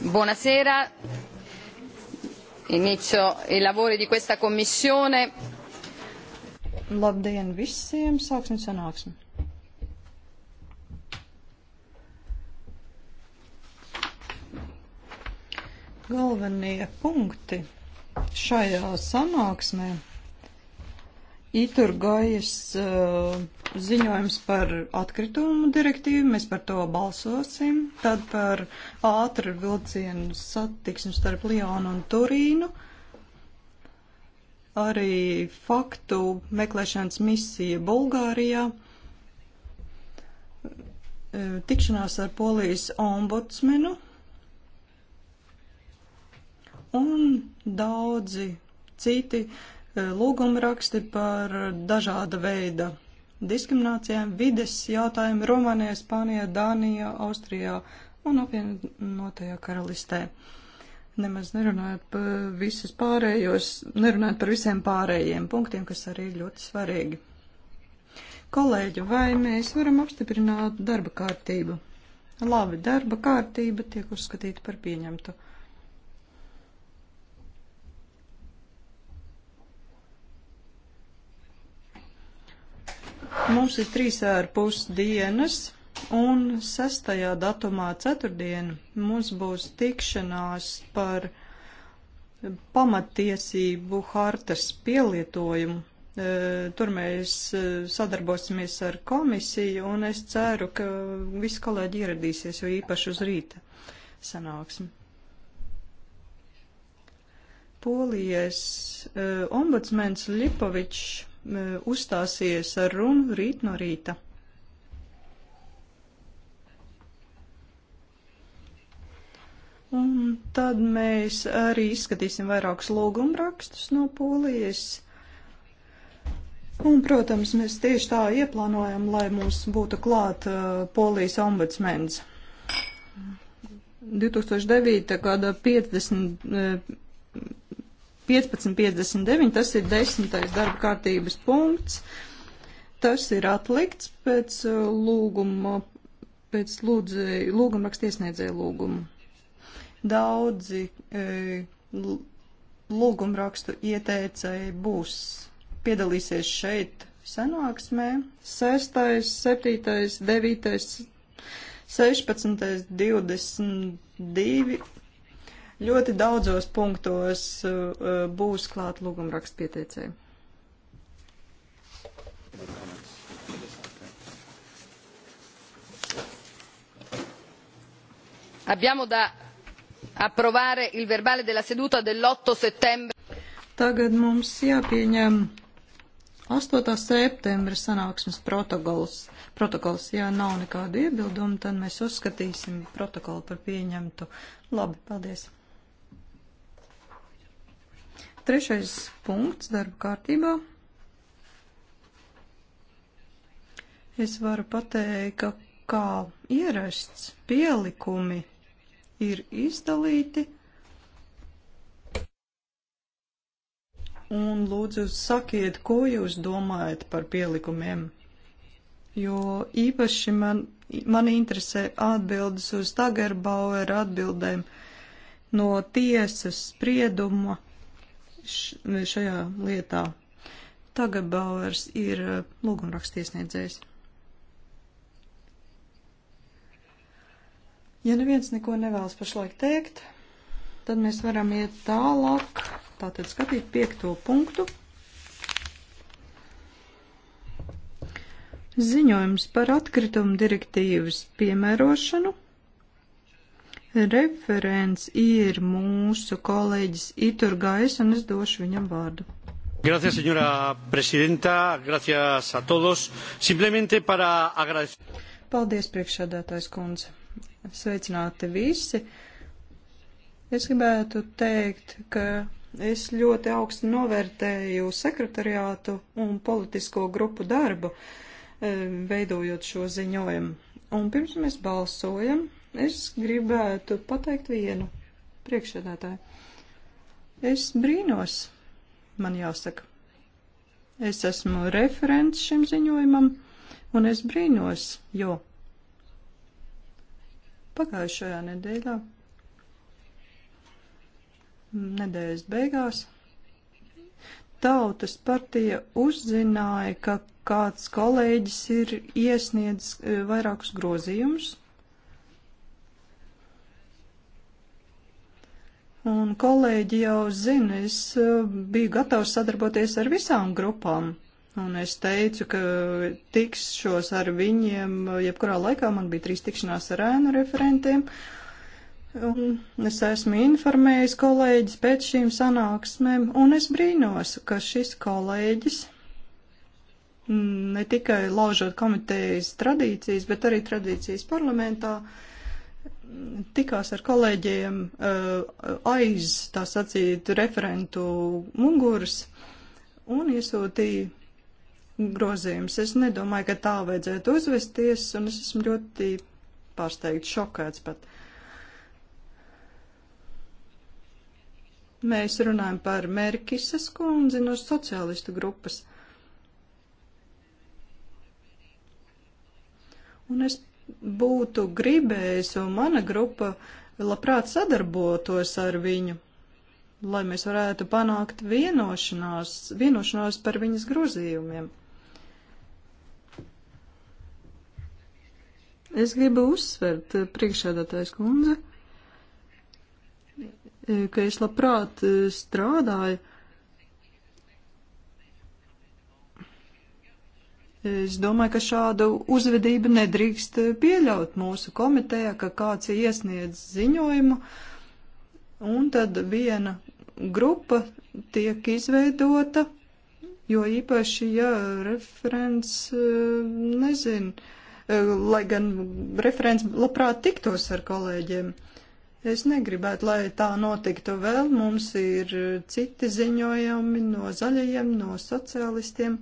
Buonasera, inizio i lavori di questa commissione. Labdien visiem, sāksim sanāksmi. Galvenie punkti šajā sanāksmē Iturgojas uh, ziņojums par atkritumu direktīvu, mēs par to balsosim, tad par ātru vilcienu satiksmi starp Lionu un Turīnu, arī faktu meklēšanas misija Bulgārijā, uh, tikšanās ar polijas ombudsmenu un daudzi citi uh, E, lūgumraksti par dažāda veida diskriminācijām, vides jautājumi Rumānijā, Spānijā, Dānijā, Austrijā un apvienotajā karalistē. Nemaz nerunājot par visus pārējos, nerunājot par visiem pārējiem punktiem, kas arī ir ļoti svarīgi. Kolēģi, vai mēs varam apstiprināt darba kārtību? Labi, darba kārtība tiek uzskatīta par pieņemtu. Mums ir trīs ārpus dienas, un sestajā datumā ceturtdien mums būs tikšanās par pamattiesību hartas pielietojumu. E, tur mēs e, sadarbosimies ar komisiju, un es ceru, ka visi kolēģi ieradīsies, jo īpaši uz rīta sanāksim. Polijas e, ombudsmens Lipovičs uzstāsies ar runu rīt no rīta. Un tad mēs arī izskatīsim vairākus lūgumrakstus no polijas. Un, protams, mēs tieši tā ieplānojam, lai mums būtu klāt uh, polijas ombudsmens. 2009. gada 50. Uh, 15.59, tas ir desmitais darba kārtības punkts. Tas ir atlikts pēc uh, lūguma, pēc lūdzēju, lūguma rakstiesniedzēju lūgumu. Daudzi e, lūguma rakstu ieteicēji būs piedalīsies šeit sanāksmē. 6., 7., 9., 16., 22, ļoti daudzos punktos uh, uh, būs klāt lūgumrakstu pieteicēji. Abbiamo da approvare il verbale della seduta dell'8 settembre. Tagad mums jāpieņem 8. septembra sanāksmes protokols. Protokols, ja nav nekādu iebildumu, tad mēs uzskatīsim protokolu par pieņemtu. Labi, paldies! Trešais punkts darba kārtībā. Es varu pateikt, ka kā ierasts pielikumi ir izdalīti. Un lūdzu sakiet, ko jūs domājat par pielikumiem, jo īpaši man, man interesē atbildes uz Tagerbauer atbildēm no tiesas sprieduma šajā lietā. Tagad Bauers ir eh, lūgumrakstiesniedzējs. Ja neviens neko nevēlas pašlaik teikt, tad mēs varam iet tālāk, tātad skatīt piekto punktu. Ziņojums par atkritumu direktīvas piemērošanu Referents ir mūsu kolēģis Iturgais, un es došu viņam vārdu. Gracias, señora presidenta. Gracias a todos. Simplemente para agradecer. Paldies, priekšsēdētājs kundze. Sveicināti visi. Es gribētu teikt, ka es ļoti augstu novērtēju sekretariātu un politisko grupu darbu, eh, veidojot šo ziņojumu. Un pirms mēs balsojam, Es gribētu pateikt vienu priekšsēdētāju. Es brīnos, man jāsaka. Es esmu referents šim ziņojumam, un es brīnos, jo pagājušajā nedēļā, nedēļas beigās, Tautas partija uzzināja, ka kāds kolēģis ir iesniedzis eh, vairākus grozījumus Un kolēģi jau zina, es eh, biju gatavs sadarboties ar visām grupām. Un es teicu, ka tikšos ar viņiem, eh, jebkurā laikā man bija trīs tikšanās ar ēnu referentiem. Un es esmu informējis kolēģis pēc šīm sanāksmēm, un es brīnos, ka šis kolēģis ne tikai laužot komitejas tradīcijas, bet arī tradīcijas parlamentā uh, tikās ar kolēģiem eh, aiz, tā sacīt, referentu muguras un iesūtīja grozījums. Es nedomāju, ka tā vajadzētu uzvesties, un es esmu ļoti pārsteigts, šokēts pat. Mēs runājam par Merkises kundzi no sociālistu grupas. Un es būtu gribējis, un mana grupa labprāt sadarbotos ar viņu, lai mēs varētu panākt vienošanās, vienošanās par viņas grozījumiem. Es gribu uzsvert eh, priekšēdātais kundze, eh, ka es labprāt eh, strādāju Es domāju, ka šāda uzvedība nedrīkst pieļaut mūsu komitejā, ka kāds iesniedz ziņojumu, un tad viena grupa tiek izveidota, jo īpaši, ja referents eh, nezin, eh, lai gan referents labprāt tiktos ar kolēģiem. Es negribētu, lai tā notiktu vēl. Mums ir citi ziņojumi no zaļajiem, no sociālistiem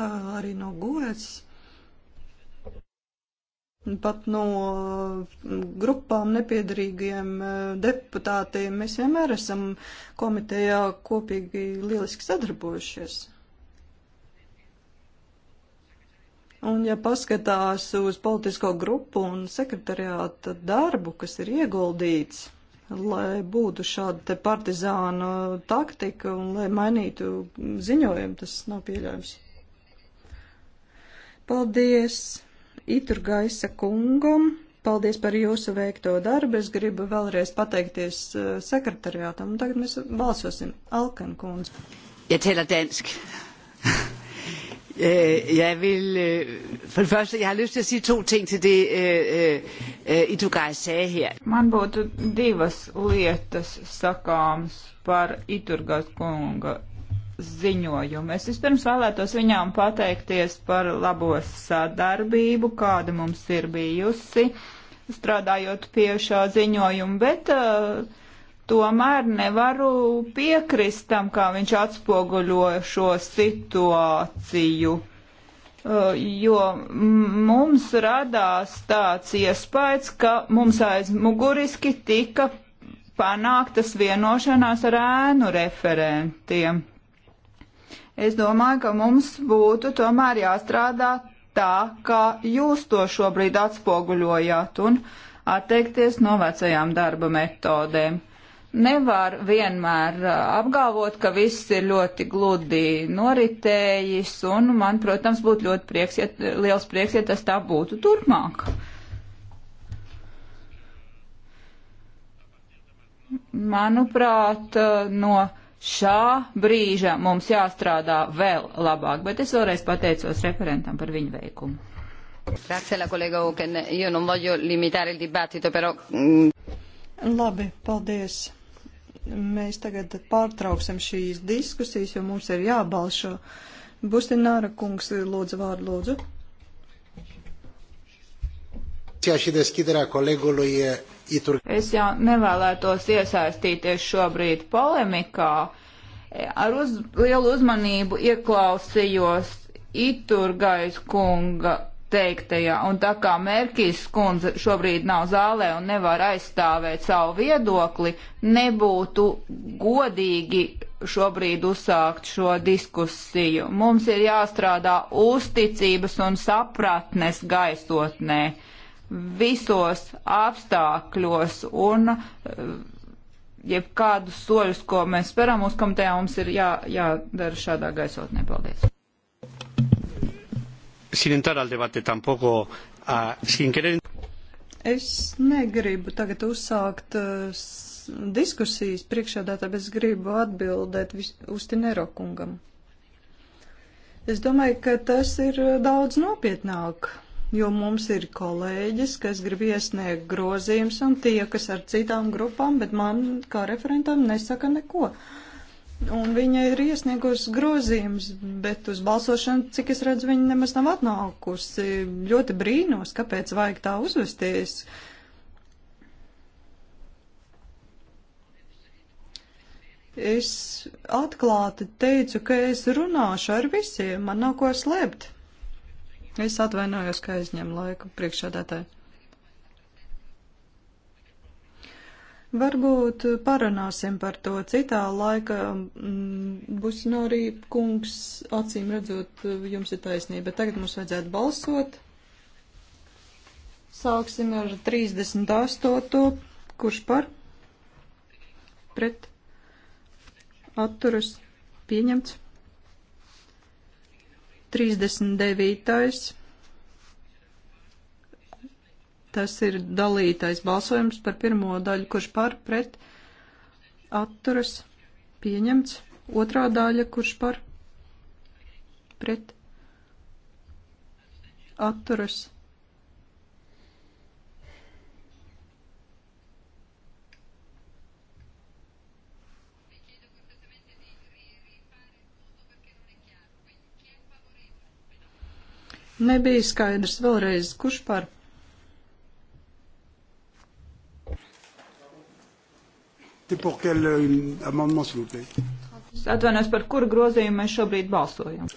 arī no guvēs, pat no grupām nepiedarīgiem deputātiem. Mēs vienmēr esam komitejā kopīgi lieliski sadarbojušies. Un, ja paskatās uz politisko grupu un sekretariāta darbu, kas ir ieguldīts, lai būtu šāda te partizāna taktika un lai mainītu ziņojumu, tas nav pieļaujams. Paldies Itur Gaisa kungam. Paldies par jūsu veikto darbu. Es gribu vēlreiz pateikties eh, sekretariātam. Tagad mēs balsosim. Alkan kundz. Jeg taler dansk. Eh, jeg vil, eh, for det første, jeg har lyst til at sige to ting til det, Iturgais sagde her. Man būtu divas lietas sakāms par Iturgas kunga ziņojumu. Es vispirms vēlētos viņām pateikties par labo sadarbību, kāda mums ir bijusi, strādājot pie šā ziņojuma, bet uh, tomēr nevaru piekrist tam, kā viņš atspoguļo šo situāciju. Uh, jo mums radās tāds iespējas, ka mums aiz muguriski tika panāktas vienošanās ar ēnu referentiem Es domāju, ka mums būtu tomēr jāstrādā tā, kā jūs to šobrīd atspoguļojāt un atteikties no vecajām darba metodēm. Nevar vienmēr uh, apgalvot, ka viss ir ļoti gludi noritējis, un man, protams, būtu ļoti prieks, ja, liels prieks, ja tas tā būtu turpmāk. Manuprāt, uh, no šā brīža mums jāstrādā vēl labāk, bet es vēlreiz pateicos referentam par viņu veikumu. Grazie alla collega Oken, io non voglio limitare il dibattito, però... Mm, Labi, paldies. Mēs tagad pārtrauksim šīs diskusijas, jo mums ir jābalšo. Bustināra kungs, lūdzu vārdu, lūdzu. Discuția și deschiderea colegului Es jau nevēlētos iesaistīties šobrīd polemikā. Ar uz, lielu uzmanību ieklausījos Iturgais kunga teiktajā, un tā kā Merkīs kundze šobrīd nav zālē un nevar aizstāvēt savu viedokli, nebūtu godīgi šobrīd uzsākt šo diskusiju. Mums ir jāstrādā uzticības un sapratnes gaisotnē visos apstākļos un eh, jebkādus soļus, ko mēs speram uz komitejā, mums ir jā, jādara šādā gaisotnē. Paldies. Sin entrar al debate tampoco, uh, sin querer. Es negribu tagad uzsākt uh, diskusijas priekšādātā, bet es gribu atbildēt uz Tinero kungam. Es domāju, ka tas ir eh, daudz nopietnāk jo mums ir kolēģis, kas grib iesniegt grozījums un tie, kas ar citām grupām, bet man kā referentam nesaka neko. Un viņa ir iesniegus grozījums, bet uz balsošanu, cik es redzu, viņa nemaz nav atnākusi. Ļoti brīnos, kāpēc vajag tā uzvesties. Es atklāti teicu, ka es runāšu ar visiem, man nav ko slēpt. Es atvainojos, ka aizņem laiku priekšādātāji. Varbūt parunāsim par to citā laika. Mm, Būs no arī kungs, acīm redzot, jums ir taisnība. Tagad mums vajadzētu balsot. Sāksim ar 38. Kurš par? Pret. Atturas. Pieņemts. 39. Tas ir dalītais balsojums par pirmo daļu, kurš par pret atturas pieņemts. Otrā daļa, kurš par pret atturas pieņemts Nebija skaidrs vēlreiz, kurš par. Euh, atvainojos, par kuru grozījumu mēs šobrīd balsojam.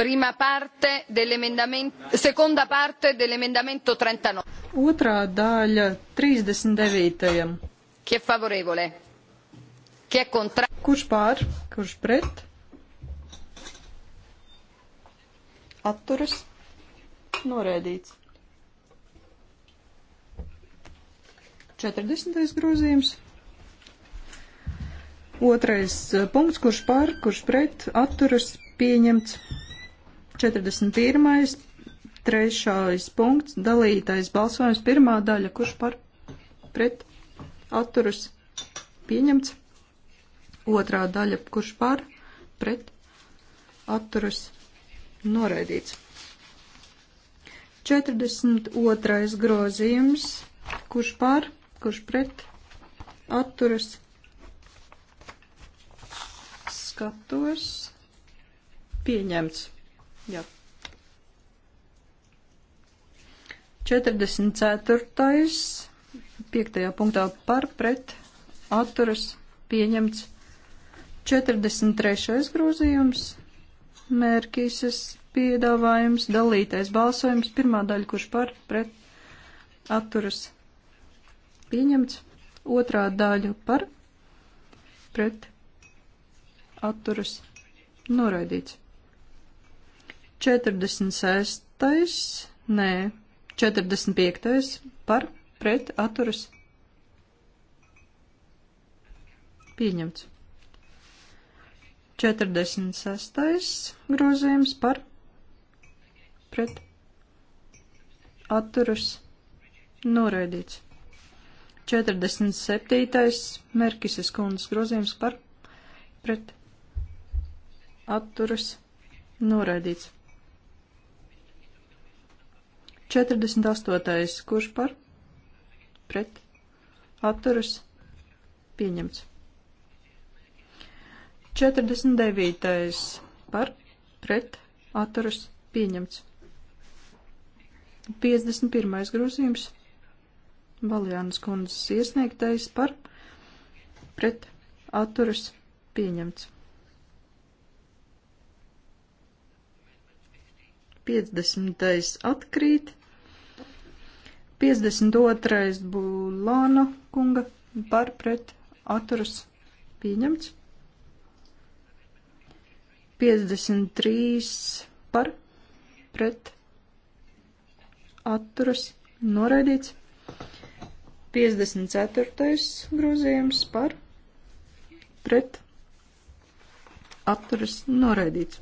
Prima parte dell'emendamento, seconda parte dell'emendamento 39. Otrā daļa 39. Chi è favorevole? Chi è contrario? Kurš pār, kurš pret? Atturas. Noraidīts. 40. grozījums. Otrais eh, punkts, kurš par, kurš pret, atturas pieņemts. 41. Trešais punkts, dalītais balsojums, pirmā daļa, kurš par, pret, atturas pieņemts. Otrā daļa, kurš par, pret, atturas noraidīts. 42. grozījums, kurš pār, kurš pret, atturas, skatos, pieņemts. Jā. 44. 5. punktā par, pret, atturas, pieņemts. 43. grozījums, mērķīsis piedāvājums, dalītais balsojums, pirmā daļa, kurš par pret atturas pieņemts, otrā daļa par pret atturas noraidīts. 46. nē, 45. par pret atturas pieņemts. 46. grozījums par pret atturas noraidīts. 47. Merkises kundas grozījums par pret atturas noraidīts. 48. kurš par pret atturas pieņemts. 49. par pret atturas pieņemts. 51. grozījums Valjānas kundzes iesniegtais par pret atturas pieņemts. 50. atkrīt, 52. Bulāna kunga par pret atturas pieņemts, 53. par pret atturas noraidīts. 54. grozījums par pret atturas noraidīts.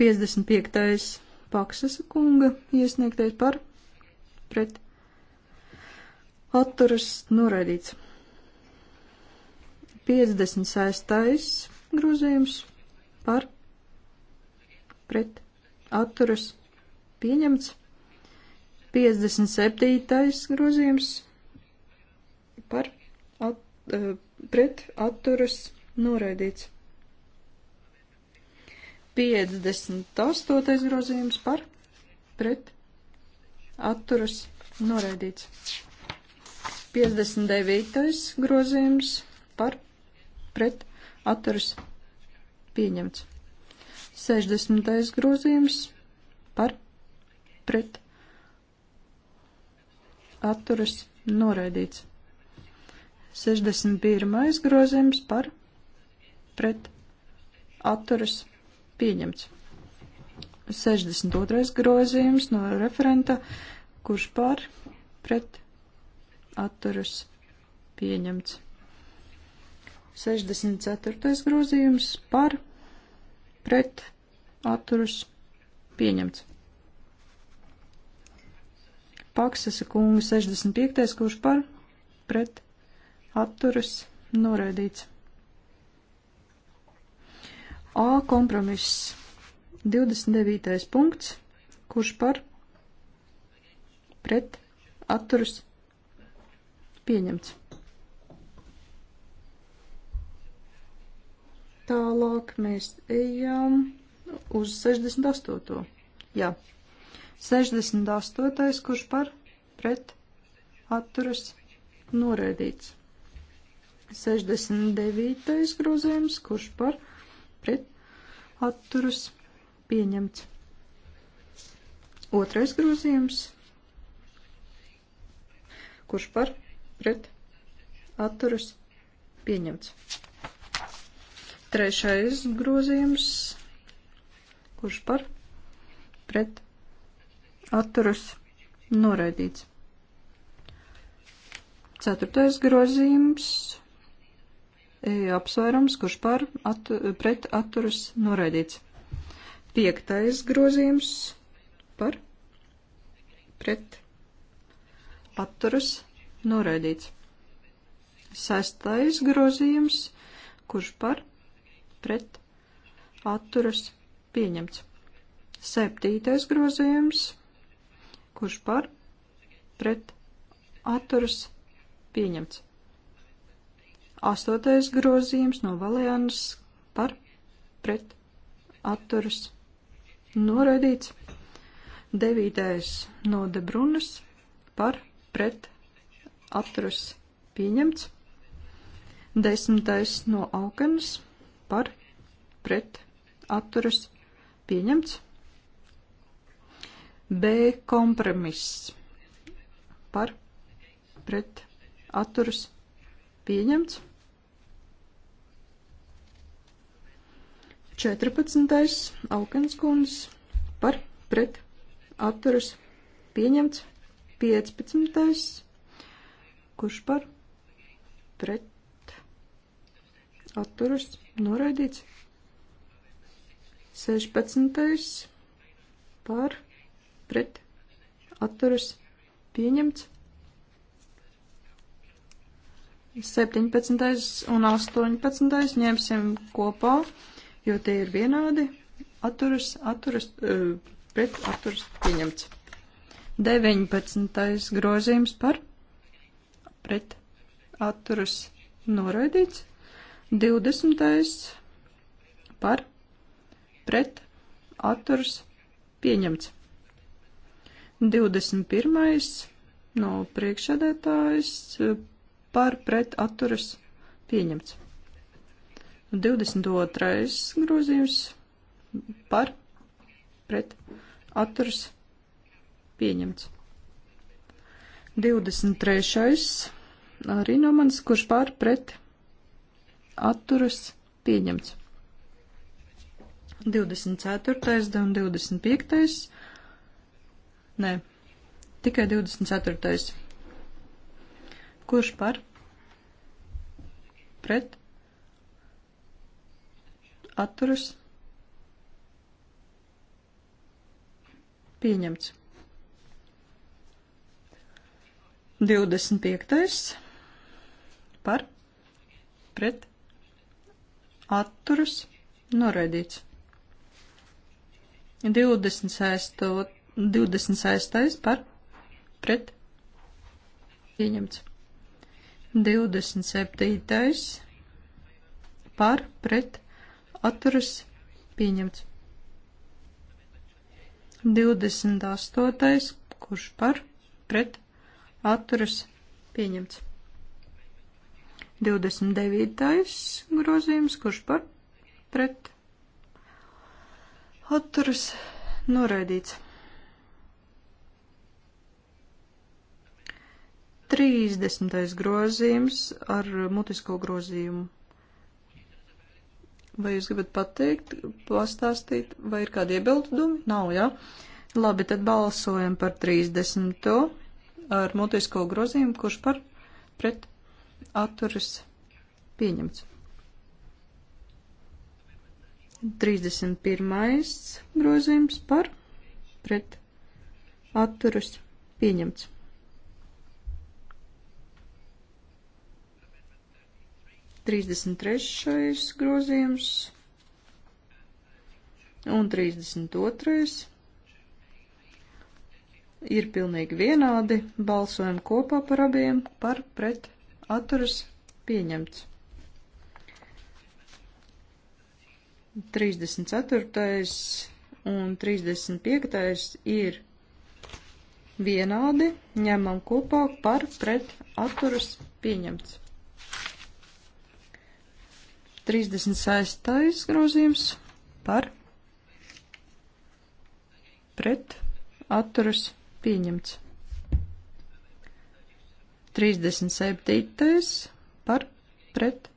55. paksas kunga iesniegtais par pret atturas noraidīts. 56. grozījums par pret atturas noraidīts pieņemts. 57. grozījums par at, e, pret atturas noraidīts. 58. grozījums par pret atturas noraidīts. 59. grozījums par pret atturas pieņemts. 60. grozījums par pret atturas noraidīts. 61. grozījums par pret atturas pieņemts. 62. grozījums no referenta, kurš par pret atturas pieņemts. 64. grozījums par pret atturas pieņemts. Paksas kunga 65. kurš par pret atturas noraidīts. A kompromiss 29. punkts, kurš par pret atturas pieņemts. Tālāk mēs ejam uz 68. Jā, 68. kurš par pret atturas noraidīts. 69. grozījums, kurš par pret atturas pieņemts. Otrais grozījums, kurš par pret atturas pieņemts. Trešais grozījums, kurš par pret atturas pieņemts atturas noraidīts. Ceturtais grozījums e, - apsvērums, kurš par at, pret atturas noraidīts. Piektais grozījums - par pret atturas noraidīts. Sestais grozījums - kurš par pret atturas pieņemts. Septītais grozījums - Kurš par? Pret. Atturas. Pieņemts. Astotais grozījums no Valēnas par. Pret. Atturas. Noraidīts. Devītais no Debrunas par. Pret. Atturas. Pieņemts. Desmitais no Aukenas par. Pret. Atturas. Pieņemts. B kompromiss par pret atturas pieņemts. 14. Aukenskundas par pret atturas pieņemts. 15. Kurš par pret atturas noraidīts. 16. par pret pret atturas pieņemts. 17. un 18. ņemsim kopā, jo tie ir vienādi. Atturas, atturas, eh, pret atturas pieņemts. 19. grozījums par pret atturas noraidīts. 20. par pret atturas pieņemts. 21. no priekšsēdētājs eh, par pret atturas pieņemts. 22. grozījums par pret atturas pieņemts. 23. arī no manis, kurš par pret atturas pieņemts. 24. un 25 Nē, tikai 24. Kurš par? Pret? Atturas? Pieņemts. 25. par pret atturas noraidīts. 26. 26. par pret pieņemts. 27. par pret atturas pieņemts. 28. kurš par pret atturas pieņemts. 29. grozījums, kurš par pret atturas noraidīts. 30. grozījums ar mutisko grozījumu. Vai jūs gribat pateikt, pastāstīt, vai ir kādi iebildumi? Nav, jā. Ja? Labi, tad balsojam par 30. ar mutisko grozījumu, kurš par pret atturas pieņemts. 31. grozījums par pret atturas pieņemts. 33. grozījums un 32. ir pilnīgi vienādi. Balsojam kopā par abiem par pret atturas pieņemts. 34. un 35. ir vienādi, ņemam kopā par pret atturas pieņemts. 36. grozījums par pret atturas pieņemts. 37. par pret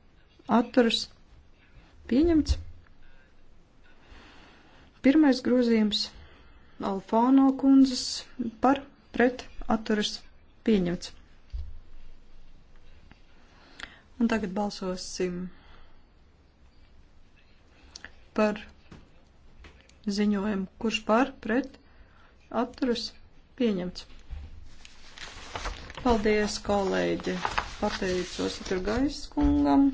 atturas pieņemts. Pirmais grozījums Alfāno kundzes par pret atturas pieņemts. Un tagad balsosim par ziņojumu, kurš par pret atturas pieņemts. Paldies, kolēģi! Pateicos Iturgais kungam!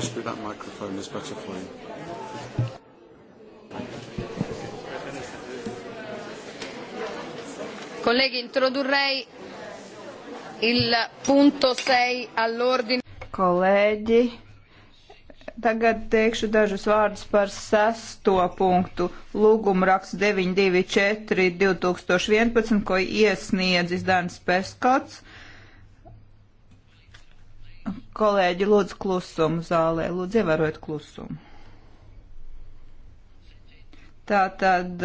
supposed to be that microphone is better for you. Colleghi, introdurrei il punto 6 all'ordine. Colleghi, Tagad teikšu dažus vārdus par sesto punktu. Lūguma raksts 924 2011, ko iesniedzis Dārns Peskats Kolēģi, lūdzu, klusumu zālē, lūdzu, ievērojiet klusumu. Tātad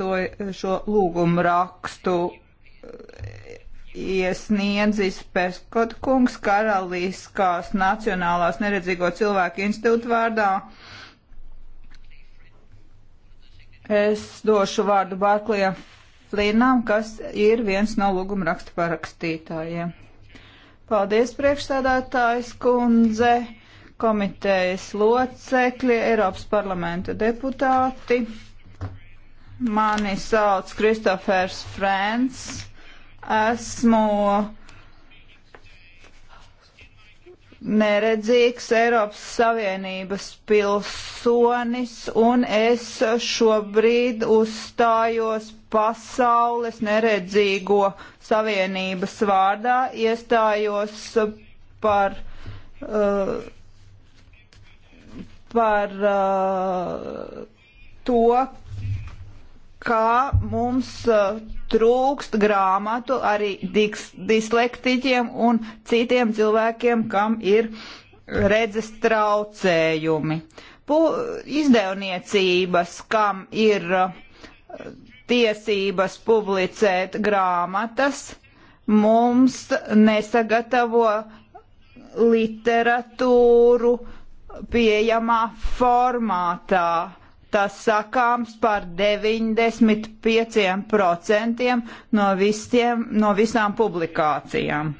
to, šo lūgumu rakstu iesniedzis Peskot kungs Karaliskās Nacionālās neredzīgo cilvēku institūtu vārdā. Es došu vārdu Bārklijam Flinam, kas ir viens no lūguma rakstu parakstītājiem. Ja. Paldies, priekšsēdētājs kundze, komitejas locekļi, Eiropas parlamenta deputāti. Mani sauc Kristofers Frēns. Esmu neredzīgs Eiropas Savienības pilsonis, un es šobrīd uzstājos pasaules neredzīgo savienības vārdā, iestājos par, uh, par uh, to, kā mums uh, trūkst grāmatu arī dislektiķiem un citiem cilvēkiem, kam ir redzes traucējumi. Pu izdevniecības, kam ir uh, tiesības publicēt grāmatas, mums nesagatavo literatūru pieejamā formātā tas sakāms par 95% no, visiem, no visām publikācijām.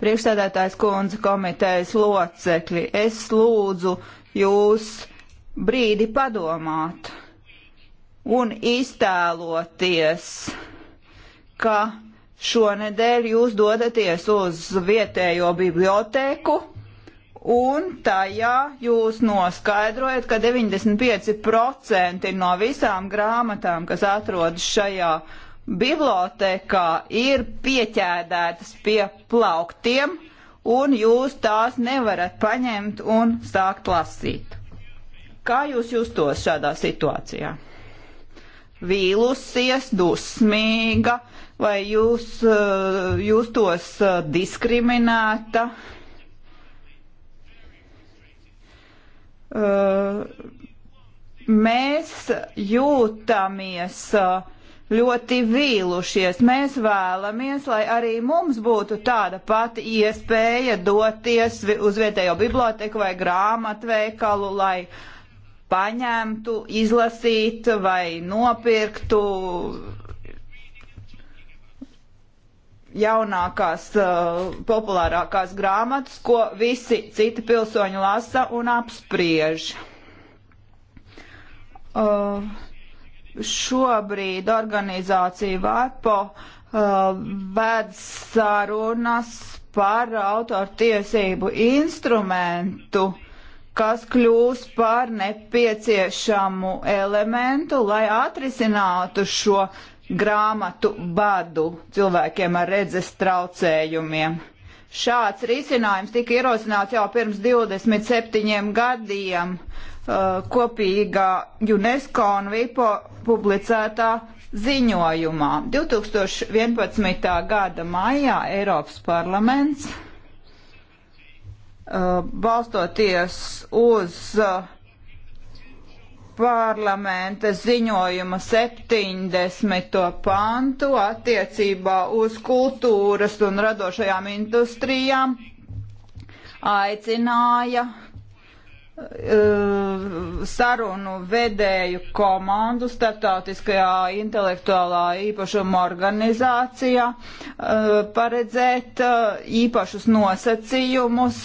Priekšsēdētājs kundze komitejas locekļi, es lūdzu jūs brīdi padomāt un iztēloties, ka šonedēļ jūs dodaties uz vietējo bibliotēku un tajā jūs noskaidrojat, ka 95% no visām grāmatām, kas atrodas šajā bibliotekā, ir pieķēdētas pie plauktiem, un jūs tās nevarat paņemt un sākt lasīt. Kā jūs justos šādā situācijā? Vīlusies, dusmīga, vai jūs uh, justos uh, diskriminēta? Uh, Eh, mēs jūtamies eh, ļoti vīlušies. Mēs vēlamies, lai arī mums būtu tāda pati iespēja doties uz vietējo biblioteku vai grāmatveikalu, lai paņemtu, izlasītu vai nopirktu jaunākās, uh, populārākās grāmatas, ko visi citi pilsoņi lasa un apspriež. Uh, šobrīd organizācija VAPO uh, ved sarunas par autortiesību instrumentu kas kļūs par nepieciešamu elementu, lai atrisinātu šo uh, grāmatu badu cilvēkiem ar redzes traucējumiem. Šāds risinājums tika ierosināts jau pirms 27 gadiem uh, kopīgā UNESCO un VIPO publicētā ziņojumā. 2011. gada maijā Eiropas parlaments uh, balstoties uz uh, parlamenta ziņojuma 70. pantu attiecībā uz kultūras un radošajām industrijām aicināja Eh, sarunu vedēju komandu starptautiskajā intelektuālā īpašuma organizācijā eh, paredzēt eh, īpašus nosacījumus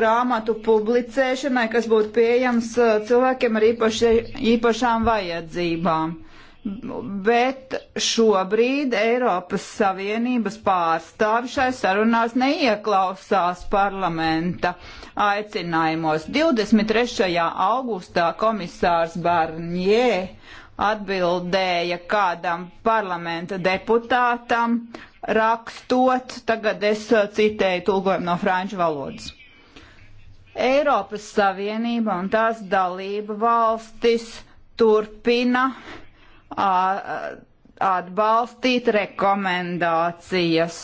grāmatu publicēšanai, kas būtu pieejams cilvēkiem ar īpaši, īpašām vajadzībām bet šobrīd Eiropas Savienības pārstāvi šai sarunās neieklausās parlamenta aicinājumos. 23. augustā komisārs Barņē atbildēja kādam parlamenta deputātam rakstot, tagad es citēju tulkojumu no franču valodas. Eiropas Savienība un tās dalība valstis turpina uh, atbalstīt rekomendācijas.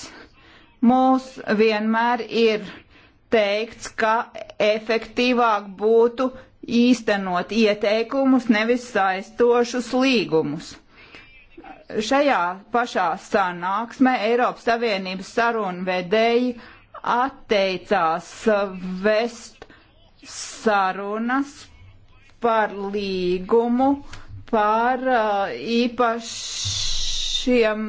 Mūs vienmēr ir teikts, ka efektīvāk būtu īstenot ieteikumus, nevis saistošus līgumus. Šajā pašā sanāksmē Eiropas Savienības sarunu vedēji atteicās vest sarunas par līgumu, uh, par uh, īpašiem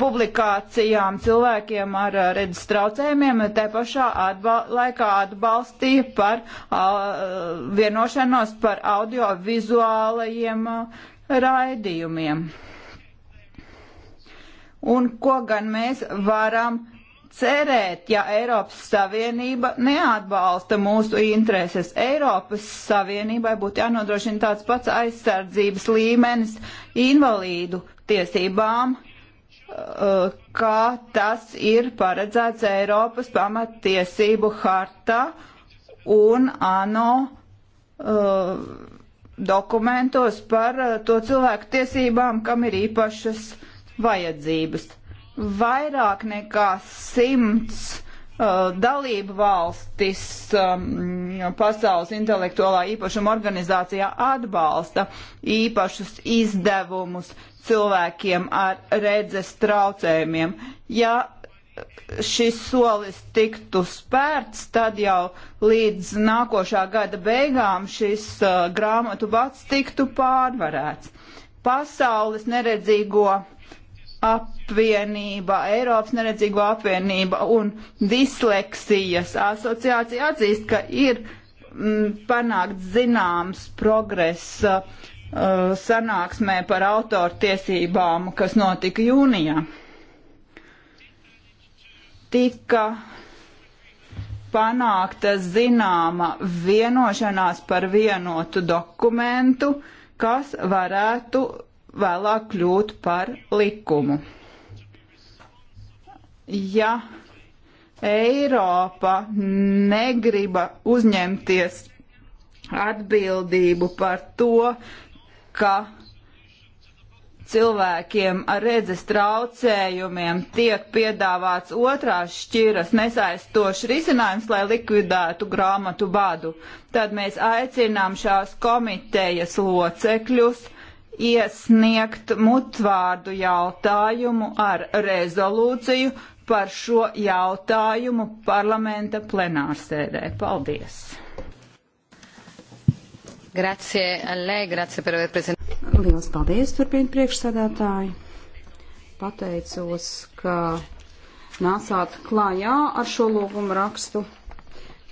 publikācijām cilvēkiem ar uh, redzes traucējumiem, te pašā atbal laikā atbalstīja par uh, vienošanos par audiovizuālajiem uh, raidījumiem. Un ko gan mēs varam cerēt, ja Eiropas Savienība neatbalsta mūsu intereses. Eiropas Savienībai būtu jānodrošina tāds pats aizsardzības līmenis invalīdu tiesībām, uh, kā tas ir paredzēts Eiropas pamattiesību hartā un ANO uh, dokumentos par uh, to cilvēku tiesībām, kam ir īpašas vajadzības vairāk nekā simts uh, dalību valstis um, pasaules intelektuālā īpašuma organizācijā atbalsta īpašus izdevumus cilvēkiem ar redzes traucējumiem. Ja šis solis tiktu spērts, tad jau līdz nākošā gada beigām šis uh, grāmatu bats tiktu pārvarēts. Pasaules neredzīgo apvienība, Eiropas neredzīgo apvienība un disleksijas asociācija atzīst, ka ir m, mm, panākt zināms progress uh, sanāksmē par autortiesībām, kas notika jūnijā. Tika panākta zināma vienošanās par vienotu dokumentu, kas varētu vēlāk kļūt par likumu. Ja Eiropa negriba uzņemties atbildību par to, ka cilvēkiem ar redzes traucējumiem tiek piedāvāts otrās šķiras nesaistošs risinājums, lai likvidētu grāmatu badu. Tad mēs aicinām šās komitejas locekļus iesniegt mutvārdu jautājumu ar rezolūciju par šo jautājumu parlamenta plenārsēdē. Paldies! Grazie, Allē, grazie par reprezentāciju. Lielas paldies, turpina priekšsēdētāji. Pateicos, ka nācāt klājā ar šo lūgumu rakstu.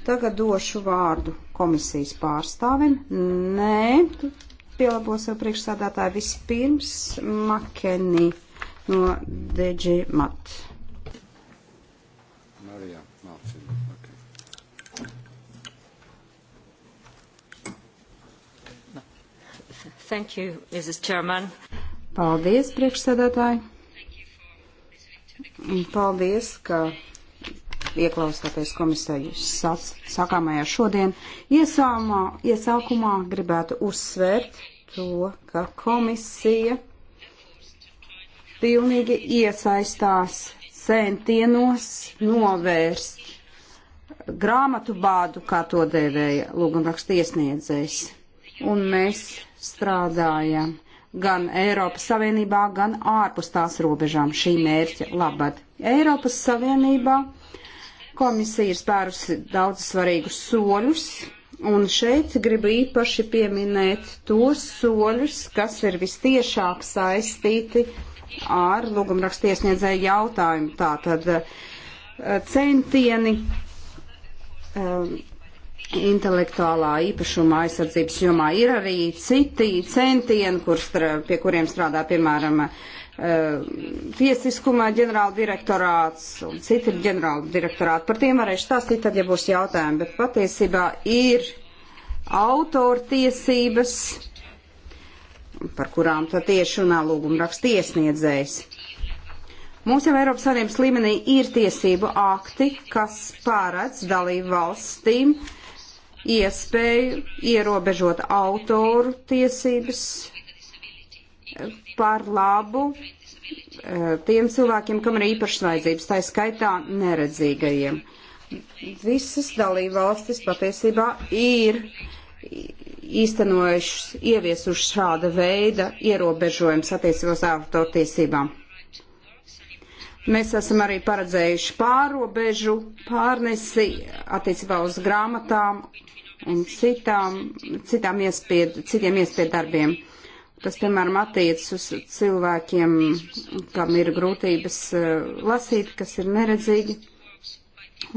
Tagad došu vārdu komisijas pārstāvim. Nē, pielabos jau priekšsādātāju vispirms Makeni no DG Mat. Marijā, Mārciņa, ok. No. Thank you, Mrs. Chairman. Paldies, priekšsēdētāji. Paldies, ka ieklausoties komisēju sakāmajā šodien. Iesāmā, iesākumā gribētu uzsvērt to, ka komisija pilnīgi iesaistās centienos novērst grāmatu bādu, kā to dēvēja lūgumraksta iesniedzējs. Un mēs strādājam gan Eiropas Savienībā, gan ārpus tās robežām šī mērķa labad. Eiropas Savienībā Komisija ir spērusi daudz svarīgus soļus, un šeit gribu īpaši pieminēt tos soļus, kas ir vistiešāk saistīti ar lūgumrakstiesniedzēju jautājumu. Tātad eh, centieni um, intelektuālā īpašuma aizsardzības jomā ir arī citi centieni, kur, pie kuriem strādā, piemēram, uh, Eh, tiesiskumā ģenerāla direktorāts un citi ir ģenerāla direktorāti. Par tiem varēšu stāstīt tad, ja būs jautājumi, bet patiesībā ir autortiesības, par kurām tad tieši runā lūguma raksta iesniedzējs. Mums jau Eiropas Savienības līmenī ir tiesību akti, kas pārēc dalību valstīm iespēju ierobežot autoru tiesības par labu eh, tiem cilvēkiem, kam ir īpašas vajadzības, tā skaitā neredzīgajiem. Visas dalībvalstis patiesībā ir īstenojušas, ieviesušas šāda veida ierobežojums attiecībos autotiesībām. Mēs esam arī paredzējuši pārobežu pārnesi attiecībā uz grāmatām un citām, citām iespied, citiem iespiedu darbiem kas, piemēram, attiecas uz cilvēkiem, kam ir grūtības eh, lasīt, kas ir neredzīgi.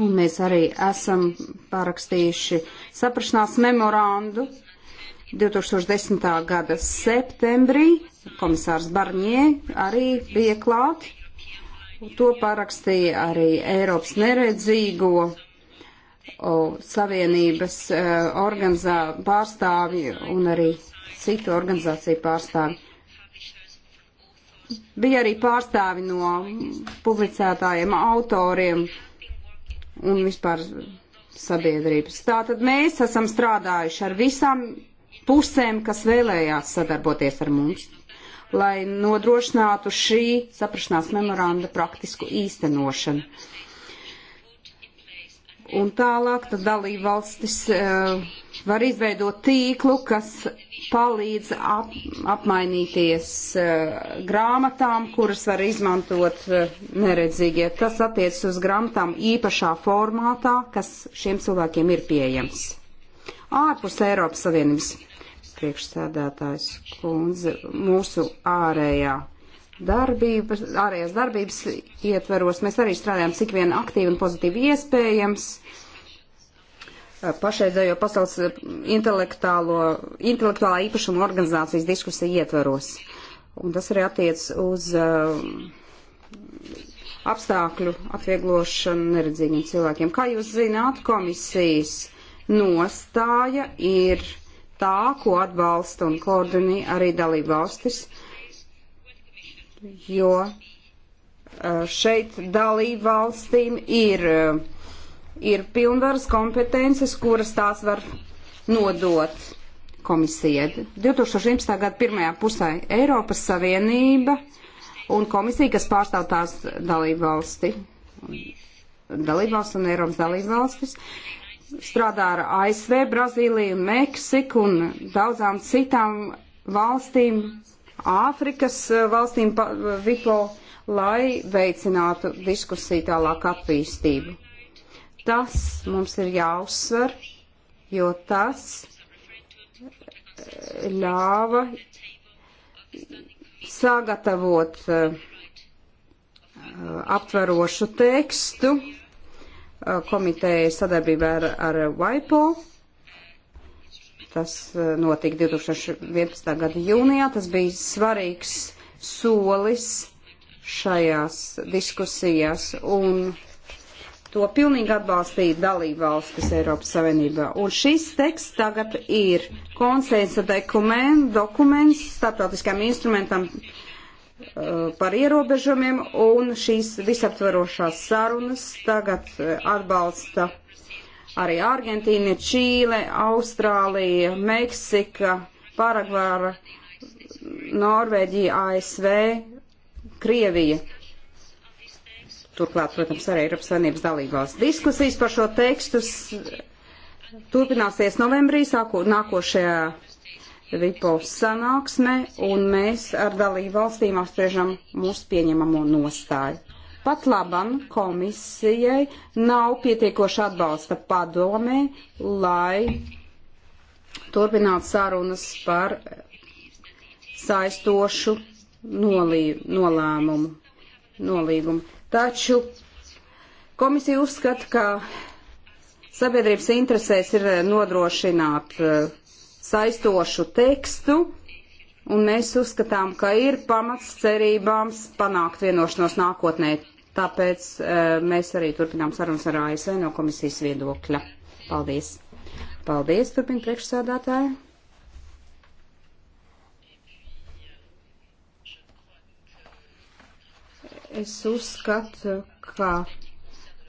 Un mēs arī esam pārakstījuši saprašanās memorandu 2010. gada septembrī. Komisārs Barņē arī bija klāt. To pārakstīja arī Eiropas neredzīgo savienības eh, organizā pārstāvji un arī citu organizāciju pārstāvi. Bija arī pārstāvi no publicētājiem, autoriem un vispār sabiedrības. Tātad mēs esam strādājuši ar visām pusēm, kas vēlējās sadarboties ar mums, lai nodrošinātu šī saprašanās memoranda praktisku īstenošanu Un tālāk tad dalība valstis uh, eh, var izveidot tīklu, kas palīdz ap, apmainīties uh, grāmatām, kuras var izmantot uh, neredzīgie. Tas attiecas uz grāmatām īpašā formātā, kas šiem cilvēkiem ir pieejams. Ārpus Eiropas Savienības priekšsēdētājs kundze mūsu ārējā darbības, ārējās darbības ietveros. Mēs arī strādājam cik vien aktīvi un pozitīvi iespējams pašreizējo pasaules eh, intelektuālā īpašuma organizācijas diskusiju ietveros. Un tas arī attiec uz uh, apstākļu atvieglošanu neredzīgiem cilvēkiem. Kā jūs zināt, komisijas nostāja ir tā, ko atbalsta un koordinē arī dalību valstis, jo uh, šeit dalību valstīm ir uh, ir pilnvaras kompetences, kuras tās var nodot komisijai. 2011. gada pirmajā pusē Eiropas Savienība un komisija, kas pārstāv tās dalībvalsti, dalībvalsts un Eiropas dalībvalstis, strādā ar ASV, Brazīliju, Meksiku un daudzām citām valstīm, Āfrikas eh, valstīm, eh, VIPO, lai veicinātu diskusiju tālāk attīstību Tas mums ir jāuzsver, jo tas eh, ļāva sagatavot eh, aptverošu tekstu eh, komiteja sadarbībā ar, ar WIPO. Tas notika 2011. gada jūnijā. Tas bija svarīgs solis šajās diskusijās un to pilnīgi atbalstīja dalībvalstis Eiropas Savienībā. Un šis teksts tagad ir konsensa dokument, dokuments starptautiskam instrumentam uh, par ierobežojumiem, un šīs visaptverošās sarunas tagad uh, atbalsta arī Argentīna, Čīle, Austrālija, Meksika, Paragvāra, Norvēģija, ASV, Krievija turklāt, protams, arī Eiropas Savienības dalībās. Diskusijas par šo tekstu turpināsies novembrī, sāko, nākošajā VIPO sanāksmē, un mēs ar dalību valstīm apspriežam mūsu pieņemamo nostāju. Pat labam komisijai nav pietiekoši atbalsta padomē, lai turpinātu sarunas par saistošu nolī, nolēmumu, nolīgumu Taču komisija uzskata, ka sabiedrības interesēs ir eh, nodrošināt eh, saistošu tekstu, un mēs uzskatām, ka ir pamats cerībām panākt vienošanos nākotnē. Tāpēc eh, mēs arī turpinām sarunas ar ASV no komisijas viedokļa. Paldies! Paldies, turpina priekšsēdētāji! Es uzskatu, ka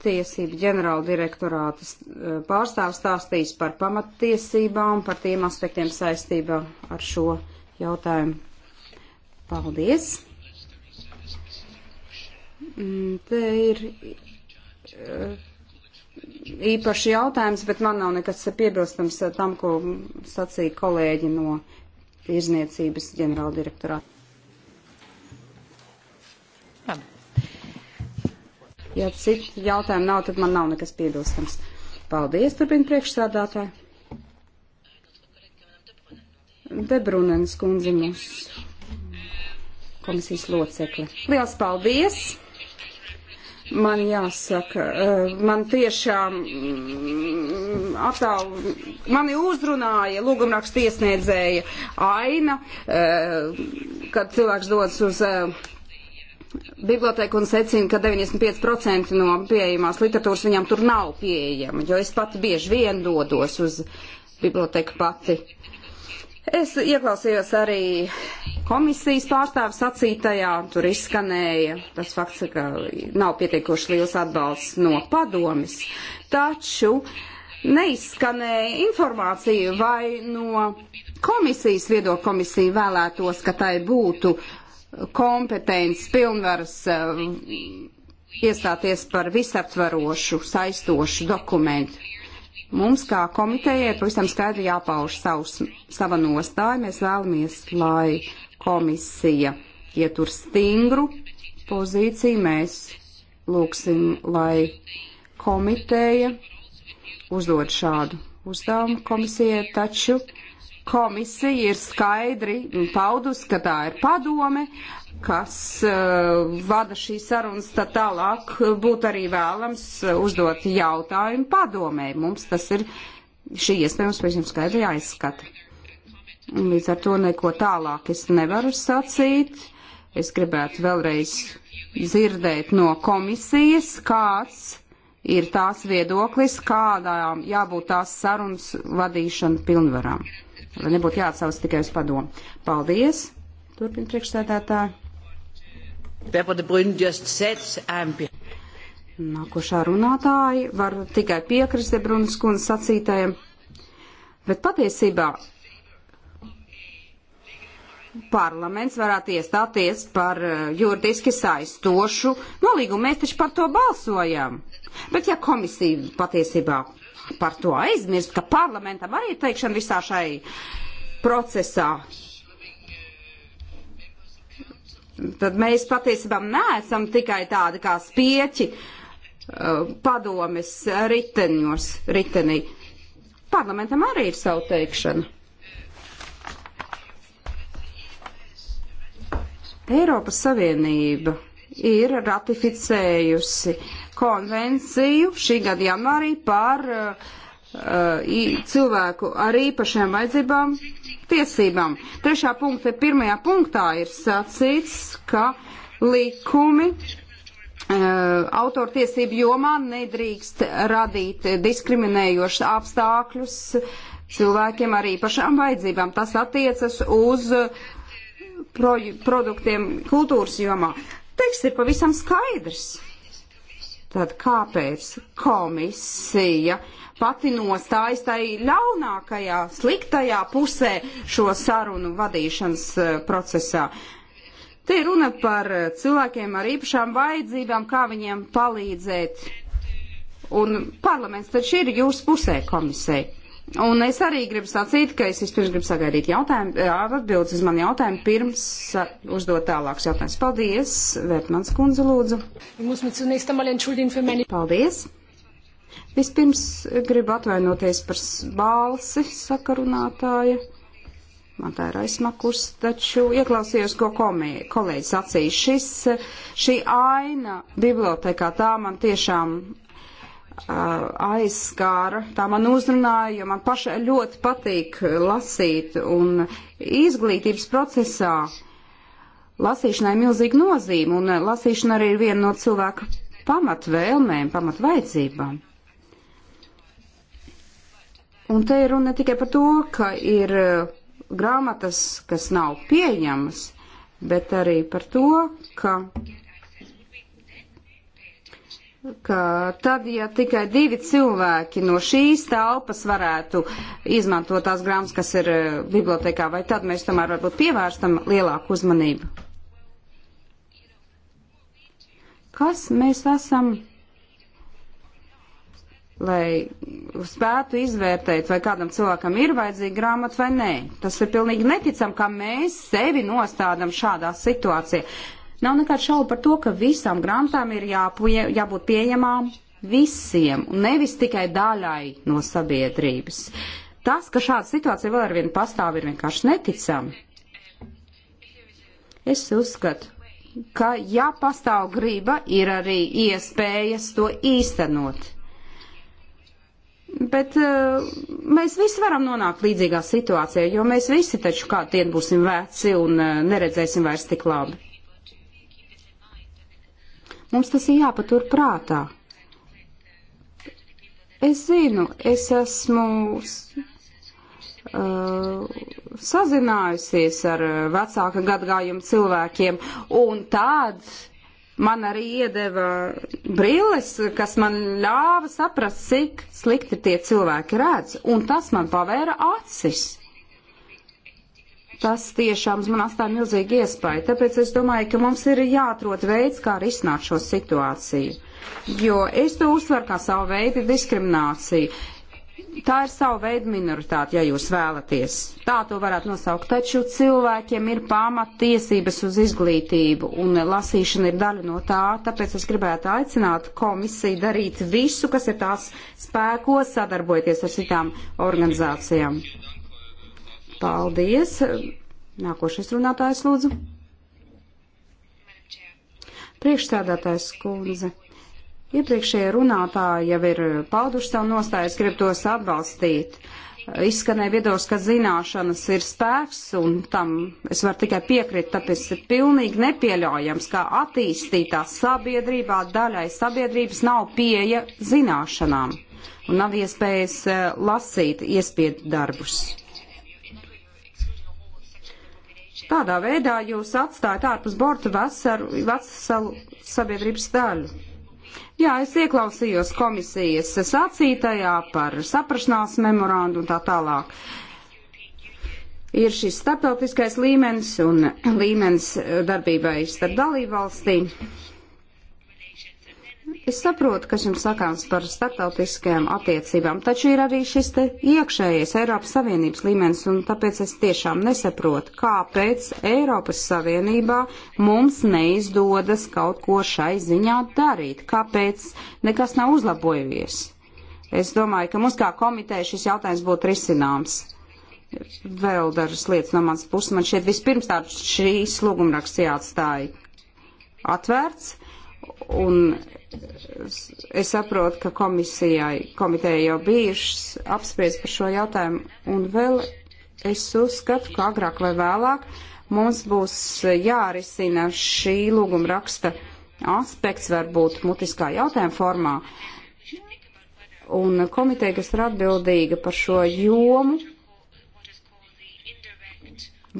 tiesību ģenerāla direktorātas eh, pārstāvs stāstīs par pamattiesībām, par tiem aspektiem saistībā ar šo jautājumu. Paldies! Mm, te ir eh, īpašs jautājums, bet man nav nekas piebilstams eh, tam, ko sacīja kolēģi no izniecības ģenerāla direktorāta. Ja citu jautājumu nav, tad man nav nekas piebilstams. Paldies, turpina priekšsādātāji. Debrunenes kundze mums komisijas locekle. Liels paldies! Man jāsaka, eh, man tiešām mm, atālu, mani uzrunāja lūgumrakstu iesniedzēja Aina, eh, kad cilvēks dodas uz eh, biblioteka un secina, ka 95% no pieejamās literatūras viņam tur nav pieejama, jo es pat bieži vien dodos uz biblioteku pati. Es ieklausījos arī komisijas pārstāvis sacītajā, tur izskanēja tas fakts, ka nav pietiekoši liels atbalsts no padomis, taču neizskanēja informācija vai no komisijas viedokļa komisija vēlētos, ka tai būtu uh, kompetences, pilnvaras eh, iestāties par visaptvarošu, saistošu dokumentu. Mums kā komitejai ir pavisam skaidri jāpauž savus, sava nostāja. Mēs vēlamies, lai komisija ietur stingru pozīciju. Mēs lūksim, lai komiteja uzdod šādu uzdevumu komisijai, taču komisija ir skaidri paudus, ka tā ir padome, kas uh, vada šīs sarunas, tad tālāk būtu arī vēlams uzdot jautājumu padomē. Mums tas ir šī iespējams pēc jums skaidri jāizskata. Līdz ar to neko tālāk es nevaru sacīt. Es gribētu vēlreiz dzirdēt no komisijas, kāds ir tās viedoklis, kādām jābūt tās sarunas vadīšana pilnvarām lai nebūtu jāatsauc tikai uz padomu. Paldies! Turpin priekšsēdētāji. Nākošā runātāja var tikai piekrist Debrunas kundzes sacītajam, bet patiesībā parlaments varētu iestāties par eh, juridiski saistošu nolīgumu. Mēs taču par to balsojām. Bet ja komisija patiesībā par to aizmirst, ka parlamentam arī ir teikšana visā šai procesā. Tad mēs patiesībā neesam tikai tādi kā spieķi uh, padomes riteņos, ritenī. Parlamentam arī ir savu teikšanu. Eiropas Savienība ir ratificējusi uh, konvenciju šī gada janvārī par uh, uh cilvēku ar īpašiem vajadzībām tiesībām. Trešā punkta, pirmajā punktā ir sacīts, ka likumi uh, autortiesību jomā nedrīkst radīt diskriminējošas apstākļus cilvēkiem ar īpašām vajadzībām. Tas attiecas uz pro produktiem kultūras jomā. Teksts ir pavisam skaidrs. Tad kāpēc komisija pati nostājas tai ļaunākajā, sliktajā pusē šo sarunu vadīšanas e, procesā? Te ir runa par cilvēkiem ar īpašām vajadzībām, kā viņiem palīdzēt. Un parlaments taču ir jūsu pusē komisija. Un es arī gribu sacīt, ka es vispirms gribu sagaidīt jautājumu, atbildes uz mani jautājumu, pirms uzdot tālākus jautājumus. Paldies, Vērtmans kundze, lūdzu. Paldies. Vispirms gribu atvainoties par balsi sakarunātāja. Man tā ir aizmakus, taču ieklausījos, ko komē, kolēģis sacīja. Šis, šī aina bibliotekā tā man tiešām aizskāra, tā man uzrunāja, jo man pašai ļoti patīk lasīt un izglītības procesā. Lasīšanai milzīga nozīme un lasīšana arī ir viena no cilvēka pamatvēlmēm, pamatvaidzībām. Un te ir runa ne tikai par to, ka ir grāmatas, kas nav pieejamas, bet arī par to, ka ka tad, ja tikai divi cilvēki no šīs telpas varētu izmantot tās grāmatas, kas ir eh, bibliotekā, vai tad mēs tomēr varbūt pievērstam lielāku uzmanību? Kas mēs esam, lai spētu izvērtēt, vai kādam cilvēkam ir vajadzīga grāmata vai nē? Tas ir pilnīgi neticam, ka mēs sevi nostādam šādā situācijā Nav nekāds šaubu par to, ka visām grāmatām ir jāpuja, jābūt pieejamām visiem, un nevis tikai daļai no sabiedrības. Tas, ka šāda situācija vēl ar vienu pastāv, ir vienkārši neticami. Es uzskatu, ka, ja pastāv grība, ir arī iespējas to īstenot. Bet uh, mēs visi varam nonākt līdzīgā situācijā, jo mēs visi taču kādu dienu būsim veci un uh, neredzēsim vairs tik labi. Mums tas ir jāpatur prātā. Es zinu, es esmu Uh, sazinājusies ar uh, vecāka gadgājuma cilvēkiem, un tād man arī iedeva brilles, kas man ļāva saprast, cik slikti tie cilvēki redz, un tas man pavēra acis tas tiešām man atstāja milzīgi iespēju. Tāpēc es domāju, ka mums ir jāatrod veids, kā risināt šo situāciju. Jo es to uztveru kā savu veidu diskrimināciju. Tā ir sava veida minoritāte, ja jūs vēlaties. Tā to varētu nosaukt. Taču cilvēkiem ir pamattiesības uz izglītību, un lasīšana ir daļa no tā. Tāpēc es gribētu aicināt komisiju darīt visu, kas ir tās spēkos, sadarbojoties ar citām organizācijām. Paldies. Nākošais runātājs lūdzu. Priekšstādātājs kundze. Iepriekšējie runātāji jau ir pauduši savu nostāju, es gribu tos atbalstīt. Izskanēja viedos, ka zināšanas ir spēks, un tam es varu tikai piekrīt, tāpēc ir pilnīgi nepieļaujams, kā attīstītā sabiedrībā daļai sabiedrības nav pieeja zināšanām un nav iespējas eh, lasīt iespiedu darbus. Tādā veidā jūs atstājat ārpus bortu vesaru, veselu sabiedrības daļu. Jā, es ieklausījos komisijas sacītajā par saprašanās memorandu un tā tālāk. Ir šis starptautiskais līmenis un līmenis darbībai starp dalībvalstīm. Es saprotu, kas jums sakāms par starptautiskajām attiecībām, taču ir arī šis te iekšējais Eiropas Savienības līmenis, un tāpēc es tiešām nesaprotu, kāpēc Eiropas Savienībā mums neizdodas kaut ko šai ziņā darīt, kāpēc nekas nav uzlabojies. Es domāju, ka mums kā komiteja šis jautājums būtu risināms. Vēl dažas lietas no manas puses man šeit vispirms tāds šīs lūgumraksts jāatstāja atvērts Un es saprotu, ka komisijai, komiteja jau bijušas apspriest par šo jautājumu. Un vēl es uzskatu, ka agrāk vai vēlāk mums būs jārisina šī lūguma raksta aspekts, varbūt mutiskā jautājuma formā. Un komiteja, kas ir atbildīga par šo jomu,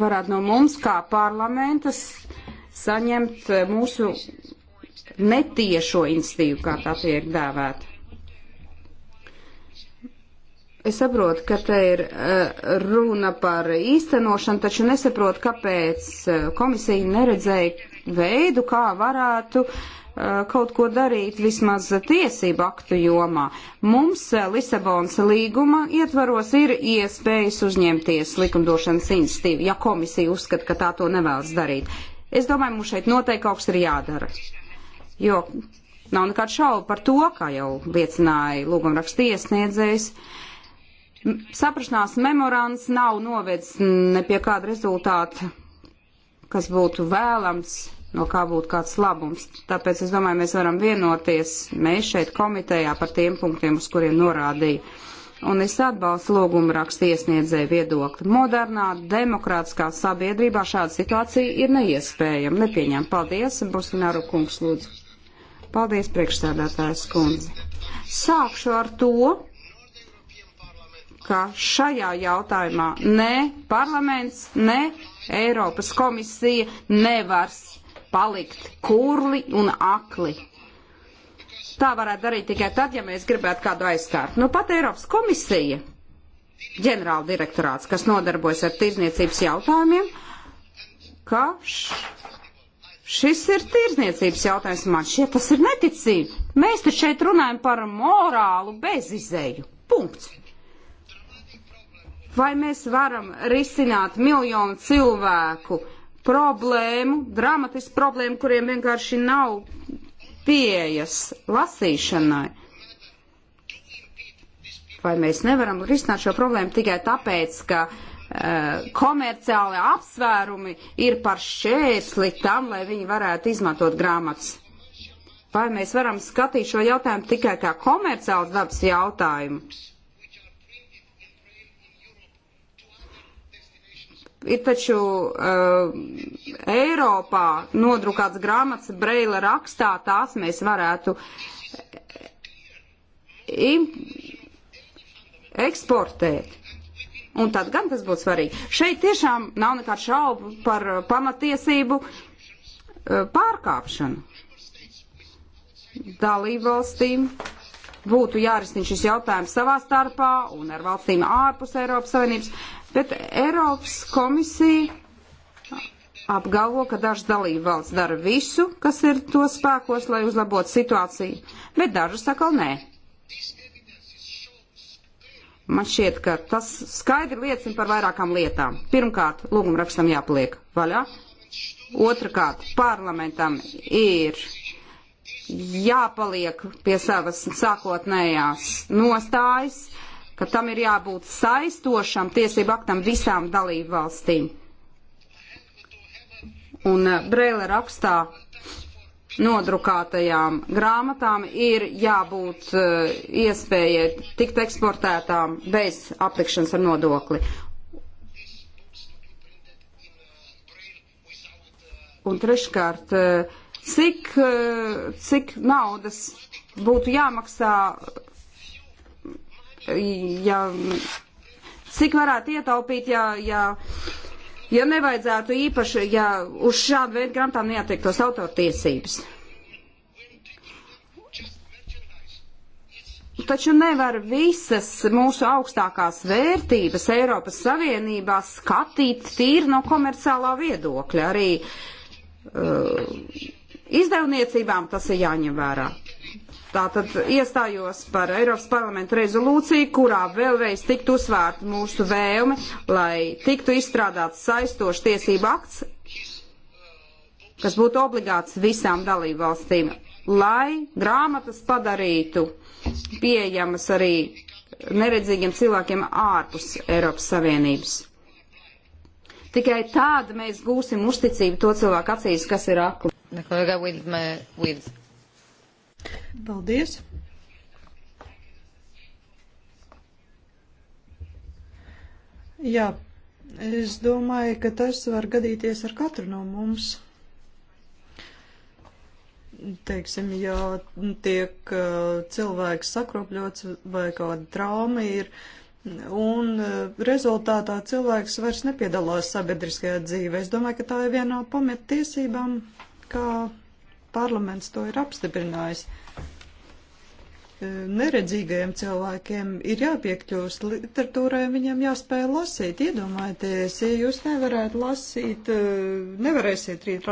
varētu no mums kā parlamentas saņemt mūsu netiešo institīvu, kā tā tiek dēvēta. Es saprotu, ka te ir eh, runa par īstenošanu, taču nesaprotu, kāpēc eh, komisija neredzēja veidu, kā varētu eh, kaut ko darīt vismaz tiesību aktu jomā. Mums Lisabonas līguma ietvaros ir iespējas uzņemties likumdošanas institīvu, ja komisija uzskata, ka tā to nevēlas darīt. Es domāju, mums šeit noteikti kaut kas ir jādara jo nav nekādu šaubu par to, kā jau liecināja lūgumraksta iesniedzējs. Saprašanās memorands nav novedis ne pie kāda rezultāta, kas būtu vēlams, no kā būtu kāds labums. Tāpēc es domāju, mēs varam vienoties, mēs šeit komitejā par tiem punktiem, uz kuriem norādīja. Un es atbalstu lūgumu rakstu iesniedzēju viedokli. Modernā, demokrātiskā sabiedrībā šāda situācija ir neiespējama, nepieņem. Paldies, Bosināru kungs, lūdzu. Paldies, priekšsēdētājs kundze. Sākšu ar to, ka šajā jautājumā ne parlaments, ne Eiropas komisija nevar palikt kurli un akli. Tā varētu darīt tikai tad, ja mēs gribētu kādu aizskārt. Nu, pat Eiropas komisija, ģenerāldirektorāts, kas nodarbojas ar tirzniecības jautājumiem, ka Šis ir tirzniecības jautājums man šķiet, tas ir neticība. Mēs taču šeit runājam par morālu bezizēju. Punkts. Vai mēs varam risināt miljonu cilvēku problēmu, dramatisku problēmu, kuriem vienkārši nav pieejas lasīšanai? Vai mēs nevaram risināt šo problēmu tikai tāpēc, ka uh, Eh, komerciāli apsvērumi ir par šķērsli tam, lai viņi varētu izmantot grāmatas. Vai mēs varam skatīt šo jautājumu tikai kā komerciāls dabas jautājumu? Ir taču uh, Eiropā nodrukāts grāmatas Breila rakstā, tās mēs varētu eh, eksportēt. Un tad gan tas būtu svarīgi. Šeit tiešām nav nekādu šaubu par uh, pamatiesību uh, pārkāpšanu. Dalībvalstīm būtu jārisina šis jautājums savā starpā un ar valstīm ārpus Eiropas Savienības, bet Eiropas komisija apgalvo, ka dažas dalībvalsts dara visu, kas ir to spēkos, lai uzlabotu situāciju, bet dažas sakal nē. Man šķiet, ka tas skaidri liecina par vairākām lietām. Pirmkārt, lūgumrakstam jāpaliek vaļā. Otrakārt, parlamentam ir jāpaliek pie savas sākotnējās nostājas, ka tam ir jābūt saistošam tiesību aktam visām dalību valstīm. Un eh, Brēle rakstā nodrukātajām grāmatām ir jābūt uh, iespējai tikt eksportētām bez aplikšanas ar nodokli. Un treškārt, uh, cik, uh, cik naudas būtu jāmaksā, ja, cik varētu ietaupīt, ja, ja jo nevajadzētu īpaši, ja uz šādu veidu grantām neatiektos autortiesības. Taču nevar visas mūsu augstākās vērtības Eiropas Savienībā skatīt tīri no komerciālā viedokļa. Arī uh, izdevniecībām tas ir jāņem vērā. Tātad iestājos par Eiropas parlamenta rezolūciju, kurā vēlreiz tiktu uzsvērt mūsu vēlme, lai tiktu izstrādāts saistošs tiesību akts, kas būtu obligāts visām dalību valstīm, lai grāmatas padarītu pieejamas arī neredzīgiem cilvēkiem ārpus Eiropas Savienības. Tikai tāda mēs gūsim uzticību to cilvēku acīs, kas ir akli. Kolega with, my, with Paldies! Jā, es domāju, ka tas var gadīties ar katru no mums. Teiksim, ja tiek uh, cilvēks sakropļots vai kāda trauma ir, un uh, rezultātā cilvēks vairs nepiedalās sabiedriskajā dzīvē. Es domāju, ka tā ir viena no pamattiesībām, kā parlaments to ir apstiprinājis. E, neredzīgajiem cilvēkiem ir jāpiekļūst literatūrai, viņiem jāspēj lasīt. Iedomājieties, ja jūs nevarētu lasīt, e, nevarēsiet rīt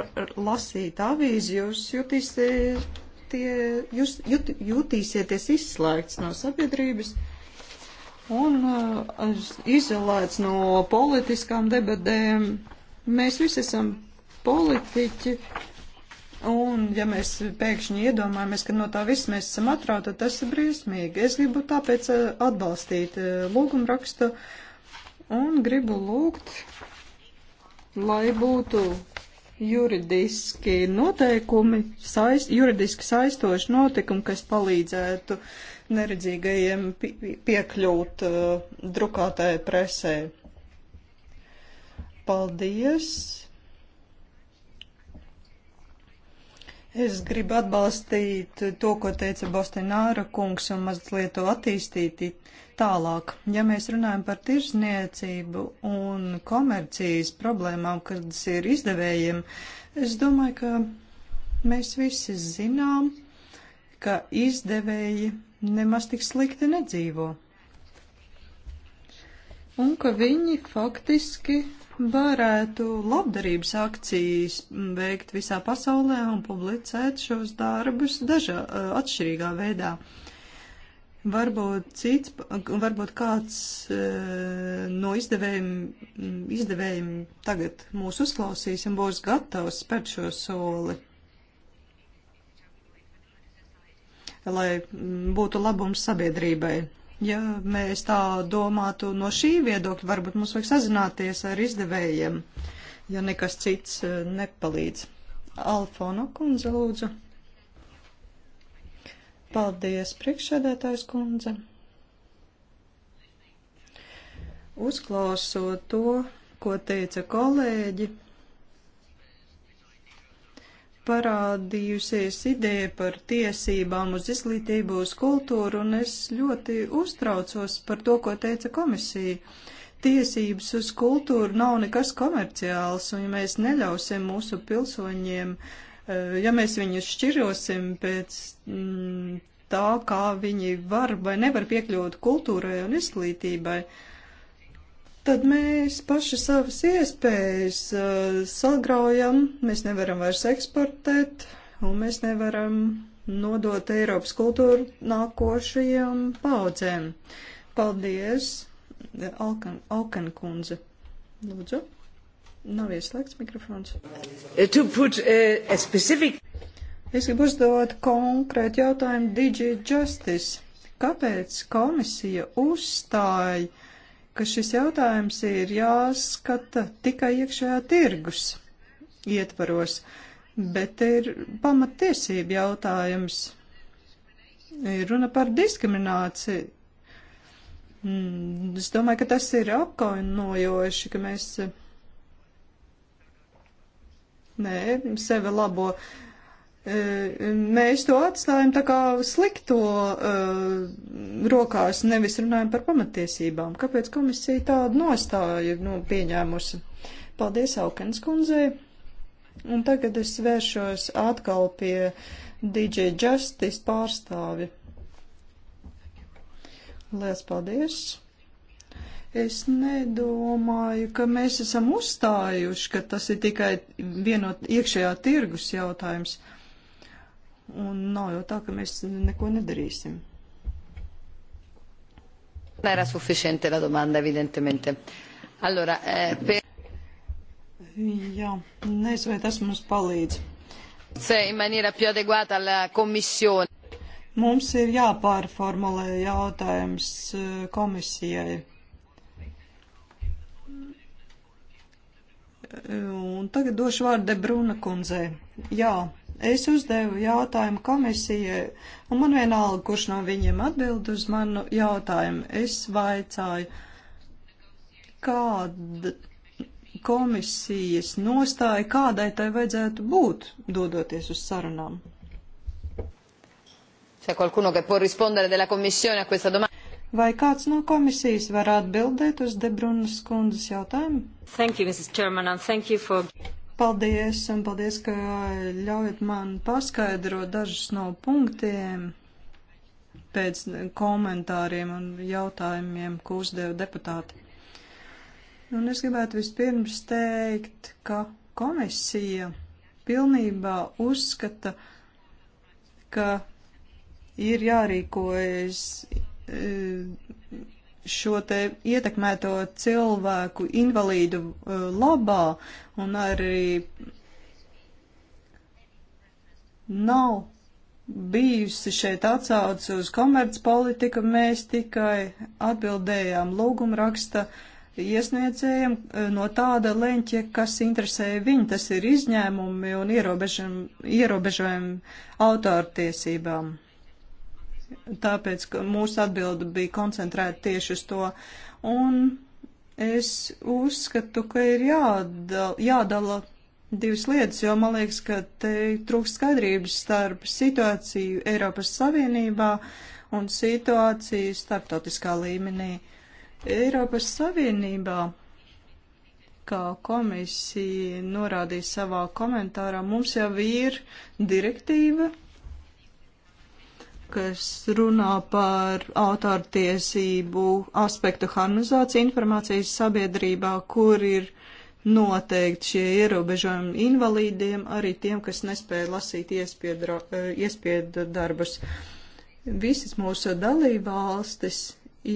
lasīt avīzi, jūs jutīsiet, jūs jut, jutīsieties izslēgts no sabiedrības un uh, izolēts no politiskām debatēm. Mēs visi esam politiķi, Un, ja mēs pēkšņi iedomājamies, ka no tā viss mēs esam atrauti, tad tas ir briesmīgi. Es gribu tāpēc eh, atbalstīt eh, lūgumu rakstu un gribu lūgt, lai būtu juridiski noteikumi, saist, juridiski saistoši notikumi, kas palīdzētu neredzīgajiem piekļūt uh, drukātajai presē. Paldies! Es gribu atbalstīt to, ko teica Bostināra kungs, un mazliet to attīstīt tālāk. Ja mēs runājam par tirsniecību un komercijas problēmām, kas ir izdevējiem, es domāju, ka mēs visi zinām, ka izdevēji nemaz tik slikti nedzīvo. Un ka viņi faktiski varētu labdarības akcijas mm, veikt visā pasaulē un publicēt šos darbus dažā atšķirīgā veidā. Varbūt cits, varbūt kāds no izdevējiem, mm, izdevējiem tagad mūs uzklausīs un būs gatavs spērt šo soli. Lai mm, būtu labums sabiedrībai. Ja mēs tā domātu no šī viedokļa, varbūt mums vajag sazināties ar izdevējiem, ja nekas cits eh, nepalīdz. Alfona kundze, lūdzu. Paldies, priekšsēdētājs kundze. Uzklausot to, ko teica kolēģi, parādījusies ideja par tiesībām uz izglītību, uz kultūru, un es ļoti uztraucos par to, ko teica komisija. Tiesības uz kultūru nav nekas komerciāls, un ja mēs neļausim mūsu pilsoņiem, eh, ja mēs viņus šķirosim pēc mm, tā, kā viņi var vai nevar piekļūt kultūrai un izglītībai, tad mēs paši savas iespējas uh, sagraujam, mēs nevaram vairs eksportēt, un mēs nevaram nodot Eiropas kultūru nākošajām paudzēm. Paldies, Alkan, Alkan kundze. Lūdzu. Nav ieslēgts mikrofons. Uh, to put uh, a specific... Es gribu uzdot konkrētu jautājumu Digi Justice. Kāpēc komisija uzstāja ka šis jautājums ir jāskata tikai iekšējā tirgus ietvaros, bet ir pamatiesība jautājums. Ir runa par diskrimināciju. Mm, es domāju, ka tas ir apkaunojoši, ka mēs. Nē, sevi labo. Uh, E, mēs to atstājam tā kā slikto uh, rokās, nevis runājam par pamatiesībām. Kāpēc komisija tādu nostāju nu, pieņēmusi? Paldies Aukens kundzei. Un tagad es vēršos atkal pie DJ Justice pārstāvi. Lielas paldies! Es nedomāju, ka mēs esam uzstājuši, ka tas ir tikai vienot iekšējā tirgus jautājums. Uh, Un nav jau tā, ka mēs neko nedarīsim. Era sufficiente la domanda, evidentemente. Allora, eh, per... Jā, nezinu, vai tas mums palīdz. Se in maniera più adeguata alla Commissione. Mums ir jāpārformulē jautājums eh, komisijai. Eh, un tagad došu vārdu Bruna kundzei. Jā, Es uzdevu jautājumu komisijai, un man vienalga, kurš no viņiem atbild uz manu jautājumu. Es vaicāju, kāda komisijas nostāja, kādai tai vajadzētu būt, dodoties uz sarunām. Vai kāds no komisijas var atbildēt uz Debrunas kundzes jautājumu? Thank you, Mrs. Chairman, and thank you for... Paldies, un paldies, ka ļaujat man paskaidrot dažus no punktiem pēc komentāriem un jautājumiem, ko uzdeva deputāti. Un es gribētu vispirms teikt, ka komisija pilnībā uzskata, ka ir jārīkojas eh, šo te ietekmēto cilvēku invalīdu uh, labā un arī nav bijusi šeit atsauce uz komercpolitiku, mēs tikai atbildējām lūgumu raksta iesniedzējiem uh, no tāda leņķa, kas interesē viņu, tas ir izņēmumi un ierobežojumi autortiesībām tāpēc, ka mūsu atbilde bija koncentrēta tieši uz to. Un es uzskatu, ka ir jādala, jādala divas lietas, jo man liekas, ka te trūkst skaidrības starp situāciju Eiropas Savienībā un situāciju starptautiskā līmenī. Eiropas Savienībā, kā komisija norādīja savā komentārā, mums jau ir direktīva kas runā par autortiesību aspektu harmonizāciju informācijas sabiedrībā, kur ir noteikti šie ierobežojumi invalīdiem, arī tiem, kas nespēja lasīt iespiedu eh, darbus. Visas mūsu dalībvalstis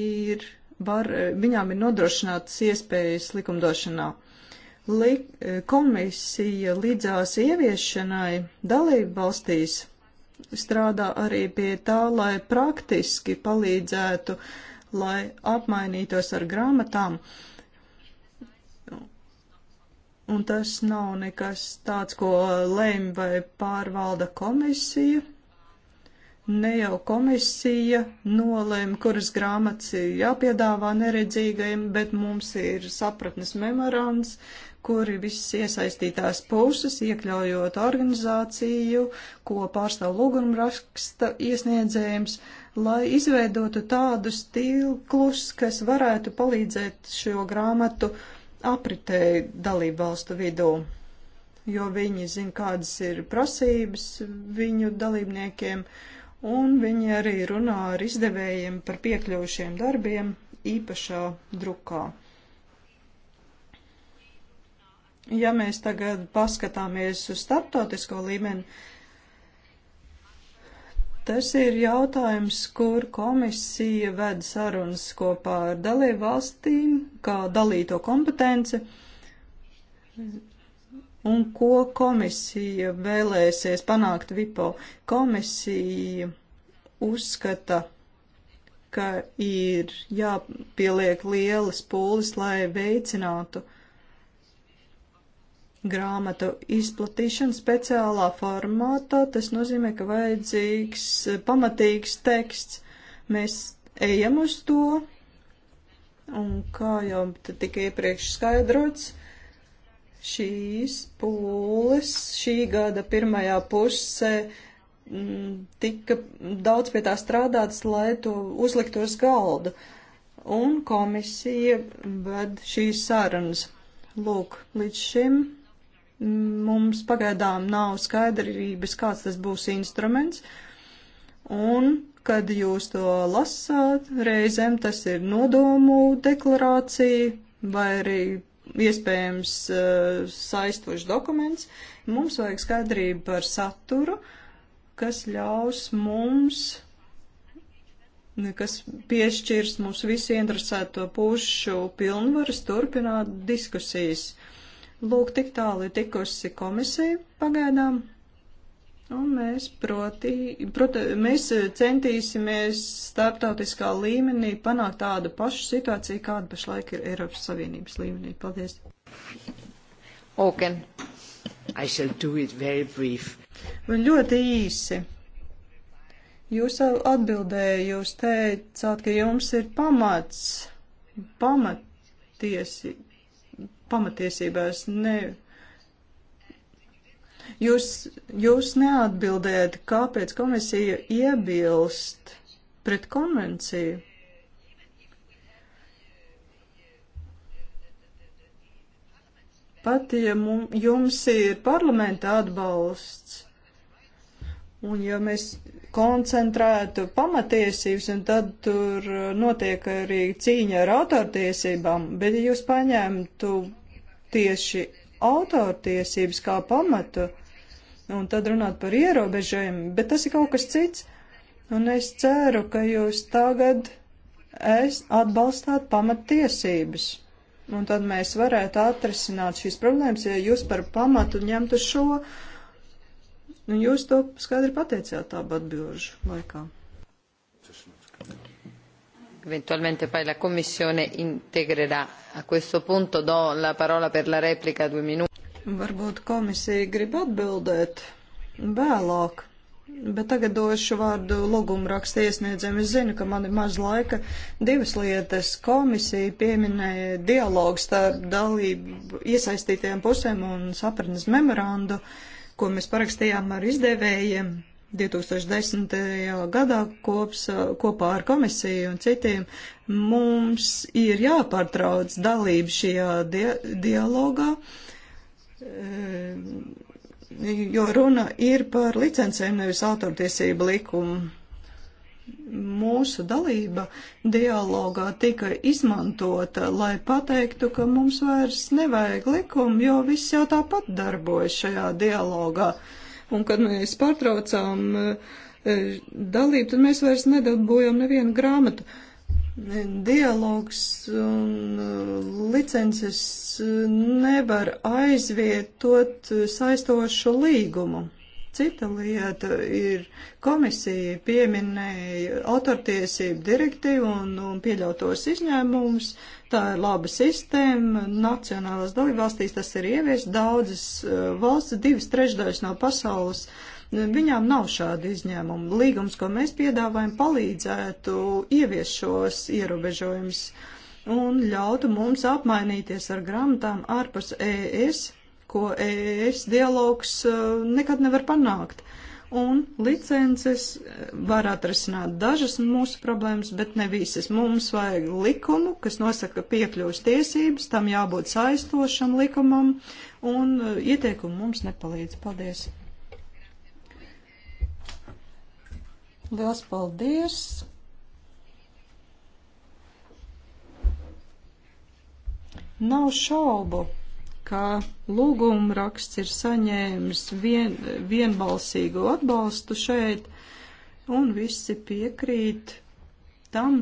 ir, var, viņām ir nodrošinātas iespējas likumdošanā. Li, komisija līdzās ieviešanai dalībvalstīs strādā arī pie tā, lai praktiski palīdzētu, lai apmainītos ar grāmatām. Un tas nav nekas tāds, ko lēma vai pārvalda komisija. Ne jau komisija nolēma, kuras grāmatas ir jāpiedāvā neredzīgajiem, bet mums ir sapratnes memorands, kuri visas iesaistītās puses, iekļaujot organizāciju, ko pārstāv lūgumraksta iesniedzējums, lai izveidotu tādus tīklus, kas varētu palīdzēt šo grāmatu apritēju dalību valstu vidū, jo viņi zina, kādas ir prasības viņu dalībniekiem, un viņi arī runā ar izdevējiem par piekļaujušiem darbiem īpašā drukā. Ja mēs tagad paskatāmies uz starptautisko līmeni, tas ir jautājums, kur komisija ved sarunas kopā ar dalību valstīm, kā dalīto kompetenci, un ko komisija vēlēsies panākt VIPO. Komisija uzskata, ka ir jāpieliek lielas pūles, lai veicinātu uh, grāmatu izplatīšanu speciālā formātā. Tas nozīmē, ka vajadzīgs eh, pamatīgs teksts. Mēs ejam uz to, un kā jau tika iepriekš skaidrots, šīs pūles šī gada pirmajā pusē mm, tika daudz pie tā strādāts, lai to uzliktu uz galdu. Un komisija ved šīs sarunas. Lūk, līdz šim Mums pagaidām nav skaidrības, kāds tas būs instruments. Un, kad jūs to lasāt, reizēm tas ir nodomu deklarācija vai arī iespējams eh, saistošs dokuments. Mums vajag skaidrību par saturu, kas ļaus mums kas piešķirs mums visu interesēto pušu pilnvaras turpināt diskusijas. Uh, Lūk, tik tālu ir tikusi komisija pagaidām. Un mēs, proti, proti, mēs centīsimies starptautiskā līmenī panākt tādu pašu situāciju, kāda pašlaik ir Eiropas Savienības līmenī. Paldies. Oken, I shall do it very brief. Un ļoti īsi. Jūs jau atbildēju, jūs teicāt, ka jums ir pamats, pamattiesi, pamatiesībās. Ne. Jūs, jūs neatbildējat, kāpēc komisija iebilst pret konvenciju. Pat ja mums, jums ir parlamenta atbalsts, un ja mēs koncentrētu pamatiesības, un tad tur uh, notiek arī cīņa ar autortiesībām, bet ja jūs paņemtu tieši autortiesības kā pamatu, un tad runāt par ierobežojumu, bet tas ir kaut kas cits, un es ceru, ka jūs tagad es atbalstāt pamatiesības. Un tad mēs varētu atrisināt šīs problēmas, ja jūs par pamatu ņemtu šo uh, Nu, jūs to skaidri pateicāt tādu atbilžu laikā. Eventualmente poi la Commissione integrerà. A questo punto do la parola per la replica due minuti. Varbūt komisija grib atbildēt vēlāk. Bet tagad došu vārdu lūgumu raksta iesniedzējiem. Es zinu, ka man ir maz laika. Divas lietas komisija pieminēja dialogu starp dalību iesaistītajām pusēm un sapratnes memorandu. Uh, ko mēs parakstījām ar izdevējiem 2010. gadā kops, kopā ar komisiju un citiem, mums ir jāpārtrauc dalība šajā di dialogā, eh, jo runa ir par licencēm, nevis autortiesību likumu mūsu dalība dialogā tika izmantota, lai pateiktu, ka mums vairs nevajag likumu, jo viss jau tāpat darbojas šajā dialogā. Un kad mēs pārtraucām e, dalību, tad mēs vairs nedabūjām nevienu grāmatu dialogs un e, licences nevar aizvietot saistošu līgumu. Cita lieta ir komisija pieminēja autortiesību direktīvu un, un pieļautos izņēmumus. Tā ir laba sistēma. Nacionālās dalībvalstīs tas ir ievies. Daudzas uh, valsts, divas trešdaļas no pasaules, uh, viņām nav šādi izņēmumi. Līgums, ko mēs piedāvājam, palīdzētu ievies šos ierobežojumus un ļautu mums apmainīties ar grāmatām ārpus ES ko ES dialogs eh, nekad nevar panākt. Un licences eh, var atrisināt dažas mūsu problēmas, bet ne visas. Mums vajag likumu, kas nosaka piekļuvas tiesības, tam jābūt saistošam likumam, un eh, ieteikumi mums nepalīdz. Paldies! Liels paldies! Nav šaubu, ka lūguma raksts ir saņēmis vien, vienbalsīgu atbalstu šeit, un visi piekrīt tam,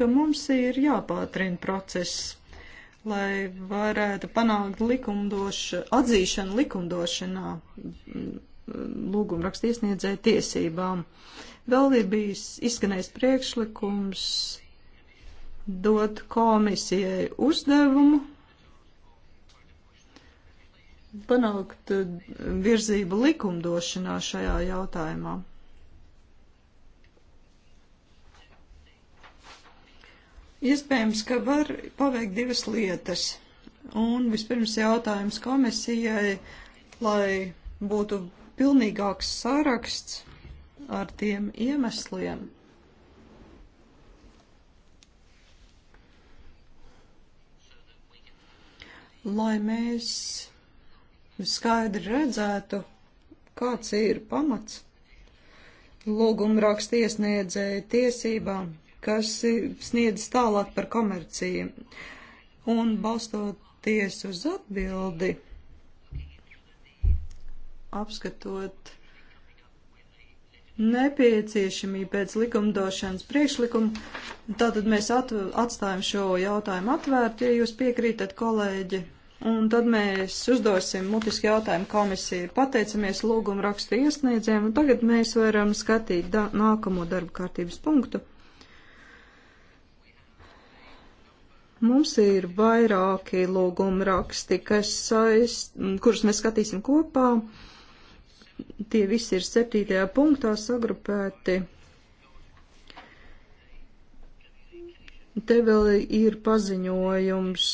ka mums ir jāpātrina process, lai varētu panākt likumdoša, atzīšanu likumdošanā mm, lūguma raksts iesniedzēja tiesībām. Vēl ir bijis izskanējis priekšlikums dot komisijai uzdevumu panākt eh, virzību likumdošanā šajā jautājumā. Iespējams, ka var paveikt divas lietas. Un vispirms jautājums komisijai, lai būtu pilnīgāks saraksts ar tiem iemesliem. Lai mēs skaidri redzētu, kāds ir pamats lūguma raksta iesniedzēju tiesībām, kas sniedz tālāk par komerciju. Un balstoties uz atbildi, apskatot nepieciešamību pēc likumdošanas priekšlikuma, tātad mēs atstājam šo jautājumu atvērtu, ja jūs piekrītat kolēģi Un tad mēs uzdosim mutisku jautājumu komisiju. Pateicamies lūgumu rakstu iesniedzējiem, un tagad mēs varam skatīt da nākamo darba kārtības punktu. Mums ir vairāki lūgumu raksti, kas saist, kurus mēs skatīsim kopā. Tie visi ir septītajā punktā sagrupēti. Te vēl ir paziņojums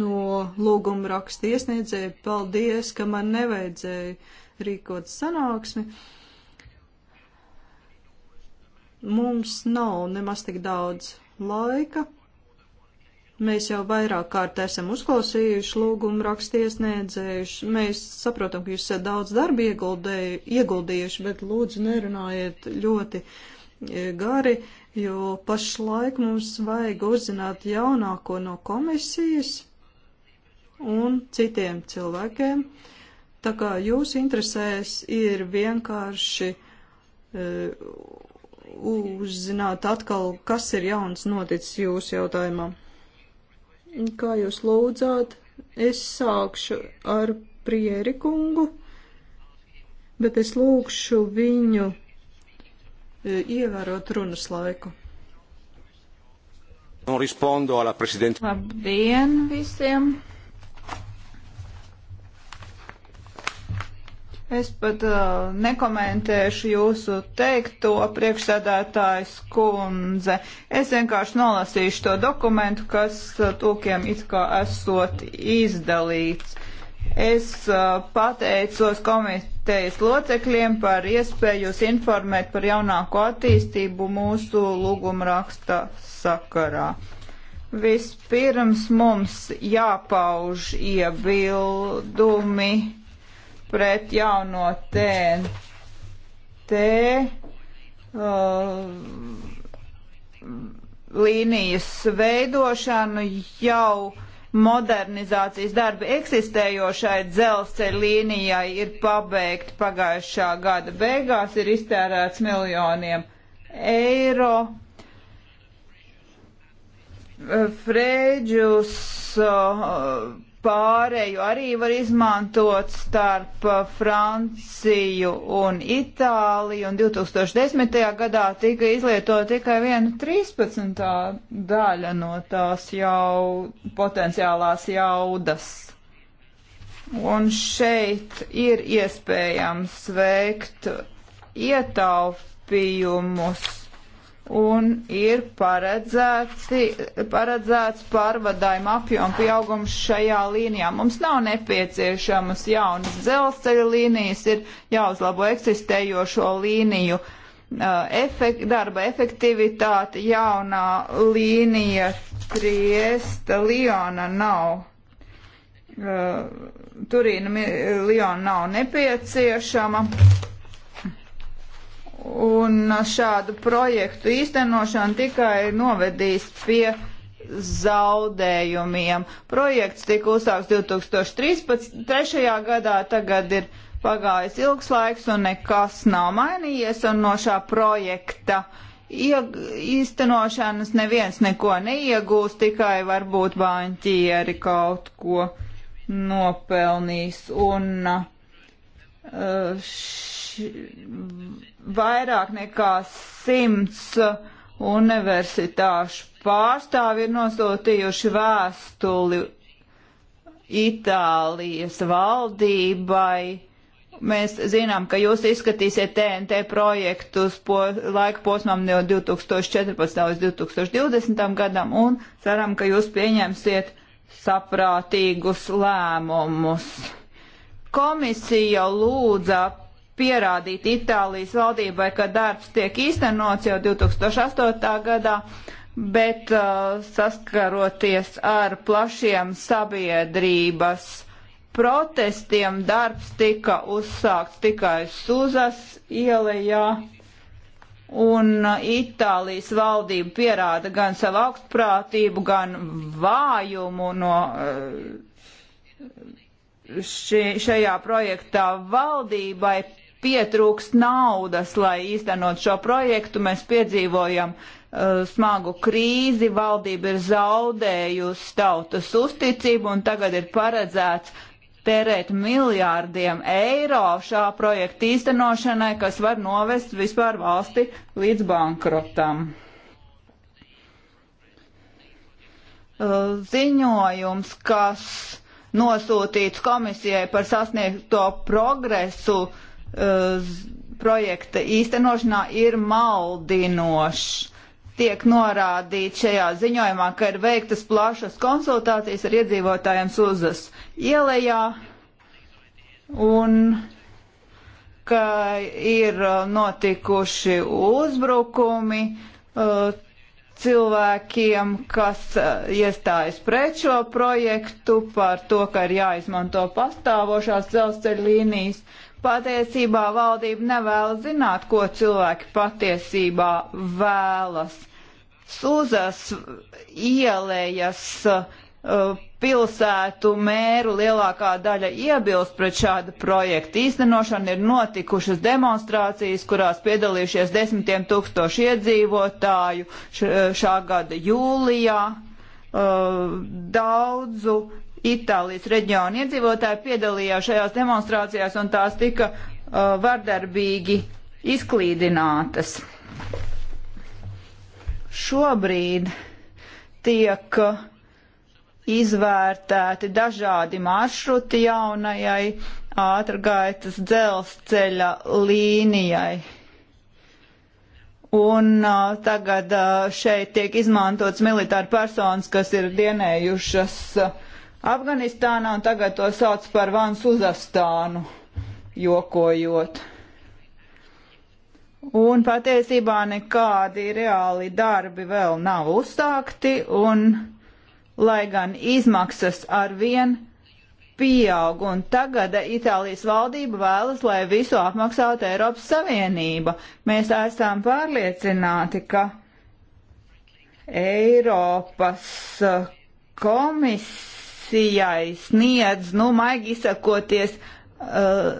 no lūguma raksta iesniedzēja. Paldies, ka man nevajadzēja rīkot sanāksmi. Mums nav nemaz tik daudz laika. Mēs jau vairāk kārt esam uzklausījuši lūgumu rakstu iesniedzējuši. Mēs saprotam, ka jūs esat daudz darba ieguldījuši, bet lūdzu nerunājiet ļoti e, gari. Uh, jo pašlaik mums vajag uzzināt jaunāko no komisijas un citiem cilvēkiem. Tā kā jūs interesēs ir vienkārši e, uzzināt atkal, kas ir jauns noticis jūsu jautājumā. Kā jūs lūdzāt, es sākšu ar prierikungu, bet es lūkšu viņu E, ievērot runas laiku. Labdien visiem! Es pat uh, nekomentēšu jūsu teikto priekšsēdētājs kundze. Es vienkārši nolasīšu to dokumentu, kas uh, tūkiem it kā esot izdalīts. Es uh, pateicos komit komitejas locekļiem par iespēju jūs informēt par jaunāko attīstību mūsu lūgumraksta sakarā. Vispirms mums jāpauž iebildumi pret jauno TNT uh, līnijas veidošanu jau modernizācijas darbi eksistējošai dzelzceļa līnijai ir pabeigti pagājušā gada beigās, ir iztērēts miljoniem eiro. Frēģus uh, pārēju arī var izmantot starp uh, Franciju un Itāliju, un 2010. gadā tika izlietota tikai 1,13 daļa no tās jau potenciālās jaudas. Un šeit ir iespējams veikt ietaupījumus un ir paredzēts pārvadājuma apjoma pieaugums šajā līnijā. Mums nav nepieciešamas jaunas dzelzceļa līnijas, ir jāuzlabo eksistējošo līniju uh, efekt, darba efektivitāte. Jaunā līnija Triesta Liona nav. Uh, Turīna Liona nav nepieciešama. Un šādu projektu īstenošana tikai novedīs pie zaudējumiem. Projekts tika uzsāks 2013. gadā, tagad ir pagājis ilgs laiks un nekas nav mainījies, un no šā projekta ieg, īstenošanas neviens neko neiegūs, tikai varbūt baņķieri kaut ko nopelnīs. Un, uh, š vairāk nekā simts universitāšu pārstāvi ir nosūtījuši vēstuli Itālijas valdībai. Mēs zinām, ka jūs izskatīsiet TNT projektus po, laika posmam no 2014. līdz 2020. gadam un ceram, ka jūs pieņemsiet saprātīgus lēmumus. Komisija lūdza pierādīt Itālijas valdībai, ka darbs tiek īstenots jau 2008. gadā, bet uh, saskaroties ar plašiem sabiedrības protestiem, darbs tika uzsākts tikai Suzas ielējā. Un uh, Itālijas valdība pierāda gan savu augstprātību, gan vājumu no uh, ši, šajā projektā valdībai pietrūkst naudas, lai īstenot šo projektu. Mēs piedzīvojam uh, smagu krīzi, valdība ir zaudējusi tautas uzticību un tagad ir paredzēts tērēt miljārdiem eiro šā projekta īstenošanai, kas var novest vispār valsti līdz bankrotam. Uh, ziņojums, kas nosūtīts komisijai par sasniegto progresu, uh, Uh, projekta īstenošanā ir maldinošs. Tiek norādīts šajā ziņojumā, ka ir veiktas plašas konsultācijas ar iedzīvotājiem Suzas ielējā un ka ir uh, notikuši uzbrukumi uh, cilvēkiem, kas iestājas pret šo projektu par to, ka ir jāizmanto pastāvošās dzelzceļa līnijas Patiesībā valdība nevēlas zināt, ko cilvēki patiesībā vēlas. Sūzas ielējas uh, pilsētu mēru lielākā daļa iebilst pret šādu projektu īstenošanu. Ir notikušas demonstrācijas, kurās piedalījušies desmitiem tūkstoši iedzīvotāju šā gada jūlijā. Uh, daudzu Itālijas reģiona iedzīvotāji piedalījās šajās demonstrācijās un tās tika uh, vardarbīgi izklīdinātas. Šobrīd tiek izvērtēti dažādi maršruti jaunajai ātrgaitas dzelzceļa līnijai. Un uh, tagad uh, šeit tiek izmantots militāri personas, kas ir dienējušas uh, Afganistānā un tagad to sauc par Vans Uzastānu, jokojot. Un patiesībā nekādi reāli darbi vēl nav uzsākti, un lai gan izmaksas ar vien pieaug, un tagad Itālijas valdība vēlas, lai visu apmaksātu Eiropas Savienība. Mēs esam pārliecināti, ka Eiropas eh, komisija komisijai sniedz, nu, maigi izsakoties, uh,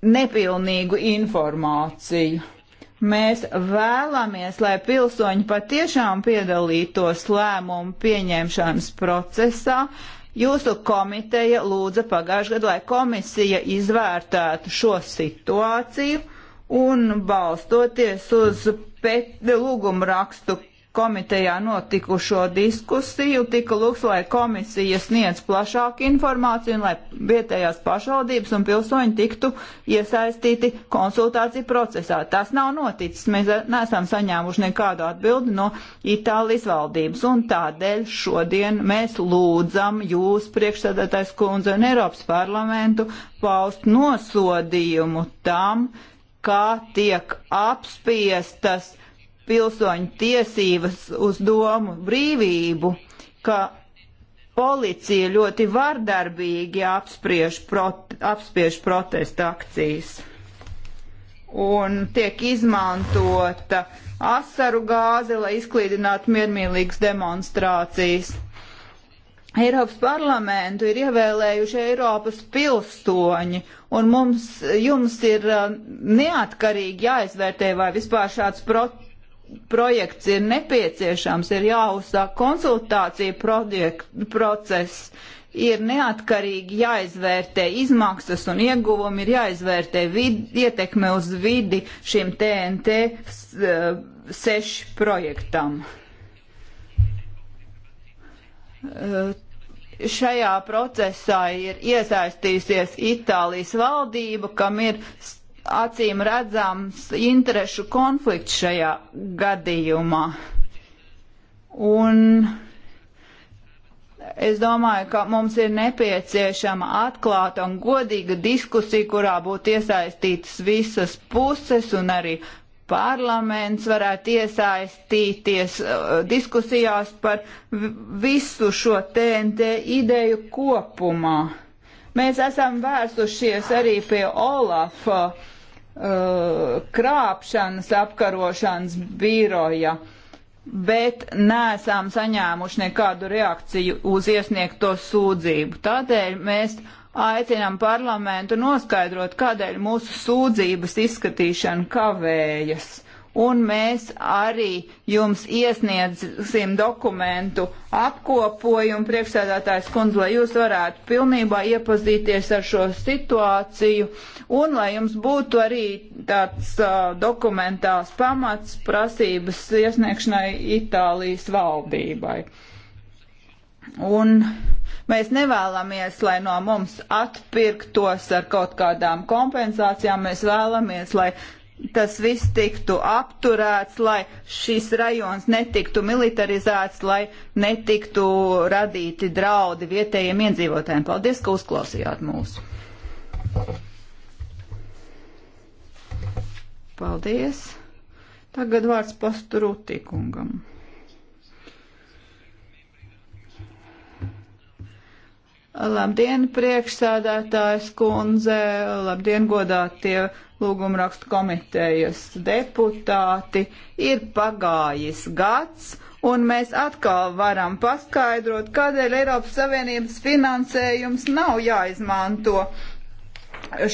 nepilnīgu informāciju. Mēs vēlamies, lai pilsoņi patiešām piedalītos lēmumu pieņemšanas procesā. Jūsu komiteja lūdza pagājušajā gadā, lai komisija izvērtētu šo situāciju un balstoties uz lūgumu rakstu komitejā notikušo diskusiju, tika lūgts, lai komisija sniedz plašāku informāciju un lai vietējās pašvaldības un pilsoņi tiktu iesaistīti konsultāciju procesā. Tas nav noticis, mēs neesam saņēmuši nekādu atbildi no Itālijas valdības un tādēļ šodien mēs lūdzam jūs, priekšsēdētājs kundze un Eiropas parlamentu, paust nosodījumu tam, kā tiek apspiestas pilsoņu tiesības uz domu brīvību, ka policija ļoti vardarbīgi apspriež, prot, apspriež protesta akcijas. Un tiek izmantota asaru gāze, lai izklīdinātu miermīlīgas demonstrācijas. Eiropas parlamentu ir ievēlējuši Eiropas pilsoņi, un mums, jums ir uh, neatkarīgi jāizvērtē, vai vispār šāds prot, projekts ir nepieciešams, ir jāuzsāk konsultācija process, ir neatkarīgi jāizvērtē izmaksas un ieguvumi, ir jāizvērtē vid, ietekme uz vidi šim TNT e, sešu projektam. E, šajā procesā ir iesaistījusies Itālijas valdība, kam ir acīm redzams interešu konflikts šajā gadījumā. Un es domāju, ka mums ir nepieciešama atklāta un godīga diskusija, kurā būtu iesaistītas visas puses un arī parlaments varētu iesaistīties uh, diskusijās par visu šo TNT ideju kopumā. Mēs esam vērsušies arī pie Olafa uh, krāpšanas apkarošanas biroja, bet nesam saņēmuši nekādu reakciju uz iesniegto sūdzību. Tādēļ mēs aicinām parlamentu noskaidrot, kādēļ mūsu sūdzības izskatīšana kavējas un mēs arī jums iesniedzsim dokumentu apkopojumu priekšsēdētājs kundze, lai jūs varētu pilnībā iepazīties ar šo situāciju un lai jums būtu arī tāds uh, dokumentāls pamats prasības iesniegšanai Itālijas valdībai. Un mēs nevēlamies, lai no mums atpirktos ar kaut kādām kompensācijām, mēs vēlamies, lai tas viss tiktu apturēts, lai šis rajons netiktu militarizēts, lai netiktu radīti draudi vietējiem iedzīvotājiem. Paldies, ka uzklausījāt mūsu. Paldies. Tagad vārds pasturūtīkungam. Labdien, priekšsādātājs kundze, labdien, godātie lūgumrakstu komitejas deputāti. Ir pagājis gads, un mēs atkal varam paskaidrot, kādēļ Eiropas Savienības finansējums nav jāizmanto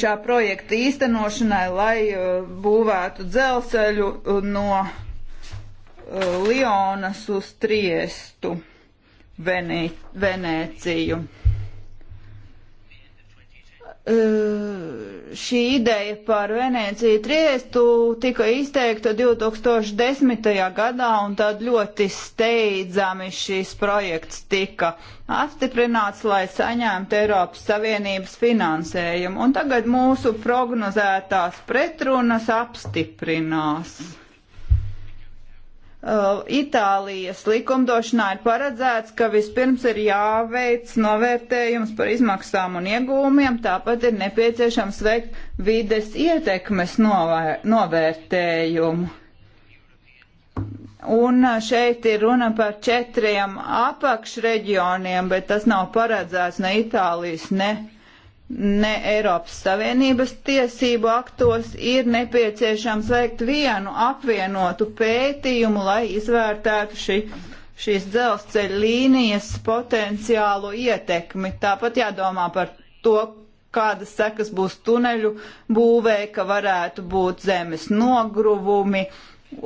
šā projekta īstenošanai, lai uh, būvētu dzelzceļu no uh, Lionas uz Triestu, Venē Venēciju. Eh, šī ideja par Venēciju Triestu tika izteikta 2010. gadā, un tad ļoti steidzami šis projekts tika apstiprināts, lai saņemtu Eiropas Savienības finansējumu. Un tagad mūsu prognozētās pretrunas apstiprinās. Mm. Uh, Itālijas likumdošanā ir paredzēts, ka vispirms ir jāveic novērtējums par izmaksām un iegūmiem, tāpat ir nepieciešams veikt vides ietekmes novēr novērtējumu. Un uh, šeit ir runa par četriem apakšreģioniem, bet tas nav paredzēts ne Itālijas, ne ne Eiropas Savienības tiesību aktos ir nepieciešams veikt vienu apvienotu pētījumu, lai izvērtētu šī, šīs dzelzceļa līnijas potenciālo ietekmi. Tāpat jādomā par to, kādas sekas būs tuneļu būvē, ka varētu būt zemes nogruvumi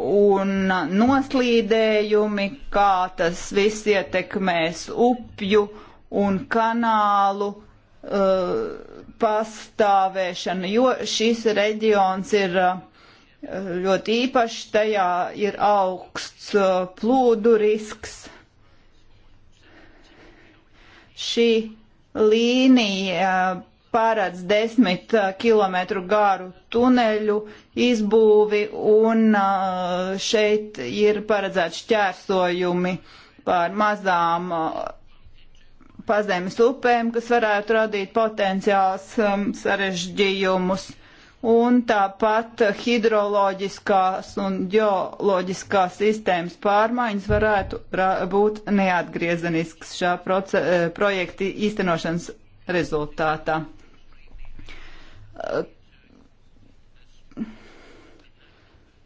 un noslīdējumi, kā tas viss ietekmēs upju un kanālu Uh, pastāvēšanu, jo šis reģions ir uh, ļoti īpašs, tajā ir augsts uh, plūdu risks. Šī līnija paredz desmit kilometru garu tuneļu izbūvi un šeit ir paredzēts šķērsojumi pār mazām pazemes upēm, kas varētu radīt potenciāls um, sarežģījumus. Un tāpat hidroloģiskās un geoloģiskās sistēmas pārmaiņas varētu būt neatgriezenisks šā eh, projekta īstenošanas rezultātā. Eh,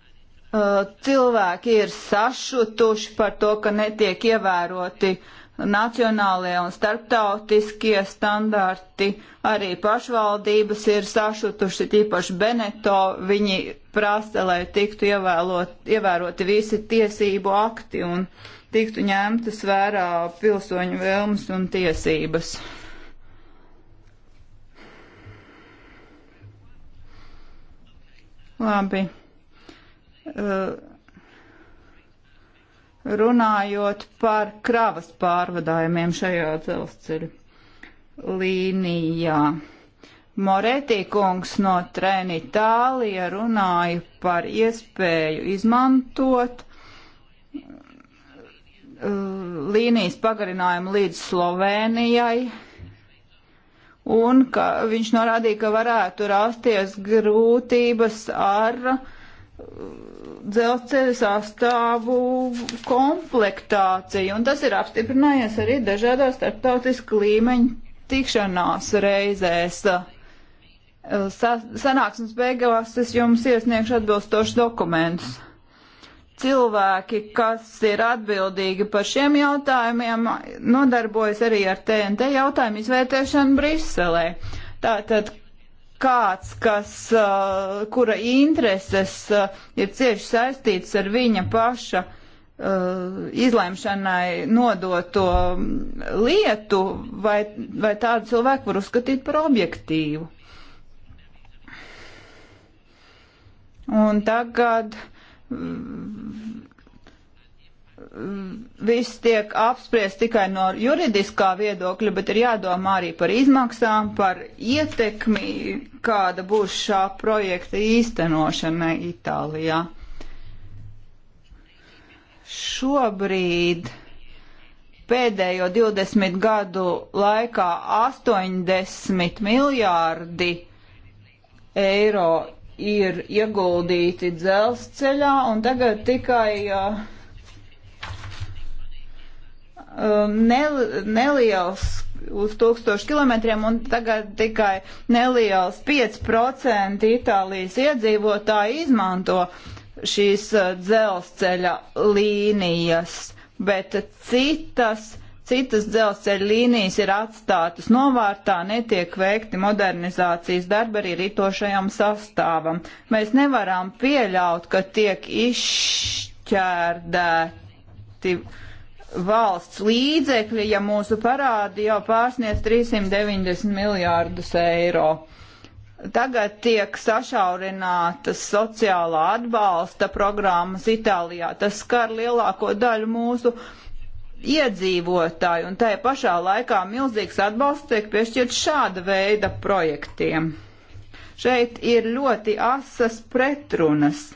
eh, cilvēki ir sašutuši par to, ka netiek ievēroti uh, nacionālie un starptautiskie standarti, arī pašvaldības ir sašutuši, tīpaši Beneto, viņi prasa, lai tiktu ievēlot, ievēroti visi tiesību akti un tiktu ņemtas vērā pilsoņu vēlmes un tiesības. Labi. Uh, runājot par kravas pārvadājumiem šajā dzelzceļu līnijā. Moretī kungs no Trēni Itālija runāja par iespēju izmantot uh, līnijas pagarinājumu līdz Slovenijai, un ka viņš norādīja, ka varētu rasties grūtības ar uh, dzelzceļa sastāvu komplektāciju, un tas ir apstiprinājies arī dažādās starptautiskā līmeņa tikšanās reizēs. Sa sanāksmes beigās es jums iesniegšu atbilstošus dokumentus. Cilvēki, kas ir atbildīgi par šiem jautājumiem, nodarbojas arī ar TNT jautājumu izvērtēšanu Briselē. Tātad kāds, kas, uh, kura intereses uh, ir cieši saistīts ar viņa paša uh, izlēmšanai nodoto um, lietu, vai, vai tādu cilvēku var uzskatīt par objektīvu. Un tagad Mm, viss tiek apspriest tikai no juridiskā viedokļa, bet ir jādomā arī par izmaksām, par ietekmi, kāda būs šā projekta īstenošanai Itālijā. Šobrīd pēdējo 20 gadu laikā 80 miljārdi eiro ir ieguldīti dzelzceļā, un tagad tikai uh, Um, nel, neliels uz tūkstošu kilometriem un tagad tikai neliels 5% Itālijas iedzīvotāji izmanto šīs uh, dzelzceļa līnijas, bet citas, citas dzelzceļa līnijas ir atstātas novārtā, netiek veikti modernizācijas darbi arī ritošajam sastāvam. Mēs nevaram pieļaut, ka tiek izšķērdēti valsts līdzekļi, ja mūsu parādi jau pārsniedz 390 miljārdus eiro. Tagad tiek sašaurinātas sociālā atbalsta programmas Itālijā. Tas skar lielāko daļu mūsu iedzīvotāju, un tajā pašā laikā milzīgs atbalsts tiek piešķirts šāda veida projektiem. Šeit ir ļoti asas pretrunas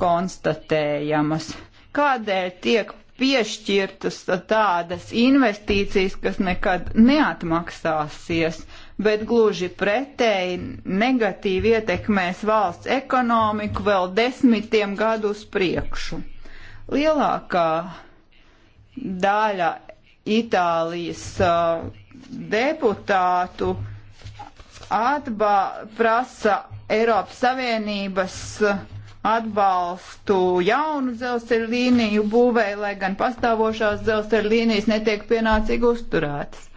konstatējamas. Kādēļ tiek piešķirtas tādas investīcijas, kas nekad neatmaksāsies, bet gluži pretēji negatīvi ietekmēs valsts ekonomiku vēl desmitiem gadu uz priekšu. Lielākā daļa Itālijas uh, deputātu atbā prasa Eiropas Savienības uh, atbalstu jaunu dzelzceļa līniju būvēju, lai gan pastāvošās dzelzceļa līnijas netiek pienācīgi uzturētas.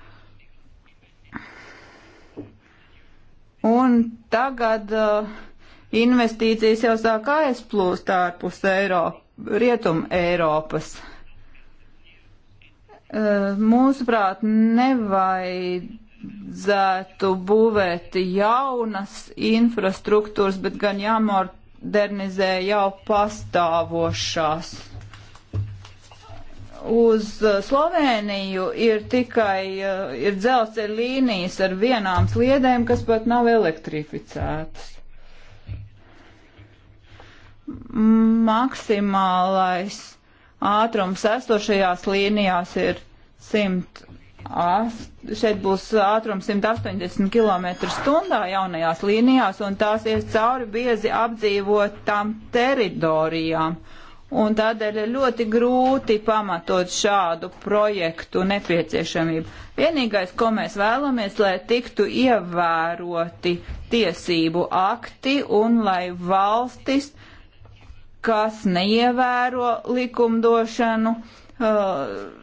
Un tagad uh, investīcijas jau sāk aizplūst ārpus Eiropa, rietum Eiropas. Uh, mūsuprāt, nevajag vajadzētu būvēt jaunas infrastruktūras, bet gan jāmor modernizē jau pastāvošās. Uz uh, Sloveniju ir tikai uh, ir dzelzceļa līnijas ar vienām sliedēm, kas pat nav elektrificētas. Maksimālais ātrums esošajās līnijās ir 100 šeit būs ātrums 180 km stundā jaunajās līnijās, un tās ies cauri biezi apdzīvotām teritorijām. Un tādēļ ir ļoti grūti pamatot šādu projektu nepieciešamību. Vienīgais, ko mēs vēlamies, lai tiktu ievēroti tiesību akti un lai valstis, kas neievēro likumdošanu, uh,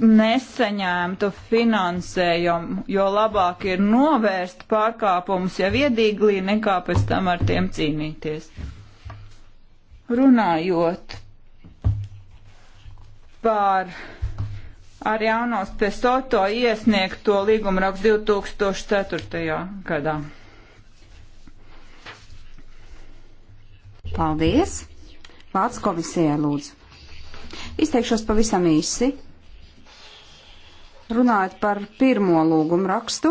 nesaņēmtu finansējumu, jo labāk ir novērst pārkāpumus jau iedīglī, nekā pēc tam ar tiem cīnīties. Runājot par ar jaunos Pesoto iesniegto līgumu rakstu 2004. gadā. Paldies! Vārds komisijai lūdzu. Izteikšos pavisam īsi Runājot par pirmo lūgumu rakstu,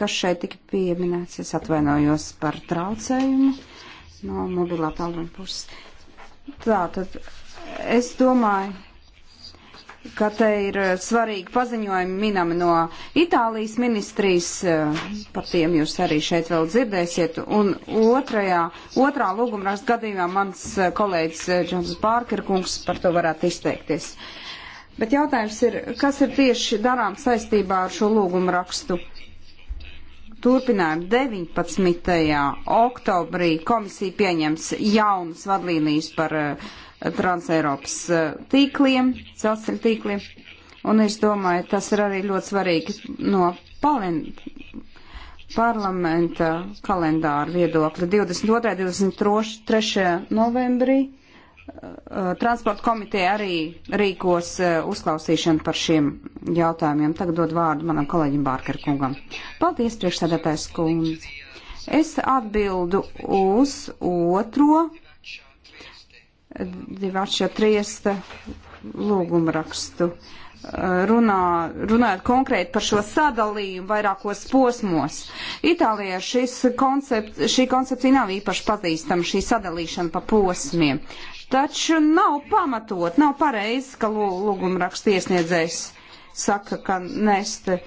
kas šeit tika pieminēts, es atvainojos par traucējumu no mobilā tālruņa puses. Tā tad es domāju, ka te ir svarīgi paziņojumi minami no Itālijas ministrijas, par tiem jūs arī šeit vēl dzirdēsiet. Un otrajā, otrā lūgumraksta gadījumā mans kolēģis Džons Pārkerkungs par to varētu izteikties. Uh, Bet jautājums ir, kas ir tieši darām saistībā ar šo lūgumu rakstu? Turpinājumā 19. oktobrī komisija pieņems jaunas vadlīnijas par uh, Transeiropas uh, tīkliem, celceļu tīkliem. Un es domāju, tas ir arī ļoti svarīgi no parlamenta kalendāra viedokļa 22. un 23. novembrī Eh, transporta komiteja arī rīkos eh, uzklausīšanu par šiem jautājumiem. Tagad dod vārdu manam kolēģim Bārker kungam. Paldies, priekšsēdētājs kundze. Es atbildu uz otro Divača Triesta lūgumrakstu. Eh, runā, runājot konkrēti par šo sadalījumu vairākos posmos. Itālijā šis koncept, šī koncepcija nav īpaši pazīstama, šī sadalīšana pa posmiem. Taču nav pamatot, nav pareizi, ka lūguma raksta iesniedzējs saka, ka neste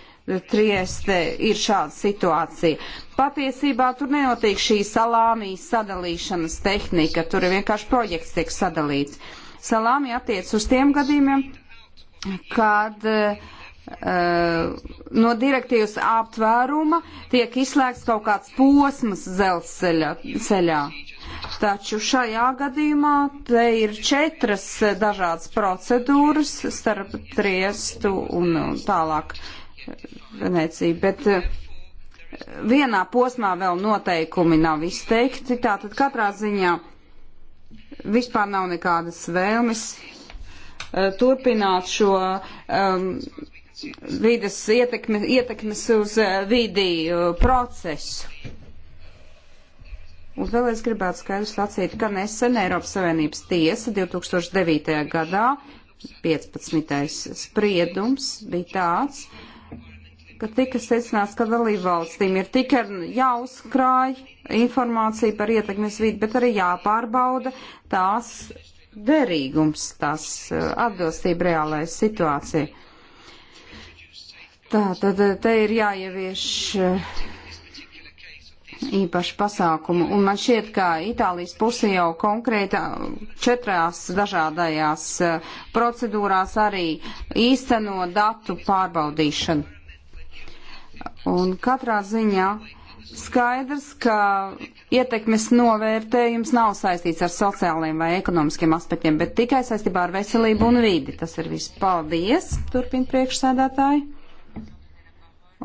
Trieste ir šāda situācija. Patiesībā tur nenotiek šī salāmijas sadalīšanas tehnika, tur vienkārši projekts tiek sadalīts. Salāmi attiec uz tiem gadījumiem, kad uh, no direktīvas aptvēruma tiek izslēgts kaut kāds posms dzelzceļā. Taču šajā gadījumā te ir četras dažādas procedūras starp triestu un tālāk Veneciju, bet eh, vienā posmā vēl noteikumi nav izteikti, tātad katrā ziņā vispār nav nekādas vēlmes eh, turpināt šo um, vides ietekmes, ietekmes uz eh, vidī procesu. Un vēl es gribētu skaidrs sacīt, ka nesen Eiropas Savienības tiesa 2009. gadā 15. spriedums bija tāds, ka tika secināts, ka dalību valstīm ir tikai jāuzkrāj informācija par ietekmes vidi, bet arī jāpārbauda tās derīgums, tās eh, atbilstība reālajai situācijai. Tā tad eh, te ir jāievieš eh, īpašu pasākumu. Un man šķiet, ka Itālijas puse jau konkrēti četrās dažādajās eh, procedūrās arī īsteno datu pārbaudīšanu. Un katrā ziņā skaidrs, ka ietekmes novērtējums nav saistīts ar sociālajiem vai ekonomiskiem aspektiem, bet tikai saistībā ar veselību un vīdi. Tas ir viss. Paldies, turpina priekšsēdētāji.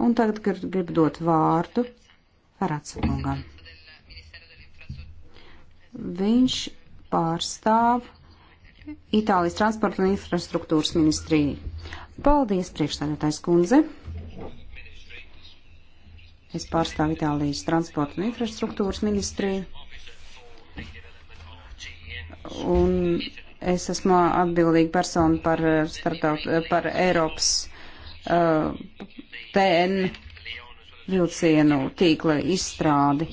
Un tagad gribu dot vārdu Paratskungam. Viņš pārstāv Itālijas transporta un infrastruktūras ministriju. Paldies, priekšstādātājs kundze. Es pārstāvu Itālijas transporta un infrastruktūras ministriju. Un es esmu atbildīga persona par, starptaut, par Eiropas uh, TN vilcienu tīkla izstrādi.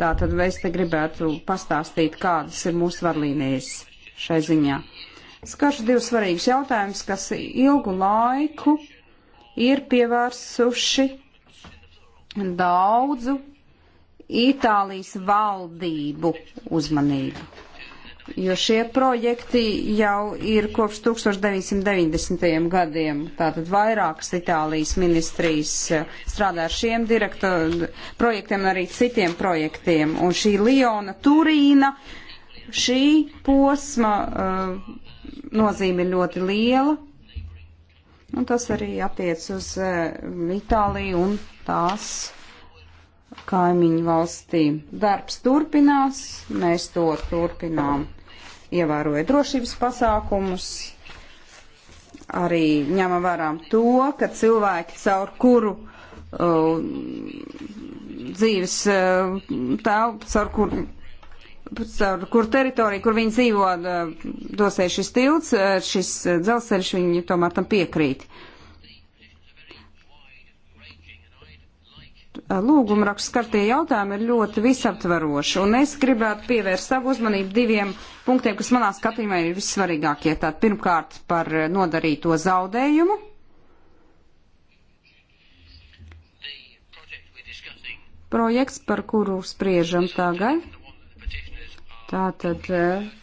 Tātad es te gribētu pastāstīt, kādas ir mūsu varlīnijas šai ziņā. Skaršu divus svarīgus jautājumus, kas ilgu laiku ir pievērsuši daudzu Itālijas valdību uzmanību jo šie projekti jau ir kopš 1990. gadiem. Tātad vairākas Itālijas ministrijas eh, strādā ar šiem direktor, projektiem un arī citiem projektiem. Un šī Liona Turīna, šī posma uh, nozīme ir ļoti liela. Un tas arī attiec uz uh, Itāliju un tās kaimiņu valstīm. Darbs turpinās, mēs to turpinām ievēroja drošības pasākumus, arī ņemam vērā to, ka cilvēki, caur kuru uh, dzīves uh, telpu, caur kur, caur kur teritoriju, kur viņi dzīvo, uh, dosies šis tilts, uh, šis uh, dzelzceļš, viņi tomēr tam piekrīt. Uh, lūguma rakstu skartie jautājumi ir ļoti visaptvaroši, un es gribētu pievērst savu uzmanību diviem punktiem, kas manā skatījumā ir vissvarīgākie. Tātad pirmkārt par nodarīto zaudējumu. Projekts, par kuru spriežam tagad. Tātad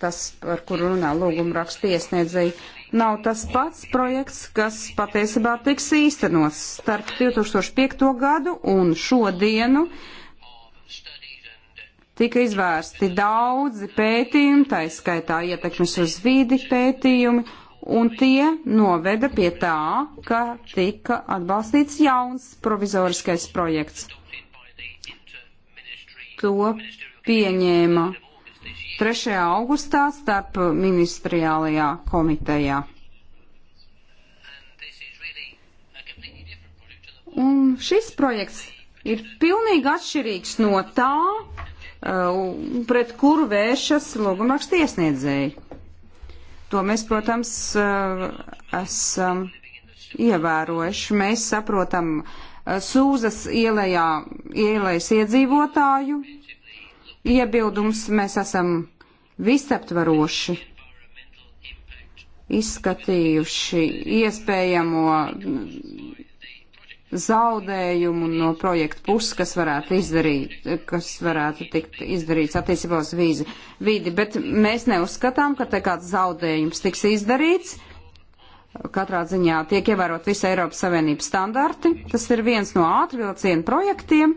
tas, par kuru runā lūguma rakstu iesniedzēji, nav tas pats projekts, kas patiesībā tiks īstenots starp 2005. gadu un šodienu. Tika izvērsti daudzi pētījumi, tā izskaitā ietekmes uz vīdi pētījumi, un tie noveda pie tā, ka tika atbalstīts jauns provizoriskais projekts. To pieņēma 3. augustā starp ministriālajā komitejā. Un šis projekts ir pilnīgi atšķirīgs no tā, uh, pret kuru vēršas lūgumraksta iesniedzēji. To mēs, protams, uh, esam ievērojuši. Mēs saprotam uh, Sūzas ielējā, ielējas iedzīvotāju iebildums. Mēs esam visaptvaroši izskatījuši iespējamo zaudējumu no projekta puses, kas varētu izdarīt, kas varētu tikt izdarīts attiecībā uz vīzi, vidi, bet mēs neuzskatām, ka te kāds zaudējums tiks izdarīts. Katrā ziņā tiek ievērot visa Eiropas Savienības standarti. Tas ir viens no ātrvilcienu projektiem,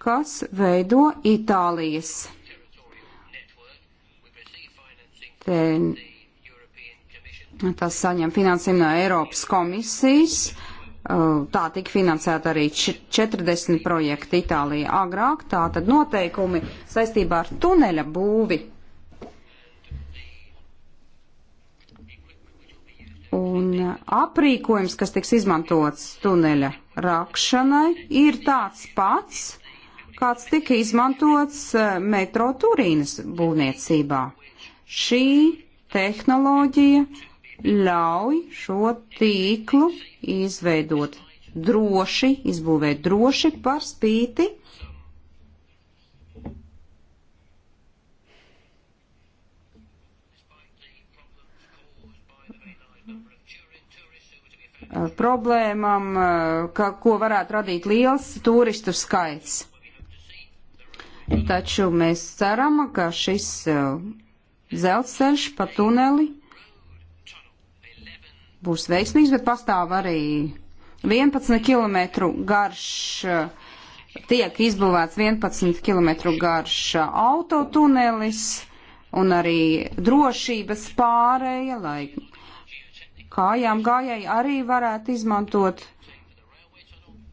kas veido Itālijas Te, tas saņem finansējumu no Eiropas komisijas. Uh, tā tika finansēta arī 40 projekti Itālijā agrāk. Tā tad noteikumi saistībā ar tuneļa būvi. Un aprīkojums, kas tiks izmantots tuneļa rakšanai, ir tāds pats, kāds tika izmantots eh, metro Turīnas būvniecībā. Šī tehnoloģija ļauj šo tīklu izveidot droši, izbūvēt droši par spīti problēmām, ka, ko varētu radīt liels turistu skaits. Taču mēs ceram, ka šis dzelzceļš pa tuneli būs veiksmīgs, bet pastāv arī 11 km garš, tiek izbūvēts 11 km garš autotunelis un arī drošības pārēja, lai kājām gājēji arī varētu izmantot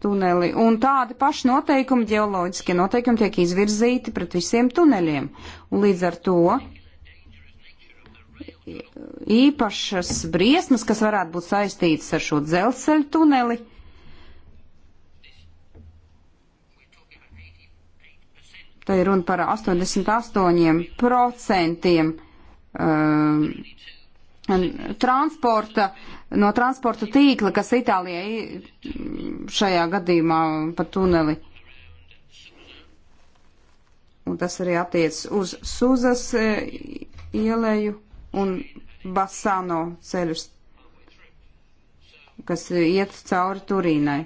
tuneli. Un tādi paši noteikumi, ģeoloģiskie noteikumi tiek izvirzīti pret visiem tuneļiem. Un līdz ar to īpašas briesmas, kas varētu būt saistītas ar šo dzelzceļu tuneli. Te ir runa par 88% um, transporta, no transporta tīkla, kas Itālijai šajā gadījumā pa tuneli. Un tas arī attiec uz Suzas e, ielēju un Basāno ceļus, kas iet cauri Turīnai.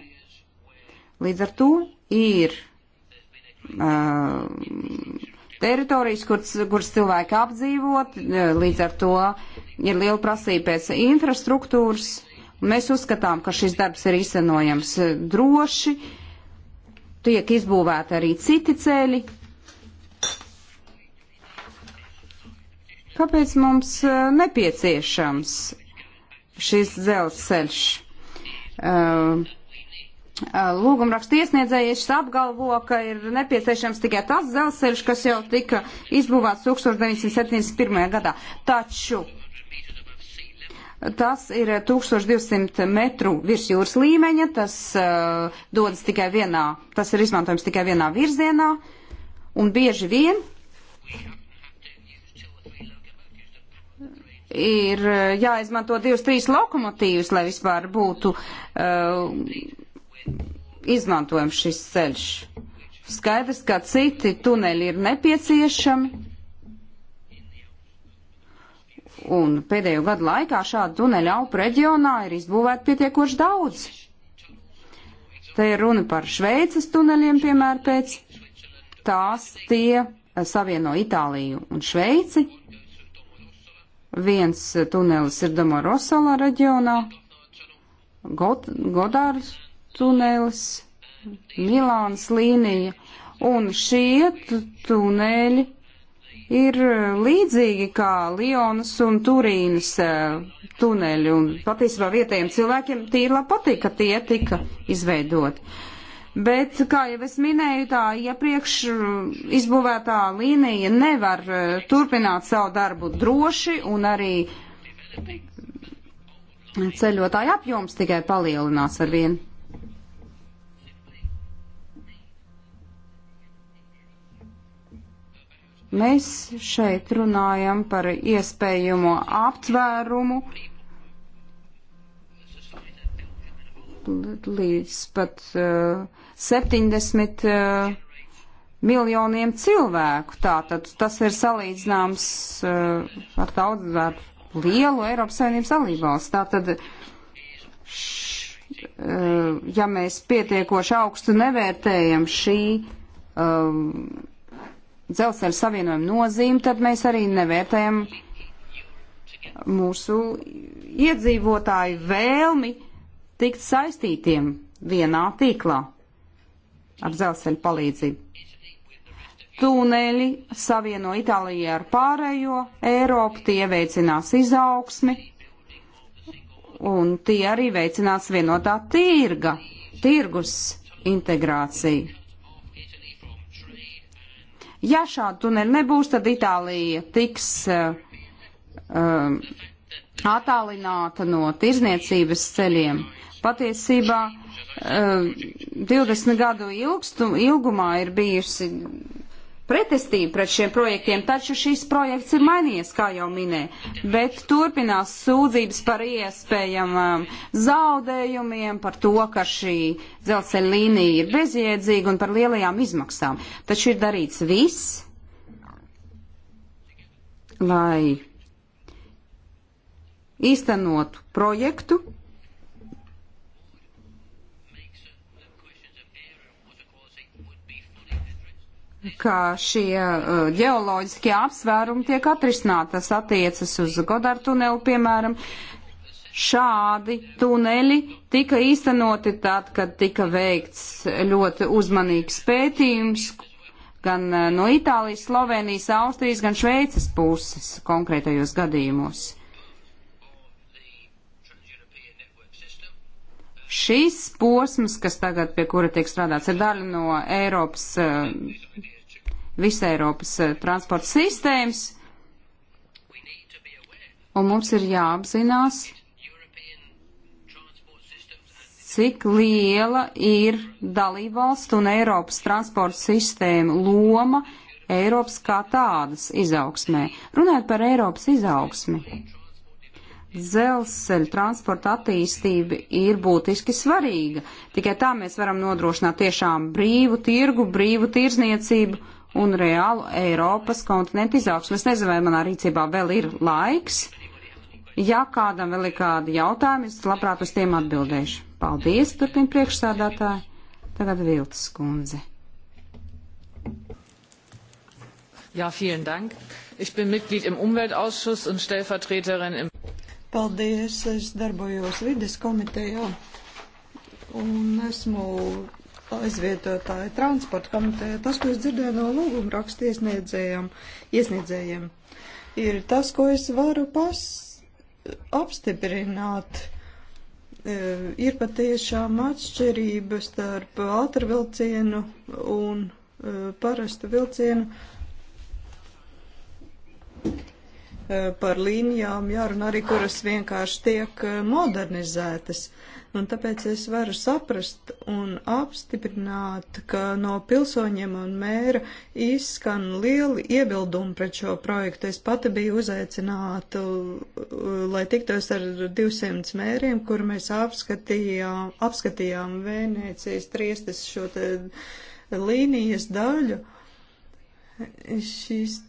Līdz ar to ir uh, teritorijas, kuras, kuras cilvēki apdzīvot, uh, līdz ar to ir liela prasība pēc infrastruktūras. Mēs uzskatām, ka šis darbs ir izcenojams droši, tiek izbūvēti arī citi ceļi, Kāpēc mums e, nepieciešams šis dzelzceļš? E, e, Lūgumraksta iesniedzējies apgalvo, ka ir nepieciešams tikai tas dzelzceļš, kas jau tika izbūvēts 1971. gadā. Taču tas ir 1200 metru virs jūras līmeņa, tas uh, dodas tikai vienā, tas ir izmantojams tikai vienā virzienā, un bieži vien ir eh, jāizmanto divas, trīs lokomotīvas, lai vispār būtu uh, izmantojams šis ceļš. Skaidrs, ka citi tuneli ir nepieciešami. Un pēdējo gadu laikā šādu tuneļu aupu reģionā ir izbūvēti pietiekoši daudz. Te ir runa par Šveices tuneļiem, piemēram, pēc tās tie eh, savieno Itāliju un Šveici Viens tunelis ir Domorosalā reģionā, God, Godārs tunelis, Milāns līnija, un šie tuneļi ir līdzīgi kā Lionas un Turīnas eh, tuneļi, un patiesībā vietējiem cilvēkiem tīri labi patīk, ka tie tika izveidoti. Bet, kā jau es minēju, tā iepriekš uh, izbūvētā līnija nevar uh, turpināt savu darbu droši un arī ceļotāju apjoms tikai palielinās ar vienu. Mēs šeit runājam par iespējamo aptvērumu līdz pat uh, 70 uh, eh, miljoniem cilvēku. Tātad tas ir salīdzināms uh, ar daudz, ar lielu Eiropas Savienības dalībvalsts. Tātad, š, uh, ja mēs pietiekoši augstu nevērtējam šī um, dzelzceļa savienojuma nozīmi, tad mēs arī nevērtējam mūsu iedzīvotāju vēlmi tikt saistītiem vienā tīklā ar dzelzceļa palīdzību. Tūneļi savieno Itāliju ar pārējo Eiropu, tie veicinās izaugsmi un tie arī veicinās vienotā tirga, tirgus integrāciju. Ja šāda tuneļa nebūs, tad Itālija tiks uh, um, attālināta no tirzniecības ceļiem. Patiesībā uh, 20 eh, gadu ilgstu, ilgumā ir bijusi pretestība pret šiem projektiem, taču šis projekts ir mainījies, kā jau minēja, bet turpinās sūdzības par iespējamām eh, zaudējumiem, par to, ka šī dzelzceļa līnija ir bezjēdzīga un par lielajām izmaksām. Taču ir darīts viss, lai īstenotu projektu, ka šie uh, ģeoloģiskie apsvērumi tiek atrisināti. Tas attiecas uz Godard tunelu, piemēram. Šādi tuneļi tika īstenoti tad, kad tika veikts ļoti uzmanīgs pētījums gan uh, no Itālijas, Slovenijas, Austrijas, gan Šveices puses konkrētajos gadījumos. Šis posms, kas tagad pie kura tiek strādāts, ir daļa no Eiropas uh, visai Eiropas eh, transporta sistēmas. Un mums ir jāapzinās, cik liela ir dalībvalstu un Eiropas transporta sistēma loma Eiropas kā tādas izaugsmē. Runājot par Eiropas izaugsmi dzelzceļa transporta attīstība ir būtiski svarīga. Tikai tā mēs varam nodrošināt tiešām brīvu tirgu, brīvu tirzniecību un reālu Eiropas kontinentu izaugsmu. Es nezinu, vai manā rīcībā vēl ir laiks. Ja kādam vēl ir kādi jautājumi, es labprāt uz tiem atbildēšu. Paldies, turpina priekšsādātāji. Tagad Viltas kundze. Jā, ja, vielen dank. Ich bin Mitglied im Umweltausschuss un Stellvertreterin im. Paldies, es darbojos vides komitejā un esmu aizvietotāja transporta komiteja. Tas, ko es dzirdēju no lūguma rakstu iesniedzējiem, ir tas, ko es varu pas, apstiprināt. E, ir patiešām atšķirība starp ātrvilcienu un e, parastu vilcienu. E, par līnijām jārunā arī, kuras vienkārši tiek modernizētas. Uh, un tāpēc es varu saprast un apstiprināt, ka no pilsoņiem un mēra izskan lieli iebildumi pret šo projektu. Es pati biju uzaicināta, uh, lai tiktos ar 200 mēriem, kur mēs apskatījām, apskatījām Vēnēcijas triestes šo te līnijas daļu. Šis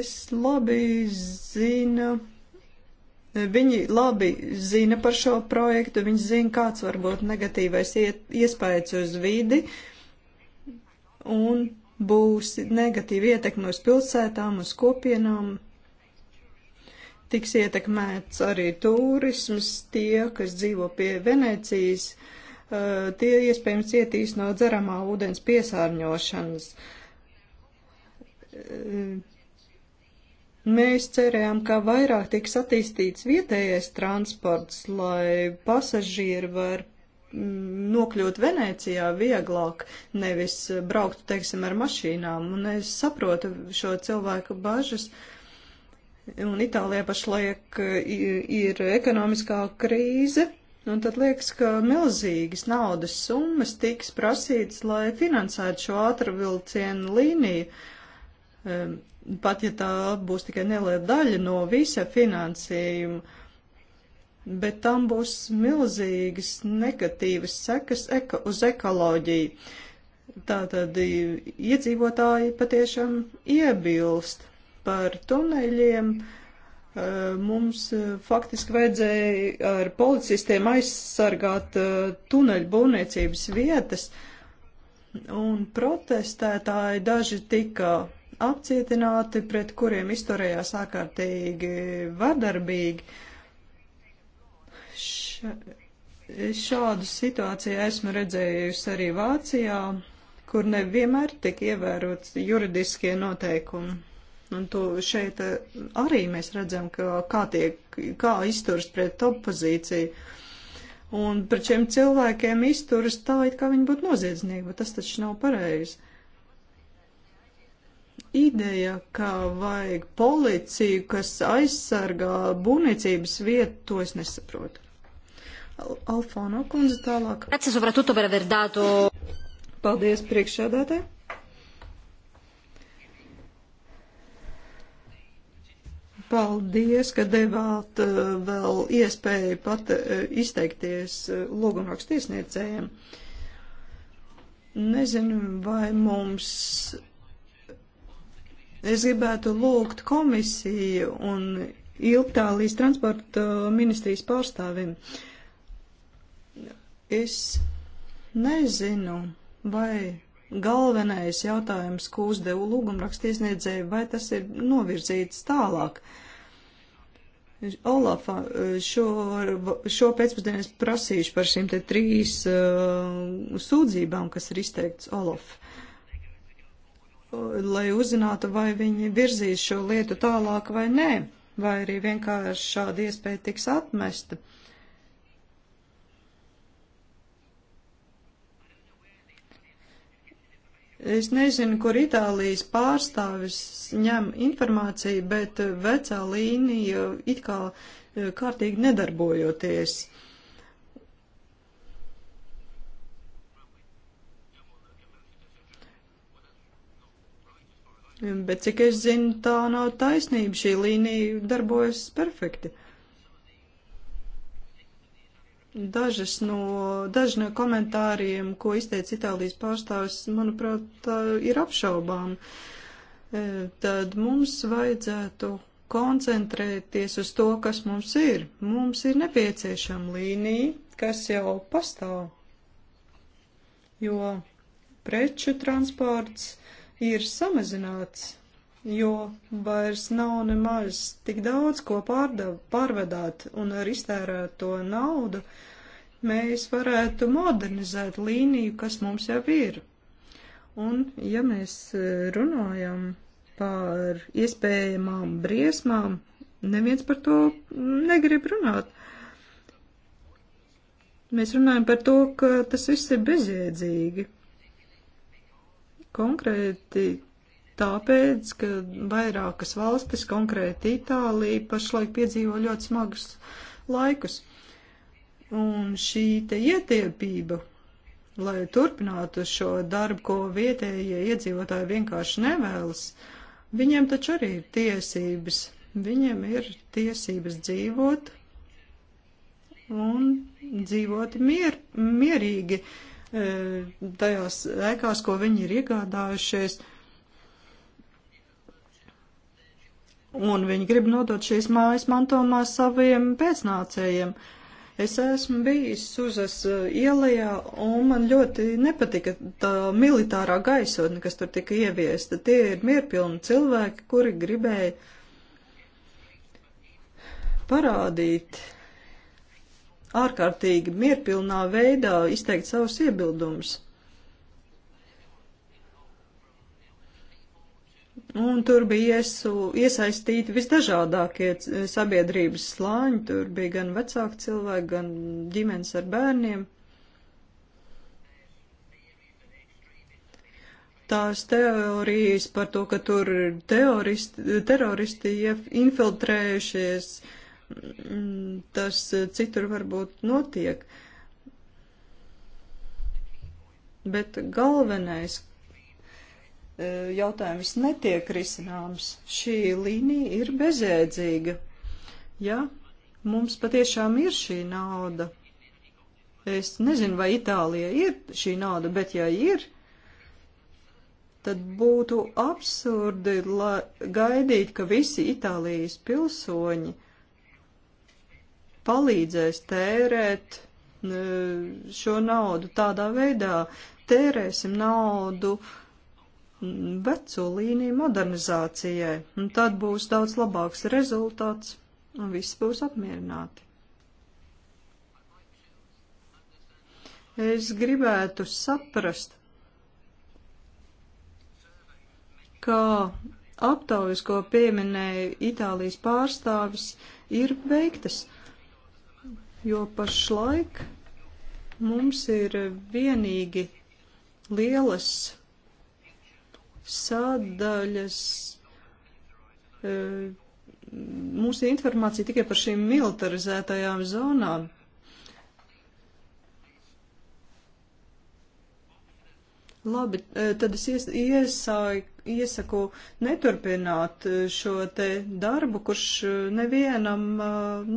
es labi zinu Eh, viņi labi zina par šo projektu, viņi zina, kāds var būt negatīvais iespējas uz vidi un būs negatīva ietekme uz pilsētām, uz kopienām. Tiks ietekmēts arī turisms, tie, kas dzīvo pie Venecijas, eh, tie iespējams cietīs no dzeramā ūdens piesārņošanas eh, Mēs cerējām, ka vairāk tiks attīstīts vietējais transports, lai pasažieri var mm, nokļūt Venecijā vieglāk, nevis braukt, teiksim, ar mašīnām. Un es saprotu šo cilvēku bažas. Un Itālijā pašlaik ir ekonomiskā krīze, un tad liekas, ka milzīgas naudas summas tiks prasītas, lai finansētu šo ātrvilcienu līniju ehm, pat ja tā būs tikai neliela daļa no visa finansējuma, bet tam būs milzīgas negatīvas sekas eka, uz ekoloģiju. Tātad iedzīvotāji patiešām iebilst par tuneļiem. Mums faktiski vajadzēja ar policistiem aizsargāt tuneļu būvniecības vietas, un protestētāji daži tika apcietināti, pret kuriem izturējās ārkārtīgi vardarbīgi. Ša, šādu situāciju esmu redzējusi arī Vācijā, kur nevienmēr tik ievērot juridiskie noteikumi. Un to šeit eh, arī mēs redzam, ka kā, tiek, kā izturas pret opozīciju. Un pret šiem cilvēkiem izturas tā, it kā viņi būtu noziedznieki, bet tas taču nav pareizi ideja, ka vajag policiju, kas aizsargā būvniecības vietu, to es nesaprotu. Al Alfāno kundze tālāk. Paldies priekšsēdētāji. Paldies, ka devāt eh, vēl iespēju pat eh, izteikties eh, logumrakstu tiesniecējiem. Nezinu, vai mums Es gribētu lūgt komisiju un Iltālijas transporta ministrijas pārstāvim. Es nezinu, vai galvenais jautājums, ko uzdevu lūgumrakstiesniedzēju, vai tas ir novirzīts tālāk. Olafa, šo, šo pēcpusdienu es prasīšu par šīm te trīs uh, sūdzībām, kas ir izteikts Olafa lai uzzinātu, vai viņi virzīs šo lietu tālāk vai nē, vai arī vienkārši šāda iespēja tiks atmesta. Es nezinu, kur Itālijas pārstāvis ņem informāciju, bet vecā līnija it kā eh, kārtīgi nedarbojoties. Bet cik es zinu, tā nav taisnība. Šī līnija darbojas perfekti. Dažas no, daži no komentāriem, ko izteica Itālijas pārstāvis, manuprāt, ir apšaubām. E, tad mums vajadzētu koncentrēties uz to, kas mums ir. Mums ir nepieciešama līnija, kas jau pastāv. Jo preču transports ir samazināts, jo vairs nav nemaz tik daudz, ko pārdev, pārvedāt un ar iztērēto naudu mēs varētu modernizēt līniju, kas mums jau ir. Un, ja mēs e, runājam par iespējamām briesmām, neviens par to negrib runāt. Mēs runājam par to, ka tas viss ir bezjēdzīgi. Konkrēti tāpēc, ka vairākas valstis, konkrēti Itālija, pašlaik piedzīvo ļoti smagus laikus. Un šī te ietiepība, lai turpinātu šo darbu, ko vietējie iedzīvotāji vienkārši nevēlas, viņiem taču arī ir tiesības. Viņiem ir tiesības dzīvot un dzīvot mier, mierīgi. Uh, E, tajās ēkās, ko viņi ir iegādājušies. Un viņi grib nodot šīs mājas mantojumā saviem pēcnācējiem. Es esmu bijis Suzas e, ielajā, un man ļoti nepatika tā militārā gaisotne, kas tur tika ieviesta. Tie ir mierpilni cilvēki, kuri gribēja parādīt, uh, ārkārtīgi mierpilnā veidā izteikt savus iebildumus. Un tur bija iesu, iesaistīti visdažādākie eh, sabiedrības slāņi, tur bija gan vecāki cilvēki, gan ģimenes ar bērniem. Tās teorijas par to, ka tur teroristi, teroristi infiltrējušies, uh, tas eh, citur varbūt notiek. Bet galvenais eh, jautājums netiek risināms. Šī līnija ir bezjēdzīga. Ja mums patiešām ir šī nauda, es nezinu, vai Itālija ir šī nauda, bet ja ir, tad būtu absurdi gaidīt, ka visi Itālijas pilsoņi palīdzēs tērēt e, šo naudu tādā veidā. Tērēsim naudu mm, veco līniju modernizācijai, un tad būs daudz labāks rezultāts, un viss būs apmierināti. Es gribētu saprast, kā aptaujas, ko pieminēja Itālijas pārstāvis, ir veiktas. Uh, jo pašlaik mums ir vienīgi lielas sadaļas. E, mūsu informācija tikai par šīm militarizētajām zonām. Labi, e, tad es ies, iesāju, iesaku neturpināt e, šo te darbu, kurš nevienam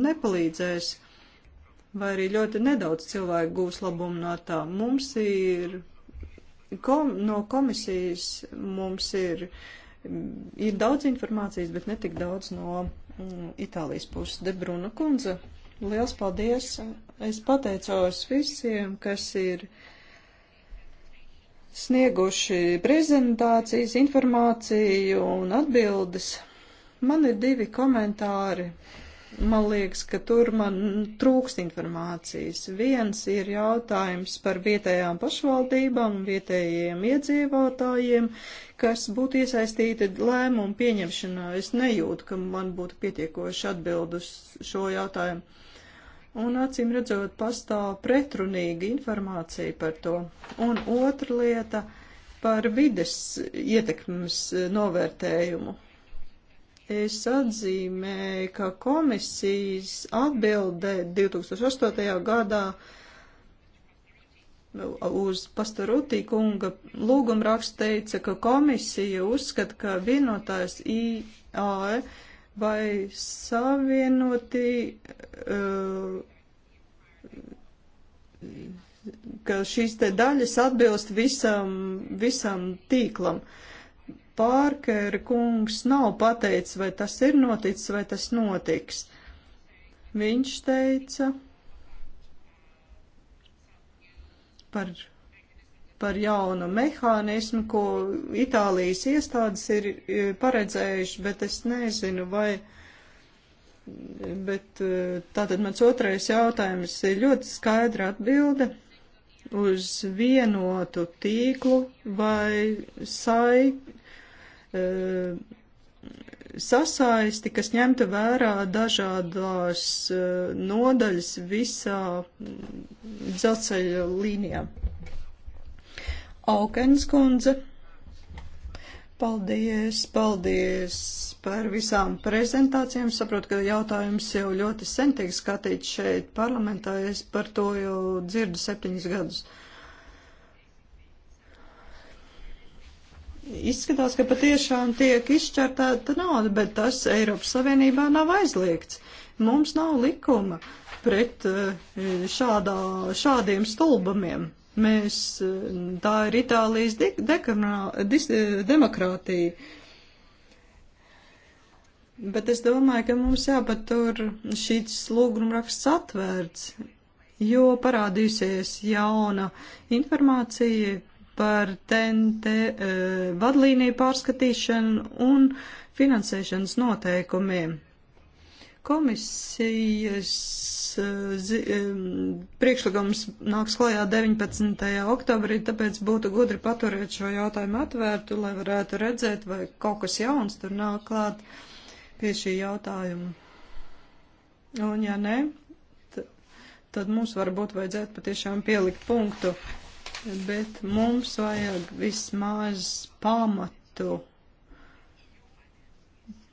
nepalīdzēs vai arī ļoti nedaudz cilvēku gūs labumu no tā. Mums ir kom, no komisijas, mums ir, ir daudz informācijas, bet netik daudz no mm, Itālijas puses. Debruna kundze, liels paldies! Es pateicos visiem, kas ir snieguši prezentācijas, informāciju un atbildes. Man ir divi komentāri man liekas, ka tur man trūkst informācijas. Viens ir jautājums par vietējām pašvaldībām, vietējiem iedzīvotājiem, kas būtu iesaistīti lēmumu pieņemšanā. Es nejūtu, ka man būtu pietiekoši atbild uz šo jautājumu. Un acīm redzot, pastāv pretrunīga informācija par to. Un otra lieta par vides ietekmes novērtējumu Es atzīmēju, ka komisijas atbildē 2008. gadā uz pastarutī kunga lūgumrakstu teica, ka komisija uzskata, ka vienotājs IAE vai savienotī, uh, ka šīs te daļas atbilst visam, visam tīklam. Uh, Pārkēra kungs nav pateicis, vai tas ir noticis, vai tas notiks. Viņš teica par, par jaunu mehānismu, ko Itālijas iestādes ir e, paredzējuši, bet es nezinu, vai. Bet e, tātad mans otrais jautājums ir ļoti skaidra atbilde uz vienotu tīklu vai sai, Eh, sasaisti, kas ņemtu vērā dažādās eh, nodaļas visā mm, dzelzceļa līnijā. Aukens kundze, paldies, paldies par visām prezentācijām. Saprotu, ka jautājums jau ļoti sen tiek skatīts šeit parlamentā. Es par to jau dzirdu septiņus gadus. Uh, izskatās, ka patiešām tiek izšķērtēta nauda, bet tas Eiropas Savienībā nav aizliegts. Mums nav likuma pret eh, šādā, šādiem stulbumiem. Mēs, eh, tā ir Itālijas de de eh, demokrātija. Bet es domāju, ka mums jāpatur šīs lūgumraksts atvērts, jo parādīsies jauna informācija, par TNT e, eh, vadlīniju pārskatīšanu un finansēšanas noteikumiem. Komisijas e, zi, e, priekšlikums nāks klajā 19. oktobrī, tāpēc būtu gudri paturēt šo jautājumu atvērtu, lai varētu redzēt, vai kaut kas jauns tur nāk klāt pie šī jautājuma. Un ja nē, tad mums varbūt vajadzētu patiešām pielikt punktu bet mums vajag vismaz pamatu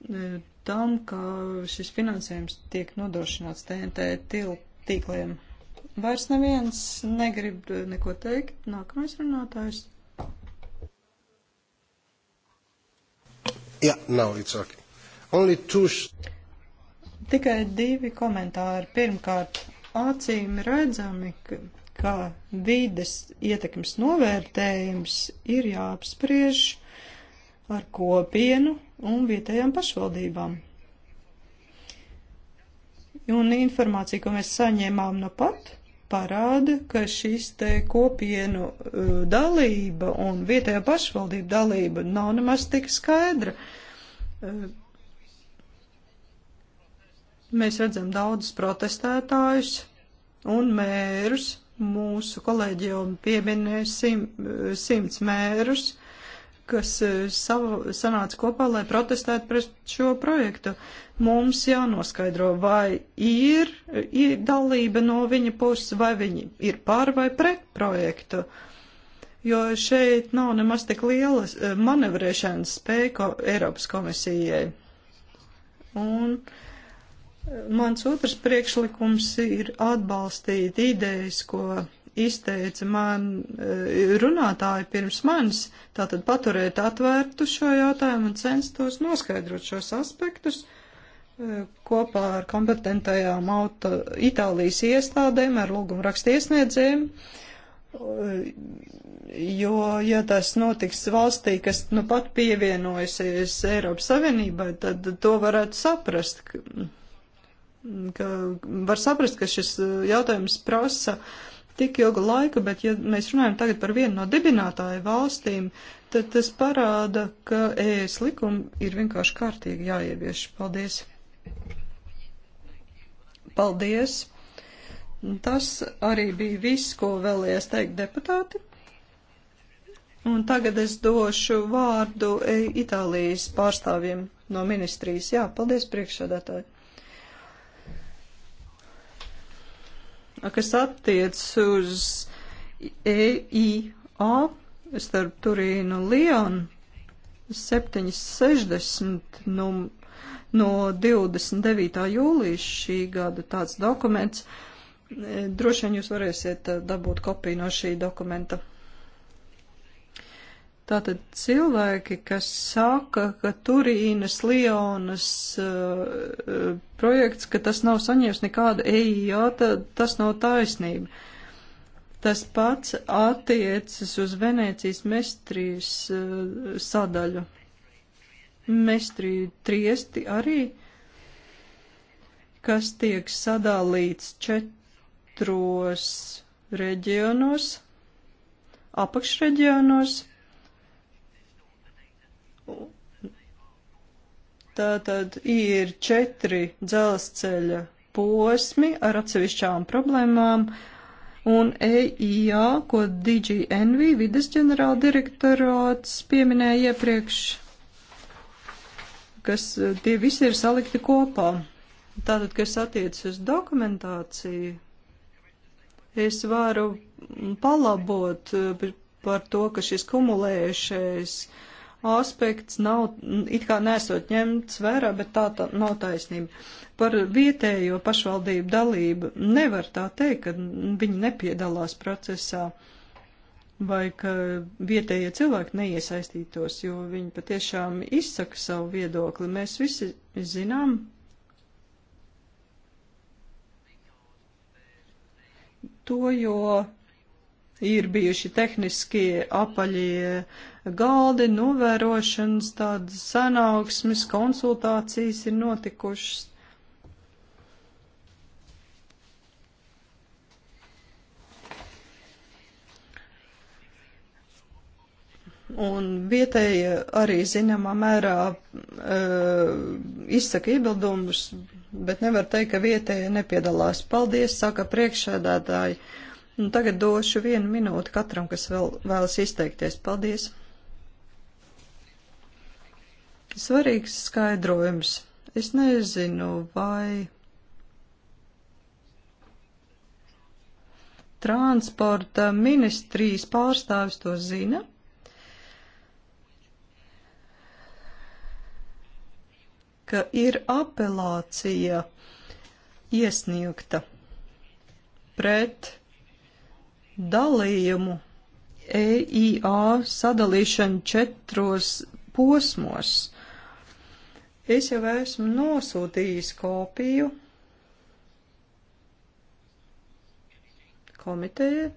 e, tam, ka šis finansējums tiek nodrošināts TNT tīkliem. Vairs neviens negrib neko teikt. Nākamais runātājs. Jā, yeah, nav, no, it's ok. Only two. Tikai divi komentāri. Pirmkārt, acīm redzami, ka ka vides ietekmes novērtējums ir jāapspriež ar kopienu un vietējām pašvaldībām. Un informācija, ko mēs saņēmām no pat, parāda, ka šis te kopienu uh, dalība un vietējā pašvaldība dalība nav nemaz tik skaidra. Uh, mēs redzam daudzus protestētājus un mērus, mūsu kolēģiem pieminēja sim, simts mērus, kas e, savu, sanāca kopā, lai protestētu pret šo projektu. Mums jānoskaidro, vai ir, ir dalība no viņa puses, vai viņi ir pār vai pret projektu. Jo šeit nav nemaz tik lielas e, manevrēšanas spēko Eiropas komisijai. Un uh, Mans otrs priekšlikums ir atbalstīt idejas, ko izteica man e, runātāji pirms manis, tātad paturēt atvērtu šo jautājumu un censtos noskaidrot šos aspektus e, kopā ar kompetentajām auto Itālijas iestādēm, ar lūgumu rakstiesniedzējiem, e, jo, ja tas notiks valstī, kas nu pat pievienojusies Eiropas Savienībai, tad to varētu saprast, ka ka var saprast, ka šis uh, jautājums prasa tik ilgu laiku, bet ja mēs runājam tagad par vienu no dibinātāju valstīm, tad tas parāda, ka ES likumi ir vienkārši kārtīgi jāievieš. Paldies! Paldies! Tas arī bija viss, ko vēlējās teikt deputāti. Un tagad es došu vārdu e, Itālijas pārstāvjiem no ministrijas. Jā, paldies priekšsēdētāji! kas attiec uz EIA starp Turīnu un Lionu 760 no, no 29. jūlijas šī gada tāds dokuments. E, droši vien jūs varēsiet e, dabūt kopiju no šī dokumenta. Tātad cilvēki, kas saka, ka Turīnas Lionas uh, eh, projekts, ka tas nav saņēmis nekādu EIA, tā, tas nav taisnība. Tas pats attiecas uz Venēcijas mestrijas uh, eh, sadaļu. Mestriju triesti arī, kas tiek sadalīts četros reģionos, apakšreģionos Tātad ir četri dzelzceļa posmi ar atsevišķām problēmām, un EIA, ko DGNV vides ģenerāla direktorāts pieminēja iepriekš, kas tie visi ir salikti kopā. Tātad, kas attiecas uz dokumentāciju, es varu palabot par to, ka šis kumulējušais uh, aspekts nav it kā nesot ņemts vērā, bet tā, tā nav taisnība. Par vietējo pašvaldību dalību nevar tā teikt, ka viņi nepiedalās procesā vai ka vietējie cilvēki neiesaistītos, jo viņi patiešām izsaka savu viedokli. Mēs visi zinām, to, jo ir bijuši tehniskie apaļie galdi, novērošanas, tādas sanāksmes, konsultācijas ir notikušas. Un vietēji arī zināmā mērā e, izsaka iebildumus, bet nevar teikt, ka vietēji nepiedalās. Paldies, saka priekšsēdētāji. E, Un nu, tagad došu vienu minūti katram, kas vēl vēlas izteikties. Paldies! Svarīgs skaidrojums. Es nezinu, vai transporta ministrijas pārstāvis to zina. ka ir apelācija iesniegta pret dalījumu EIA sadalīšanu četros posmos. Es jau esmu nosūtījis kopiju komiteja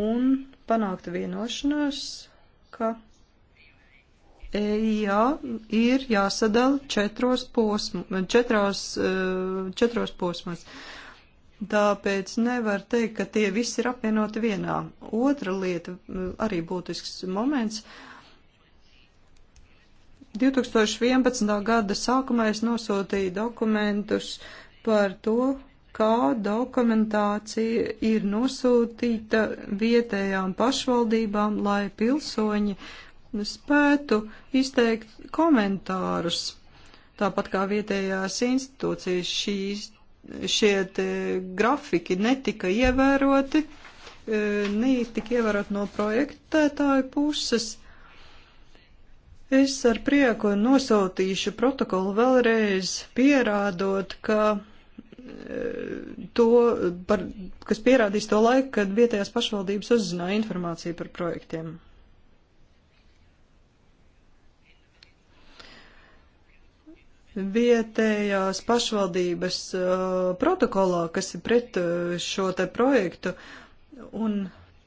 un panākta vienošanās, ka EIA ir jāsadala četros, posmu, četros, eh, četros posmos. Tāpēc nevar teikt, ka tie visi ir apvienoti vienā. Otra lieta, arī būtisks moments. 2011. gada sākumā es nosūtīju dokumentus par to, kā dokumentācija ir nosūtīta vietējām pašvaldībām, lai pilsoņi spētu izteikt komentārus. Tāpat kā vietējās institūcijas šīs šie grafiki netika ievēroti, e, netika ievērot no projektētāju puses. Es ar prieku nosautīšu protokolu vēlreiz, pierādot, ka e, to, par, kas pierādīs to laiku, kad vietējās pašvaldības uzzināja informāciju par projektiem. vietējās pašvaldības uh, protokolā, kas ir pret uh, šo te projektu, un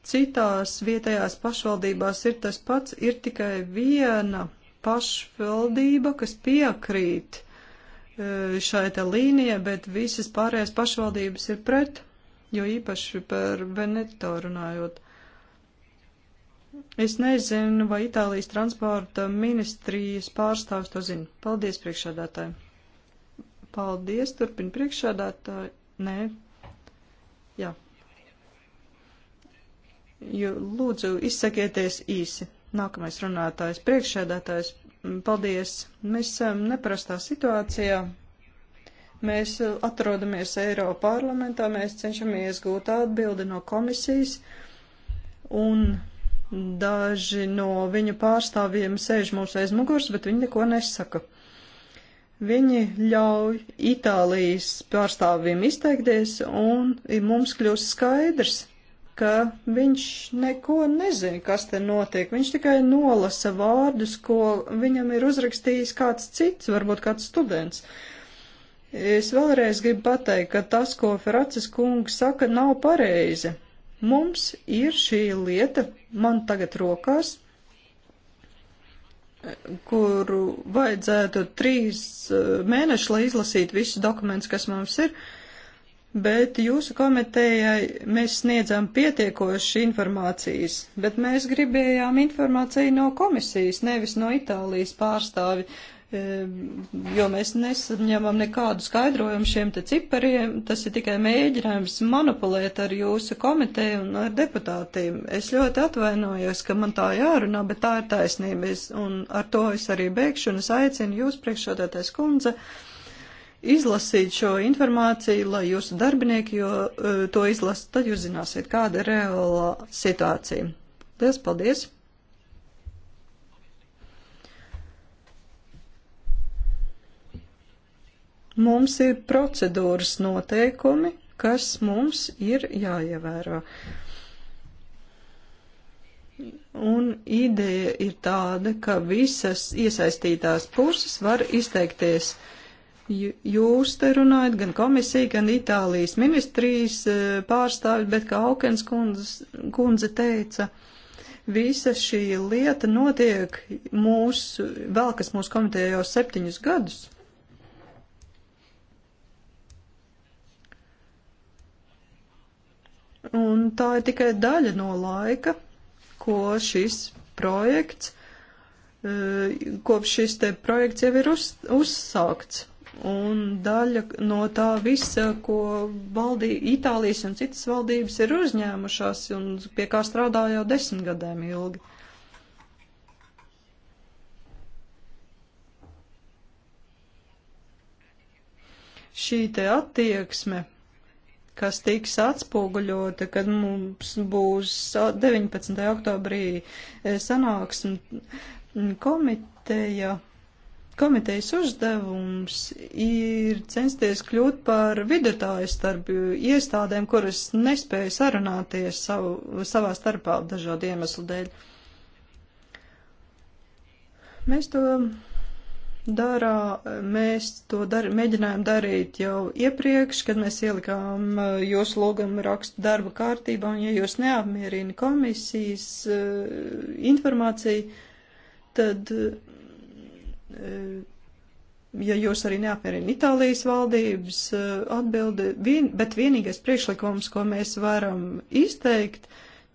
citās vietējās pašvaldībās ir tas pats, ir tikai viena pašvaldība, kas piekrīt uh, šai te līnijai, bet visas pārējās pašvaldības ir pret, jo īpaši par Veneto runājot. Es nezinu, vai Itālijas transporta ministrijas pārstāvs to zina. Paldies priekšādātājiem. Paldies, turpina priekšādātāji. Nē. Jā. Jo, lūdzu, izsakieties īsi. Nākamais runātājs, priekšādātājs. Paldies. Mēs esam neparastā situācijā. Mēs uh, atrodamies Eiropa parlamentā, mēs cenšamies gūt atbildi no komisijas. Un Daži no viņa pārstāvjiem sēž mūsu aizmugurs, bet viņi neko nesaka. Viņi ļauj Itālijas pārstāvjiem izteikties, un mums kļūst skaidrs, ka viņš neko nezina, kas te notiek. Viņš tikai nolasa vārdus, ko viņam ir uzrakstījis kāds cits, varbūt kāds students. Es vēlreiz gribu pateikt, ka tas, ko Fracis kungs saka, nav pareizi. Mums ir šī lieta, man tagad rokās, kuru vajadzētu trīs eh, mēnešus, lai izlasītu visus dokumentus, kas mums ir, bet jūsu komitējai mēs sniedzām pietiekoši informācijas, bet mēs gribējām informāciju no komisijas, nevis no Itālijas pārstāvi. Uh, Ehm, jo mēs nesaņemam nekādu skaidrojumu šiem te cipariem. Tas ir tikai mēģinājums manipulēt ar jūsu komiteju un ar deputātiem. Es ļoti atvainojos, ka man tā jārunā, bet tā ir taisnība. Es, un ar to es arī beigšu un es aicinu jūs, priekšsādātais kundze, izlasīt šo informāciju, lai jūsu darbinieki jo, eh, to izlasa, tad jūs zināsiet, kāda ir reālā situācija. Liels paldies! Mums ir procedūras noteikumi, kas mums ir jāievēro. Un ideja ir tāda, ka visas iesaistītās puses var izteikties. Jūs te runājat gan komisija, gan Itālijas ministrijas e, pārstāvi, bet kā Aukens kundze, kundze teica, visa šī lieta notiek mūsu, vēl kas mūsu komiteja jau septiņus gadus. Un tā ir tikai daļa no laika, ko šis projekts, e, kopš šis te projekts jau ir uz, uzsākts. Un daļa no tā visa, ko valdī, Itālijas un citas valdības ir uzņēmušās un pie kā strādā jau desmit gadiem ilgi. Šī te attieksme kas tiks atspoguļota, kad mums būs 19. oktobrī e, sanāksme komiteja. Komitejas uzdevums ir censties kļūt par vidutāju starp iestādēm, kuras nespēja sarunāties savu, savā starpā dažādu iemeslu dēļ. Mēs to darā, mēs to dar, mēģinājām darīt jau iepriekš, kad mēs ielikām jūsu lūgumu rakstu darba kārtībā, un ja jūs neapmierina komisijas informāciju, tad, ja jūs arī neapmierina Itālijas valdības atbildi, vien, bet vienīgais priekšlikums, ko mēs varam izteikt,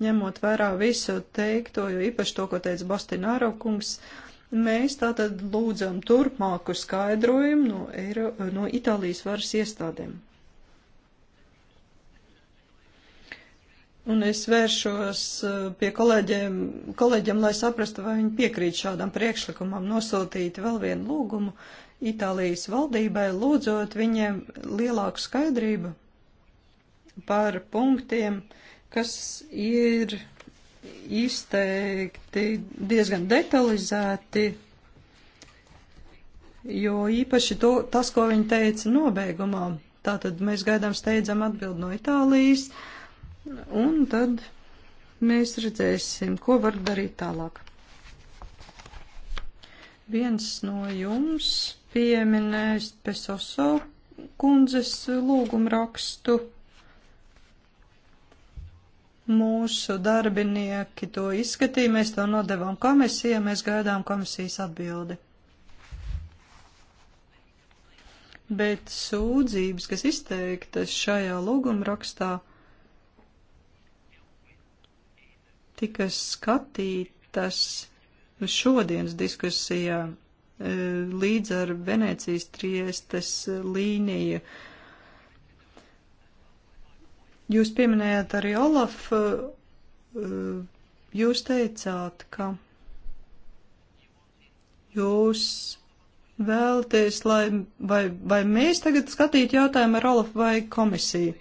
ņemot vērā visu teikto, jo īpaši to, ko teica Bastināro kungs, uh, Mēs tātad lūdzam turpmāku skaidrojumu no, Eiro, no Itālijas varas iestādēm. Un es vēršos eh, pie kolēģiem, kolēģiem, lai saprastu, vai viņi piekrīt šādam priekšlikumam nosūtīt vēl vienu lūgumu Itālijas valdībai, lūdzot viņiem lielāku skaidrību par punktiem, kas ir izteikti diezgan detalizēti, jo īpaši to, tas, ko viņi teica nobeigumā. Tātad mēs gaidām steidzam atbildi no Itālijas, un tad mēs redzēsim, ko var darīt tālāk. Viens no jums pieminēs Pesoso kundzes lūgumu rakstu. Mūsu darbinieki to izskatīja, mēs to nodevām komisijai, mēs gaidām komisijas atbildi. Bet sūdzības, kas izteiktas šajā lūgumrakstā, tika skatītas šodienas diskusijā eh, līdz ar Venecijas triestes līniju Jūs pieminējāt arī Olaf, eh, eh, jūs teicāt, ka jūs vēlties, lai, vai, vai mēs tagad skatītu jautājumu ar Olaf vai komisiju?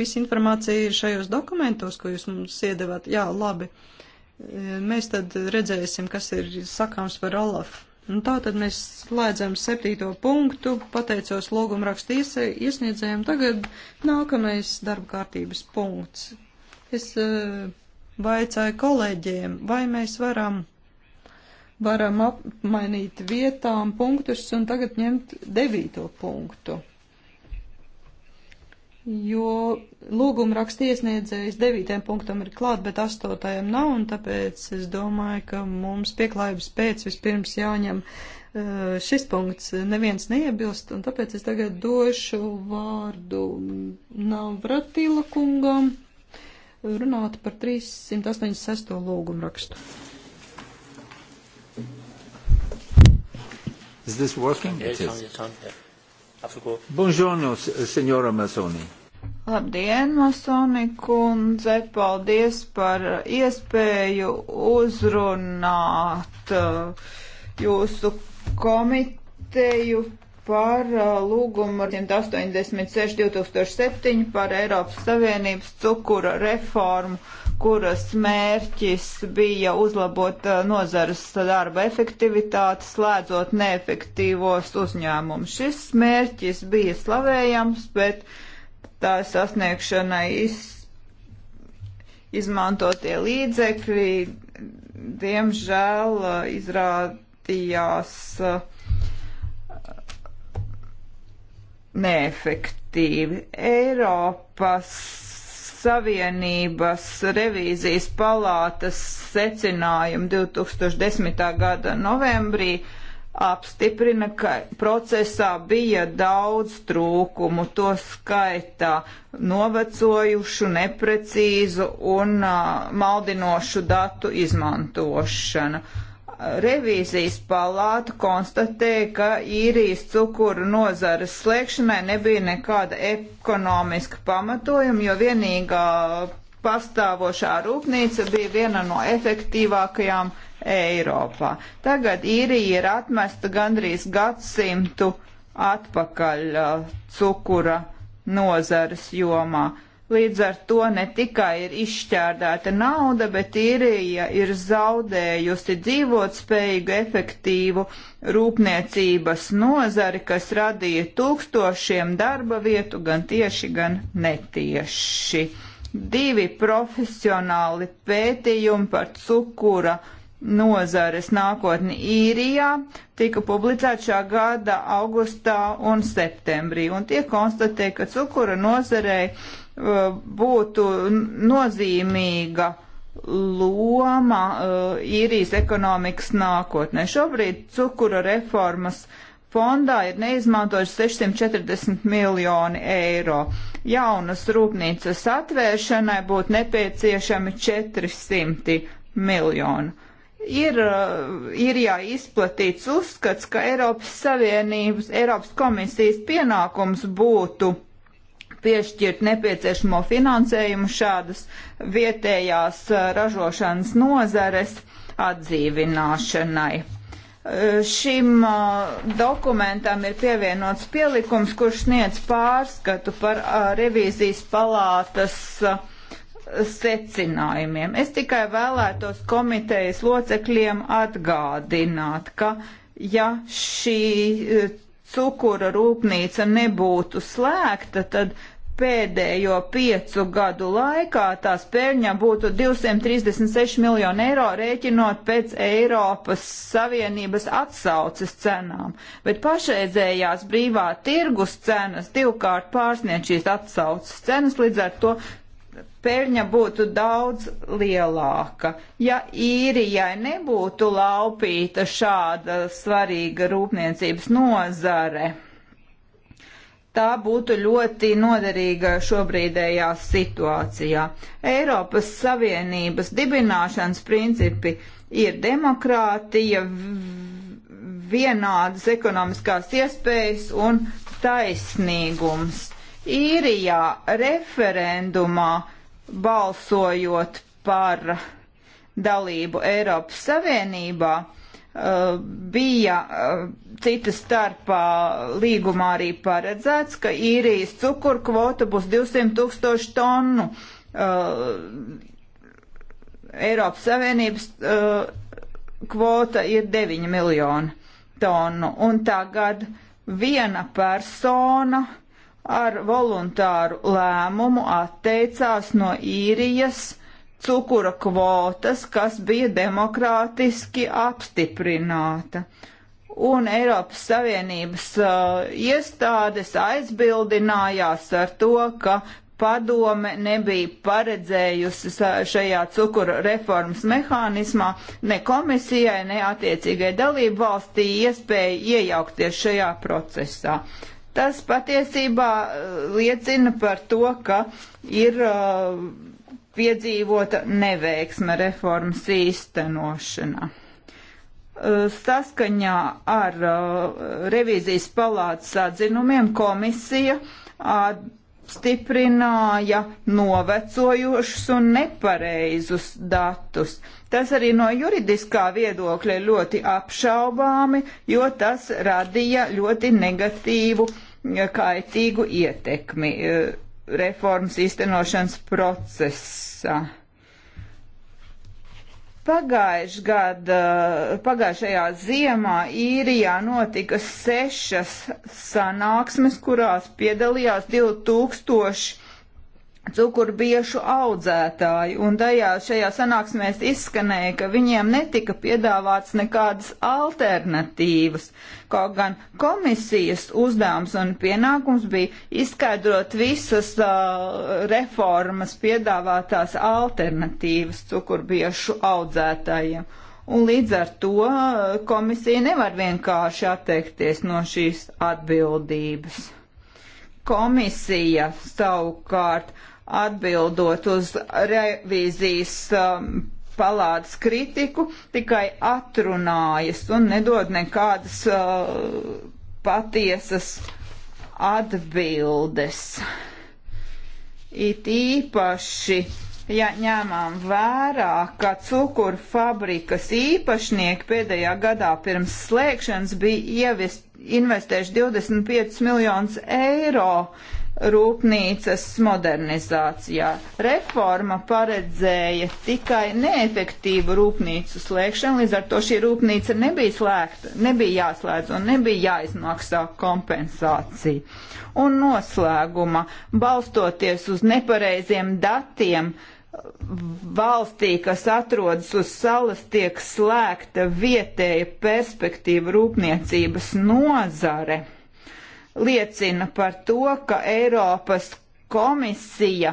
Visa informācija ir šajos dokumentos, ko jūs mums iedevāt. Jā, labi. Eh, mēs tad redzēsim, kas ir sakāms par Olafu Un nu, tā tad mēs slēdzam septīto punktu, pateicos logumrakstu iesniedzējiem. Tagad nākamais darba kārtības punkts. Es uh, vaicāju kolēģiem, vai mēs varam, varam apmainīt vietām punktus un tagad ņemt devīto punktu jo lūguma raksta iesniedzējs devītajam punktam ir klāt, bet astotajam nav, un tāpēc es domāju, ka mums pieklājības pēc vispirms jāņem eh, šis punkts. Neviens neiebilst, un tāpēc es tagad došu vārdu Navratila kungam runāt par 386. lūguma rakstu. Is this working? Yes, it is. It's on, it's on, yeah. Afriko. Buongiorno, senjora Masoni. Labdien, Masoni kundze, paldies par iespēju uzrunāt uh, jūsu komiteju par uh, lūgumu 186-2007 par Eiropas Savienības cukura reformu, kuras mērķis bija uzlabot uh, nozares darba efektivitāti, slēdzot neefektīvos uzņēmumus. Šis mērķis bija slavējams, bet tā sasniegšanai iz, izmantotie līdzekļi, diemžēl, uh, izrādījās uh, neefektīvi. Eiropas Savienības revīzijas palātas secinājumi 2010. gada novembrī apstiprina, ka procesā bija daudz trūkumu, to skaitā novecojušu, neprecīzu un uh, maldinošu datu izmantošanu. Uh, revīzijas palāta konstatēja, ka īrijas cukuru nozares slēgšanai nebija nekāda ekonomiska pamatojuma, jo vienīgā pastāvošā rūpnīca bija viena no efektīvākajām Eiropā. Tagad īrija ir atmesta gandrīz gadsimtu atpakaļ uh, cukura nozares jomā. Uh, Līdz ar to ne tikai ir izšķērdēta nauda, bet īrija ir zaudējusi dzīvotspējīgu, efektīvu rūpniecības nozari, kas radīja tūkstošiem darba vietu gan tieši, gan netieši. Divi profesionāli pētījumi par cukura nozares nākotni īrijā tika publicēti šā gada augustā un septembrī, un tie konstatē, ka cukura nozarei būtu nozīmīga loma eh, īrijas ekonomikas nākotnē. Šobrīd cukura reformas fondā ir neizmantojuši 640 miljoni eiro. Jaunas rūpnīcas atvēršanai būtu nepieciešami 400 miljoni ir, eh, ir jāizplatīts uzskats, ka Eiropas Savienības, Eiropas komisijas pienākums būtu piešķirt nepieciešamo finansējumu šādas vietējās uh, ražošanas nozares atdzīvināšanai. Uh, šim uh, dokumentam ir pievienots pielikums, kurš sniedz pārskatu par revīzijas palātas secinājumiem. Es tikai vēlētos komitejas locekļiem atgādināt, ka ja šī cukura rūpnīca nebūtu slēgta, tad pēdējo piecu gadu laikā tās pēļņa būtu 236 miljoni eiro, rēķinot pēc Eiropas Savienības atsauces cenām. Bet pašreizējās brīvā tirgus cenas divkārt pārsniedz šīs atsauces cenas, līdz ar to pēļņa būtu daudz lielāka. Ja īrijai nebūtu laupīta šāda svarīga rūpniecības nozare tā būtu ļoti noderīga šobrīdējā situācijā. Eiropas Savienības dibināšanas principi ir demokrātija, vienādas ekonomiskās iespējas un taisnīgums. Īrijā referendumā balsojot par dalību Eiropas Savienībā, uh, bija eh, cita starpā līgumā arī paredzēts, ka īrijas cukuru kvota būs 200 tūkstoši tonu eh, Eiropas Savienības eh, kvota ir 9 miljoni tonu. Un tagad viena persona ar voluntāru lēmumu atteicās no īrijas uh, cukura kvotas, kas bija demokrātiski apstiprināta. Un Eiropas Savienības uh, iestādes aizbildinājās ar to, ka padome nebija paredzējusi šajā cukura reformas mehānismā ne komisijai, ne attiecīgai dalību valstī iespēju iejaukties šajā procesā. Tas patiesībā uh, liecina par to, ka ir uh, piedzīvota neveiksme reformas īstenošanā. Saskaņā ar revīzijas palātas atzinumiem komisija stiprināja novecojošus un nepareizus datus. Tas arī no juridiskā viedokļa ļoti apšaubāmi, jo tas radīja ļoti negatīvu, kaitīgu ietekmi reformas īstenošanas procesā. Pagājuši gada, pagājušajā ziemā īrijā notika sešas sanāksmes, kurās piedalījās 2000 cukurbiešu audzētāji, un tajā šajā sanāksmēs izskanēja, ka viņiem netika piedāvāts nekādas alternatīvas, kaut gan komisijas uzdevums un pienākums bija izskaidrot visas uh, reformas piedāvātās alternatīvas cukurbiešu audzētājiem. Un līdz ar to komisija nevar vienkārši atteikties no šīs atbildības. Komisija savukārt uh, Atbildot uz revīzijas um, palādes kritiku, tikai atrunājas un nedod nekādas uh, patiesas atbildes. It īpaši ja ņēmām vērā, ka cukuru fabrikas īpašnieki pēdējā gadā pirms slēgšanas bija ievest, investējuši 25 miljonus eiro rūpnīcas modernizācijā. Reforma paredzēja tikai neefektīvu rūpnīcu slēgšanu, līdz ar to šī rūpnīca nebija slēgta, nebija jāslēdz un nebija jāizmaksā kompensācija. Un noslēguma, balstoties uz nepareiziem datiem, valstī, kas atrodas uz salas, tiek slēgta vietēja perspektīva rūpniecības nozare liecina par to, ka Eiropas komisija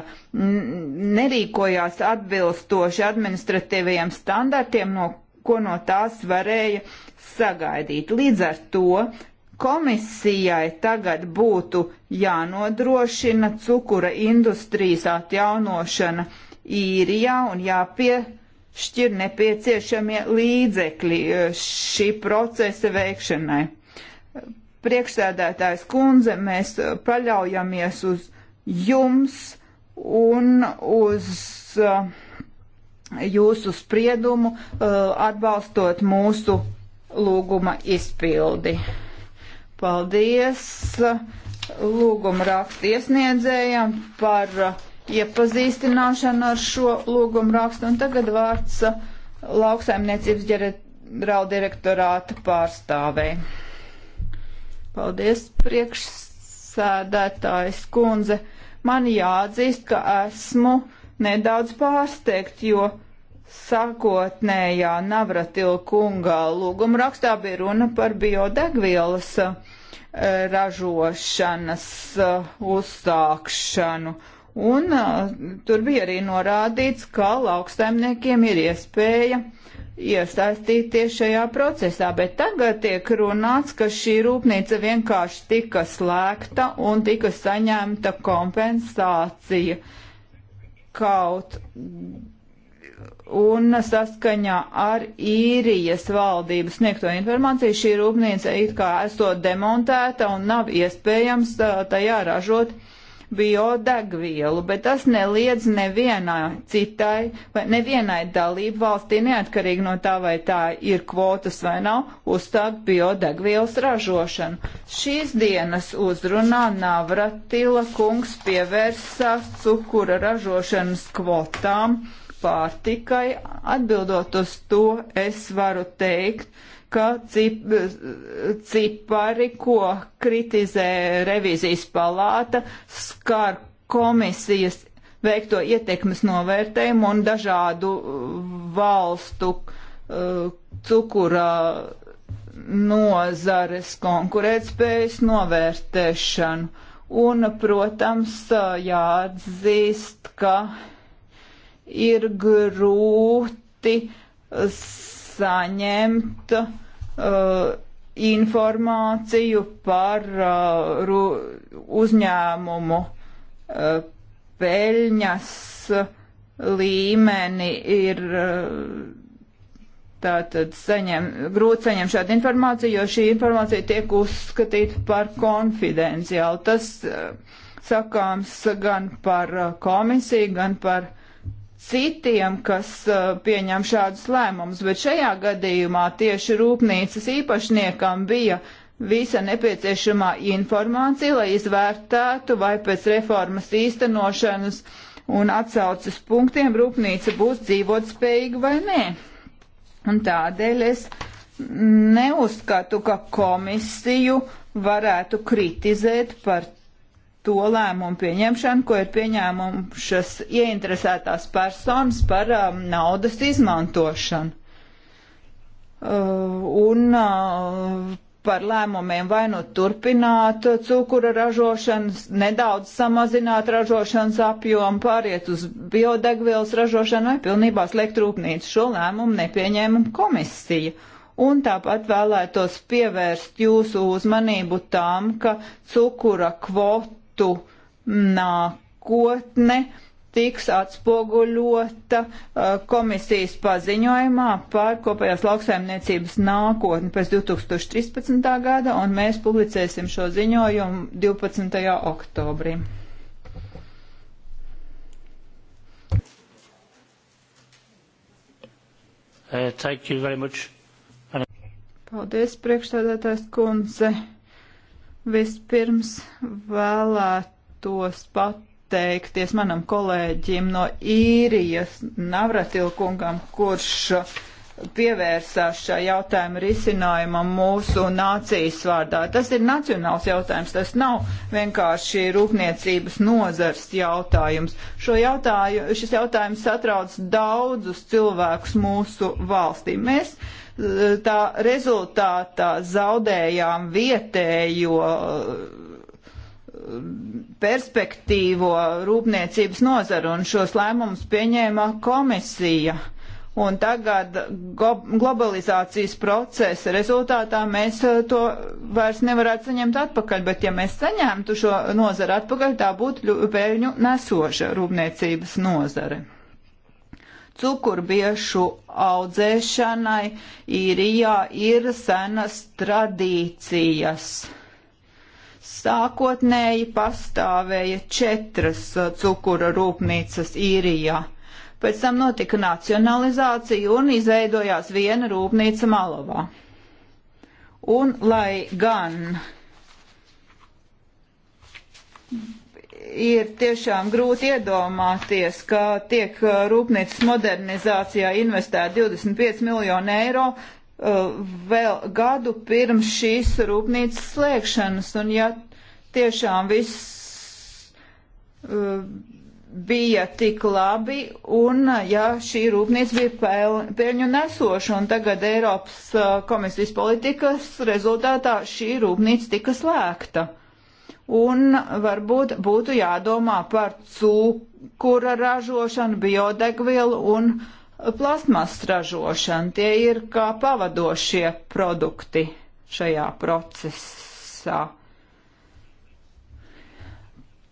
nerīkojās atbilstoši administratīvajiem standartiem, no, ko no tās varēja sagaidīt. Līdz ar to komisijai tagad būtu jānodrošina cukura industrijas atjaunošana īrijā un jāpiešķir nepieciešamie līdzekļi eh, šī procesa veikšanai priekšsēdētājs kundze, mēs uh, paļaujamies uz jums un uz uh, jūsu spriedumu uh, atbalstot mūsu lūguma izpildi. Paldies lūguma rakstu iesniedzējam par iepazīstināšanu ar šo lūguma rakstu. Un tagad vārds lauksaimniecības ģenerāldirektorāta pārstāvei. Paldies, priekšsēdētājs kundze. Man jāatzīst, ka esmu nedaudz pārsteigt, jo sākotnējā Navratila kunga lūguma rakstā bija runa par biodegvielas eh, ražošanas eh, uzsākšanu. Un eh, tur bija arī norādīts, ka lauksaimniekiem ir iespēja uh, iesaistīties šajā procesā, bet tagad tiek runāts, ka šī rūpnīca vienkārši tika slēgta un tika saņemta kompensācija kaut un saskaņā ar īrijas valdības sniegto informāciju šī rūpnīca it kā esot demontēta un nav iespējams tajā ražot uh, biodegvielu, bet tas neliedz nevienai citai vai nevienai dalību valstī, neatkarīgi no tā, vai tā ir kvotas vai nav, uzstāt biodegvielas ražošanu. Šīs dienas uzrunā Navratila kungs pievērsās cukura ražošanas kvotām pārtikai. Atbildot uz to, es varu teikt, ka cip, cipari, ko kritizē revizijas palāta, skar komisijas veikto ietekmes novērtējumu un dažādu valstu uh, cukura nozares konkurētspējas novērtēšanu. Un, protams, jāatzīst, ka ir grūti saņemt uh, uh, informāciju par uh, ru, uzņēmumu uh, peļņas līmeni ir uh, tātad saņem, grūti saņemt šādu informāciju, jo šī informācija tiek uzskatīta par konfidenciālu. Tas uh, sakāms gan par uh, komisiju, gan par uh, citiem, kas eh, pieņem šādus lēmumus, bet šajā gadījumā tieši rūpnīcas īpašniekam bija visa nepieciešamā informācija, lai izvērtētu, vai pēc reformas īstenošanas un atsaucas punktiem rūpnīca būs dzīvot spējīga vai nē. Un tādēļ es neuzskatu, ka komisiju varētu kritizēt par to lēmumu pieņemšanu, ko ir pieņēmušas ieinteresētās personas par um, naudas izmantošanu. Uh, un uh, par lēmumiem vai nu turpināt cukura ražošanas, nedaudz samazināt ražošanas apjomu, pāriet uz biodegvielas ražošanu vai pilnībā slēgt rūpnīcu. Šo lēmumu nepieņēma komisija. Un tāpat vēlētos pievērst jūsu uzmanību tam, ka cukura kvota budžetu nākotne tiks atspoguļota uh, komisijas paziņojumā par kopējās lauksaimniecības nākotni pēc 2013. gada, un mēs publicēsim šo ziņojumu 12. oktobrī. Uh, Paldies, priekšstādātājs kundze. Vispirms vēlētos pateikties manam kolēģim no īrijas Navratilkungam, kurš pievērsās šā jautājuma risinājumam mūsu nācijas vārdā. Tas ir nacionāls jautājums, tas nav vienkārši rūpniecības nozars jautājums. Šo jautāju, šis jautājums satrauc daudzus cilvēkus mūsu valstī. Mēs uh, tā rezultātā zaudējām vietējo um, perspektīvo rūpniecības nozaru un šos lēmumus pieņēma komisija. Un tagad globalizācijas procesa rezultātā mēs uh, to vairs nevarētu saņemt atpakaļ, bet ja mēs saņemtu šo nozaru atpakaļ, tā būtu peļņu nesoša rūpniecības nozare. Cukurbiešu audzēšanai īrijā ir senas tradīcijas. Sākotnēji pastāvēja četras uh, cukura rūpnīcas īrijā. Pēc tam notika nacionalizācija un izveidojās viena rūpnīca Malavā. Un lai gan ir tiešām grūti iedomāties, ka tiek uh, rūpnīcas modernizācijā investēt 25 miljonu eiro uh, vēl gadu pirms šīs rūpnīcas slēgšanas. Un ja tiešām viss uh, bija tik labi un ja šī rūpnīca bija peļņu nesoša un tagad Eiropas komisijas politikas rezultātā šī rūpnīca tika slēgta. Uh, un varbūt būtu jādomā par cukura ražošanu, biodegvielu un plasmas ražošanu. Tie ir kā pavadošie produkti šajā procesā.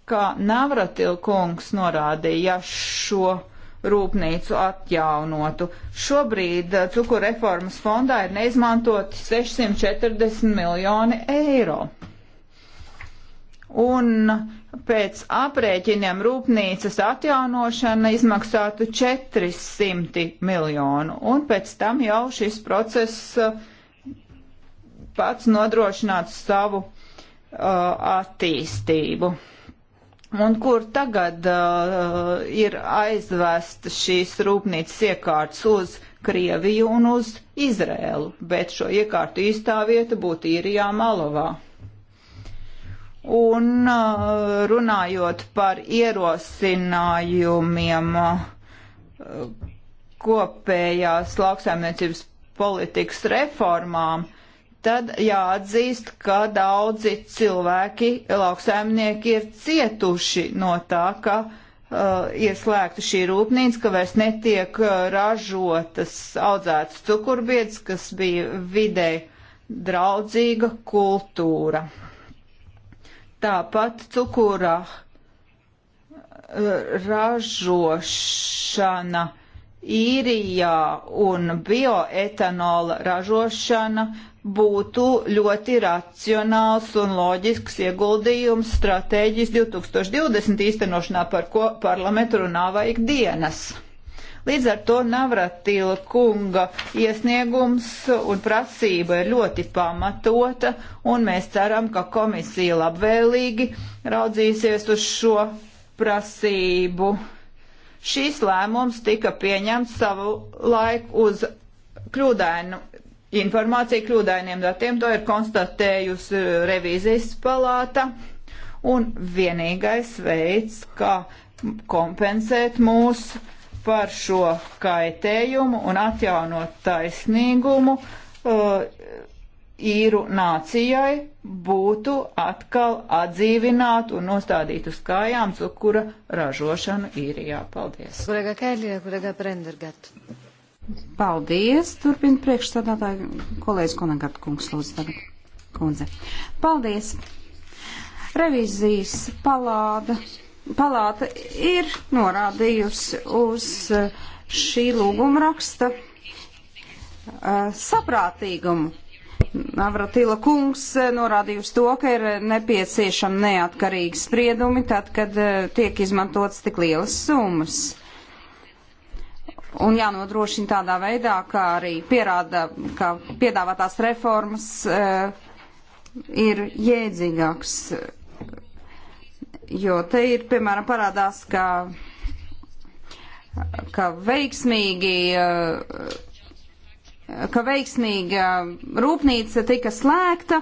Kā Navratilkungs norādīja, ja šo rūpnīcu atjaunotu. Šobrīd cukuru reformas fondā ir neizmantoti 640 miljoni eiro un pēc aprēķiniem rūpnīcas atjaunošana izmaksātu 400 miljonu, un pēc tam jau šis process uh, pats nodrošinātu savu uh, attīstību. Un kur tagad uh, ir aizvesta šīs rūpnīcas iekārtas uz Krieviju un uz Izrēlu, bet šo iekārtu īstā vieta būtu Irijā Malovā. Un uh, runājot par ierosinājumiem uh, kopējās lauksaimniecības politikas reformām, tad jāatzīst, ka daudzi cilvēki, lauksaimnieki ir cietuši no tā, ka uh, ieslēgta šī rūpnīca, ka vairs netiek uh, ražotas audzētas cukurbietas, kas bija videi draudzīga kultūra. Tāpat cukurā eh, ražošana īrijā un bioetanola ražošana būtu ļoti racionāls un loģisks ieguldījums stratēģijas 2020 īstenošanā, par ko parlamentu runā vajag dienas. Līdz ar to Navratila kunga iesniegums un prasība ir ļoti pamatota, un mēs ceram, ka komisija labvēlīgi raudzīsies uz šo prasību. Šis lēmums tika pieņemts savu laiku uz kļūdainu informāciju, kļūdainiem datiem, to ir konstatējusi revīzijas palāta, un vienīgais veids, kā kompensēt mūsu par šo kaitējumu un atjaunot taisnīgumu uh, īru nācijai būtu atkal atdzīvināt un nostādīt uz kājām cukura ražošanu īrijā. Paldies! Kurēgā Kēļie, kurēgā Prendergat. Paldies! Turpin priekšstādātāji kolēģis Konagat kungs lūdzu tagad. Kundze. Paldies! Revizijas palāda palāta ir norādījusi uz eh, šī lūguma raksta eh, saprātīgumu. Navratila kungs eh, norādījusi to, ka ir nepieciešama neatkarīga spriedumi, tad, kad tiek izmantotas tik lielas summas. Un jānodrošina tādā veidā, kā arī pierāda, ka piedāvātās reformas uh, ir jēdzīgāks. Uh, jo te ir, piemēram, parādās, ka, ka veiksmīgi. Uh, ka veiksmīga rūpnīca tika slēgta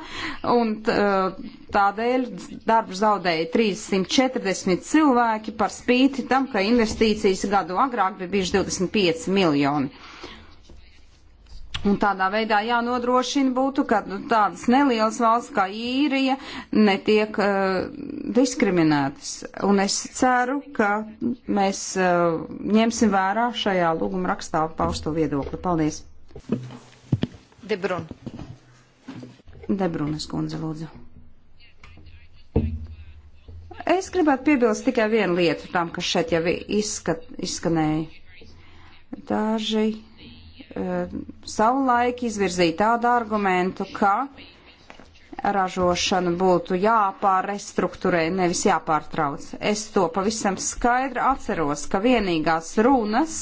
un eh, tādēļ darbu zaudēja 340 cilvēki par spīti tam, ka investīcijas gadu agrāk bija bijuši 25 miljoni. Un tādā veidā jānodrošina būtu, ka nu, tādas nelielas valsts kā īrija netiek uh, diskriminētas. Un es ceru, ka mēs uh, ņemsim vērā šajā lūguma rakstā pausto viedokli. Paldies. Debrun. Debrunes kundze, lūdzu. Es gribētu piebilst tikai vienu lietu tam, kas šeit jau izskat, izskanēja. Daži Eh, savulaik izvirzīja tādu argumentu, ka ražošanu būtu jāpārrestruktūrē, nevis jāpārtrauc. Es to pavisam skaidri atceros, ka vienīgās runas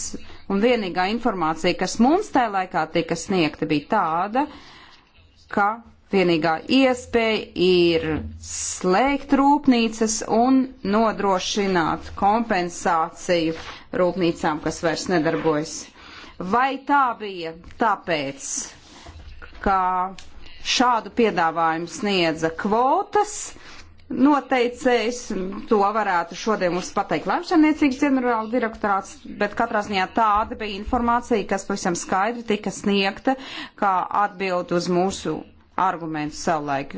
un vienīgā informācija, kas mums tajā laikā tika sniegta, bija tāda, ka vienīgā iespēja ir slēgt rūpnīcas un nodrošināt kompensāciju rūpnīcām, kas vairs nedarbojas. Vai tā bija tāpēc, ka šādu piedāvājumu sniedza kvotas noteicējs, to varētu šodien mums pateikt lauksaimniecības ģenerāla direktorāts, bet katrā ziņā tāda bija informācija, kas pavisam skaidri tika sniegta, kā atbild uz mūsu argumentu savulaik.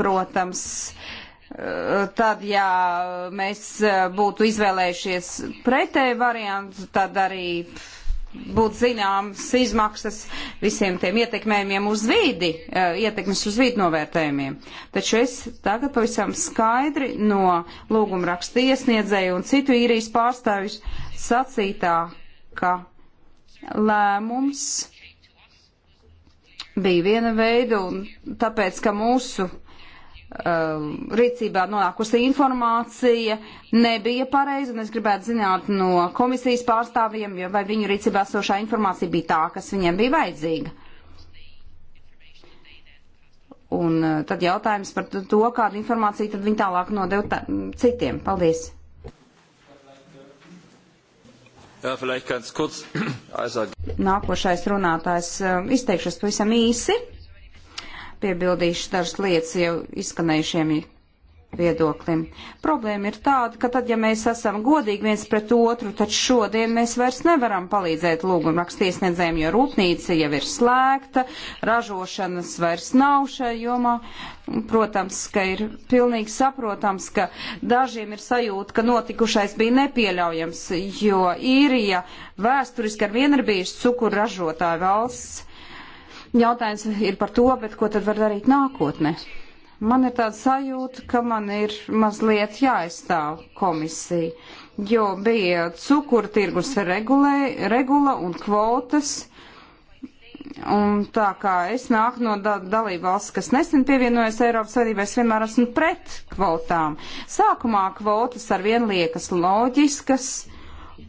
Protams, tad, ja mēs būtu izvēlējušies pretēju variantu, tad arī. Pff, būt zināmas izmaksas visiem tiem ietekmējumiem uz vidi, e, ietekmes uz vidi novērtējumiem. Taču es tagad pavisam skaidri no lūguma raksta iesniedzēju un citu īrijas pārstāvis sacītā, ka lēmums bija viena veida un tāpēc, ka mūsu Um, rīcībā nonākusi informācija nebija pareiza, un es gribētu zināt no komisijas pārstāvjiem, vai viņu rīcībā sošā informācija bija tā, kas viņiem bija vajadzīga. Un uh, tad jautājums par to, kādu informāciju tad viņi tālāk nodeva citiem. Paldies! Jā, Nākošais runātājs uh, izteikšos pavisam īsi. Piebildīšu dažas lietas jau izskanējušiem viedoklim. Problēma ir tāda, ka tad, ja mēs esam godīgi viens pret otru, tad šodien mēs vairs nevaram palīdzēt lūgumu rakstiesniedzējiem, jo rūpnīca jau ir slēgta, ražošanas vairs nav šajā jomā. Protams, ka ir pilnīgi saprotams, ka dažiem ir sajūta, ka notikušais bija nepieļaujams, jo īrija vēsturiski ar vienu ir bijusi cukuru ražotāja valsts Jautājums ir par to, bet ko tad var darīt nākotnē? Man ir tāda sajūta, ka man ir mazliet jāaizstāv komisija, jo bija cukuru tirgus regulē, regula un kvotas. Un tā kā es nāku no da dalībvalsts, kas nesen pievienojas Eiropas Savienībai, es vienmēr esmu pret kvotām. Sākumā kvotas ar vien liekas loģiskas,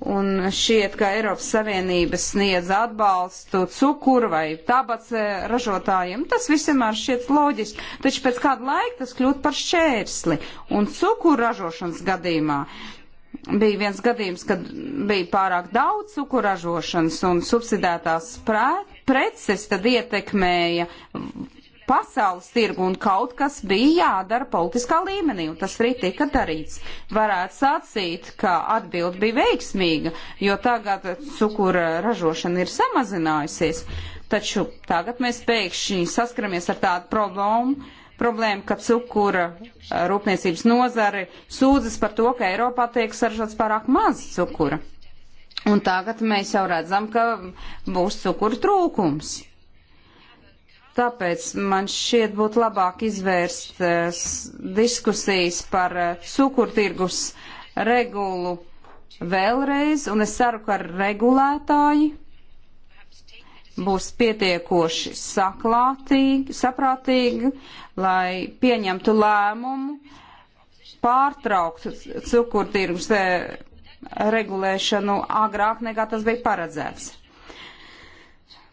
Un šķiet, ka Eiropas Savienība sniedz atbalstu cukuru vai tabaks ražotājiem. Tas vienmēr šķiet loģiski, taču pēc kāda laika tas kļūst par šķērsli. Un cukuru ražošanas gadījumā bija viens gadījums, kad bija pārāk daudz cukuru ražošanas un subsidētās preces tad ietekmēja pasaules tirgu un kaut kas bija jādara politiskā līmenī, un tas arī tika darīts. Varētu sacīt, ka atbild bija veiksmīga, jo tagad cukura ražošana ir samazinājusies, taču tagad mēs pēkšņi saskaramies ar tādu problēmu, problēma, ka cukura eh, rūpniecības nozare sūdzas par to, ka Eiropā tiek saržots pārāk maz cukura. Un tagad mēs jau redzam, ka būs cukura trūkums. Tāpēc man šķiet būtu labāk izvērst uh, diskusijas par uh, cukurtirgus regulu vēlreiz, un es ceru, ka regulētāji būs pietiekoši saklātīgi, saprātīgi, lai pieņemtu lēmumu pārtraukt cukurtirgus eh, regulēšanu agrāk nekā tas bija paredzēts.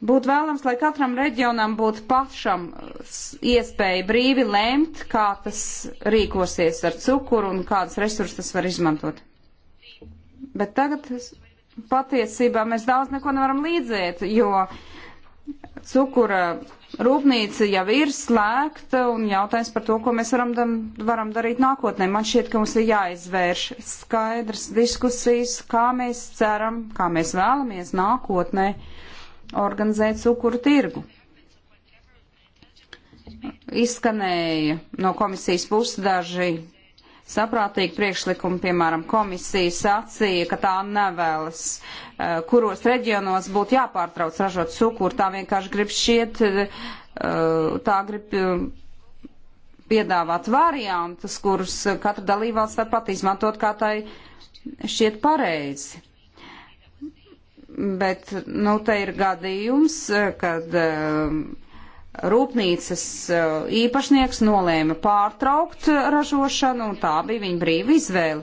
Būtu vēlams, lai katram reģionam būtu pašam iespēja brīvi lēmt, kā tas rīkosies ar cukuru un kādas resursus tas var izmantot. Bet tagad patiesībā mēs daudz neko nevaram līdzēt, jo cukura rūpnīca jau ir slēgta un jautājums par to, ko mēs varam, da varam darīt nākotnē. Man šķiet, ka mums ir jāizvērš skaidrs diskusijas, kā mēs ceram, kā mēs vēlamies nākotnē organizēt cukuru tirgu. Izskanēja no komisijas puses daži saprātīgi priekšlikumi, piemēram, komisija sacīja, ka tā nevēlas, eh, kuros reģionos būtu jāpārtrauc ražot cukuru, tā vienkārši grib šiet, eh, tā grib eh, piedāvāt variantus, kurus katra dalībvalsts var pat izmantot, kā tai šķiet pareizi. Bet, nu, te ir gadījums, kad eh, rūpnīcas eh, īpašnieks nolēma pārtraukt ražošanu, un tā bija viņa brīva izvēle.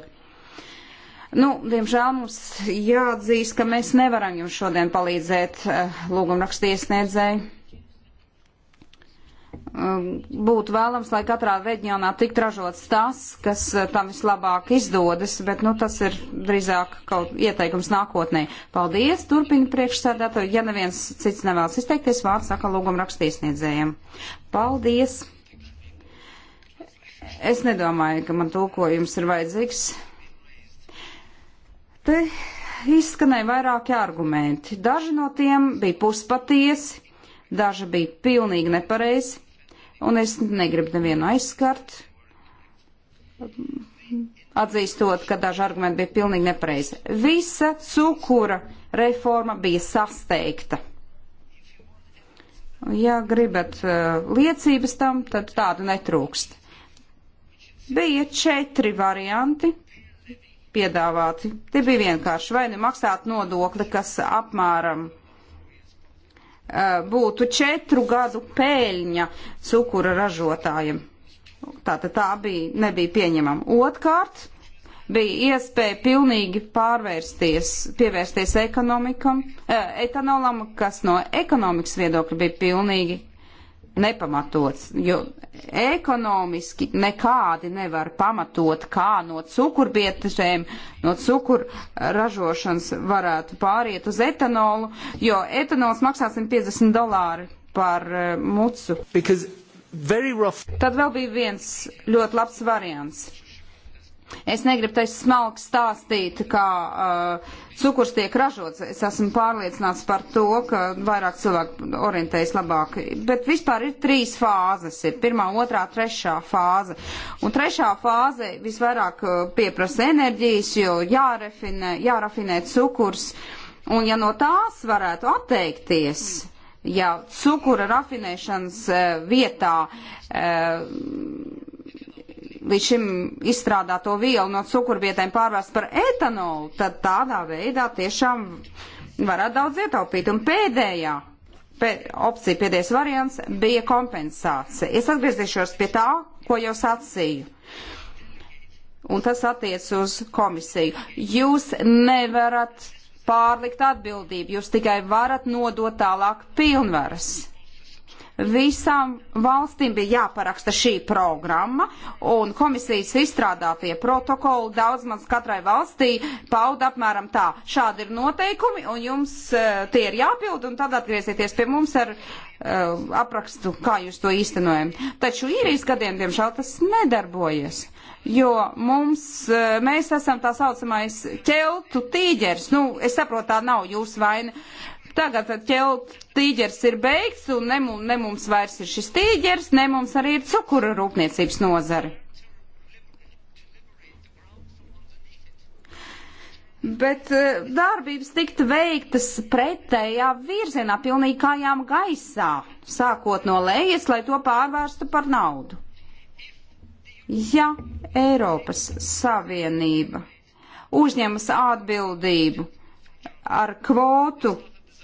Nu, diemžēl mums jāatzīst, ka mēs nevaram jums šodien palīdzēt eh, lūgumrakstiesniedzēji. Um, būtu vēlams, lai katrā reģionā tiktu ražots tas, kas uh, tam vislabāk izdodas, bet nu, tas ir drīzāk kaut ieteikums nākotnē. Paldies, turpina priekšsēdētāji. Ja neviens cits nevēlas izteikties, vārds saka lūgum rakstīsniedzējiem. Paldies! Es nedomāju, ka man tulkojums ir vajadzīgs. Te izskanēja vairāki argumenti. Daži no tiem bija puspatiesi, daži bija pilnīgi nepareizi un es negribu nevienu aizskart, atzīstot, ka daži argumenti bija pilnīgi nepareizi. Visa cukura reforma bija sasteigta. Ja gribat uh, liecības tam, tad tādu netrūkst. Bija četri varianti piedāvāti. Te bija vienkārši vai nu maksāt nodokli, kas apmēram Eh, būtu četru gadu pēļņa cukura ražotājiem. Tātad tā bija, nebija pieņemama. Otkārt, bija iespēja pilnīgi pārvērsties, pievērsties ekonomikam, eh, etanolam, kas no ekonomikas viedokļa bija pilnīgi nepamatots, jo ekonomiski nekādi nevar pamatot, kā no cukurbietešēm, no cukur ražošanas varētu pāriet uz etanolu, jo etanols maksā 150 dolāri par uh, eh, mucu. Tad vēl bija viens ļoti labs variants Es negribu teikt smalki stāstīt, kā uh, cukurs tiek ražots. Es esmu pārliecināts par to, ka vairāk cilvēku orientējas labāk. Bet vispār ir trīs fāzes. Ir pirmā, otrā, trešā fāze. Un trešā fāze visvairāk uh, pieprasa enerģijas, jo jārefinē, jārafinē cukurs. Un ja no tās varētu atteikties, ja cukura rafinēšanas uh, vietā. Uh, līdz šim izstrādāto vielu no cukurvietēm pārvērst par etanolu, tad tādā veidā tiešām varētu daudz ietaupīt. Un pēdējā pē, opcija, pēdējais variants bija kompensācija. Es atgriezīšos pie tā, ko jau sacīju. Un tas attiec uz komisiju. Jūs nevarat pārlikt atbildību, jūs tikai varat nodot tālāk pilnvaras Visām valstīm bija jāparaksta šī programma, un komisijas izstrādātie protokoli daudz maz katrai valstī pauda apmēram tā. Šādi ir noteikumi, un jums uh, tie ir jāpild, un tad atgriezieties pie mums ar uh, aprakstu, kā jūs to īstenojam. Taču īrijas gadiem, diemžēl, tas nedarbojas jo mums, e, mēs esam tā saucamais ķeltu tīģeris. Nu, es saprotu, tā nav jūsu vaina, Tagad ķelt tīģers ir beigts un ne, ne mums vairs ir šis tīģers, ne mums arī ir cukura rūpniecības nozare. Bet eh, darbības tiktu veiktas pretējā virzienā, pilnīgi kājām gaisā, sākot no lejas, lai to pārvērstu par naudu. Ja Eiropas Savienība uzņemas atbildību ar kvotu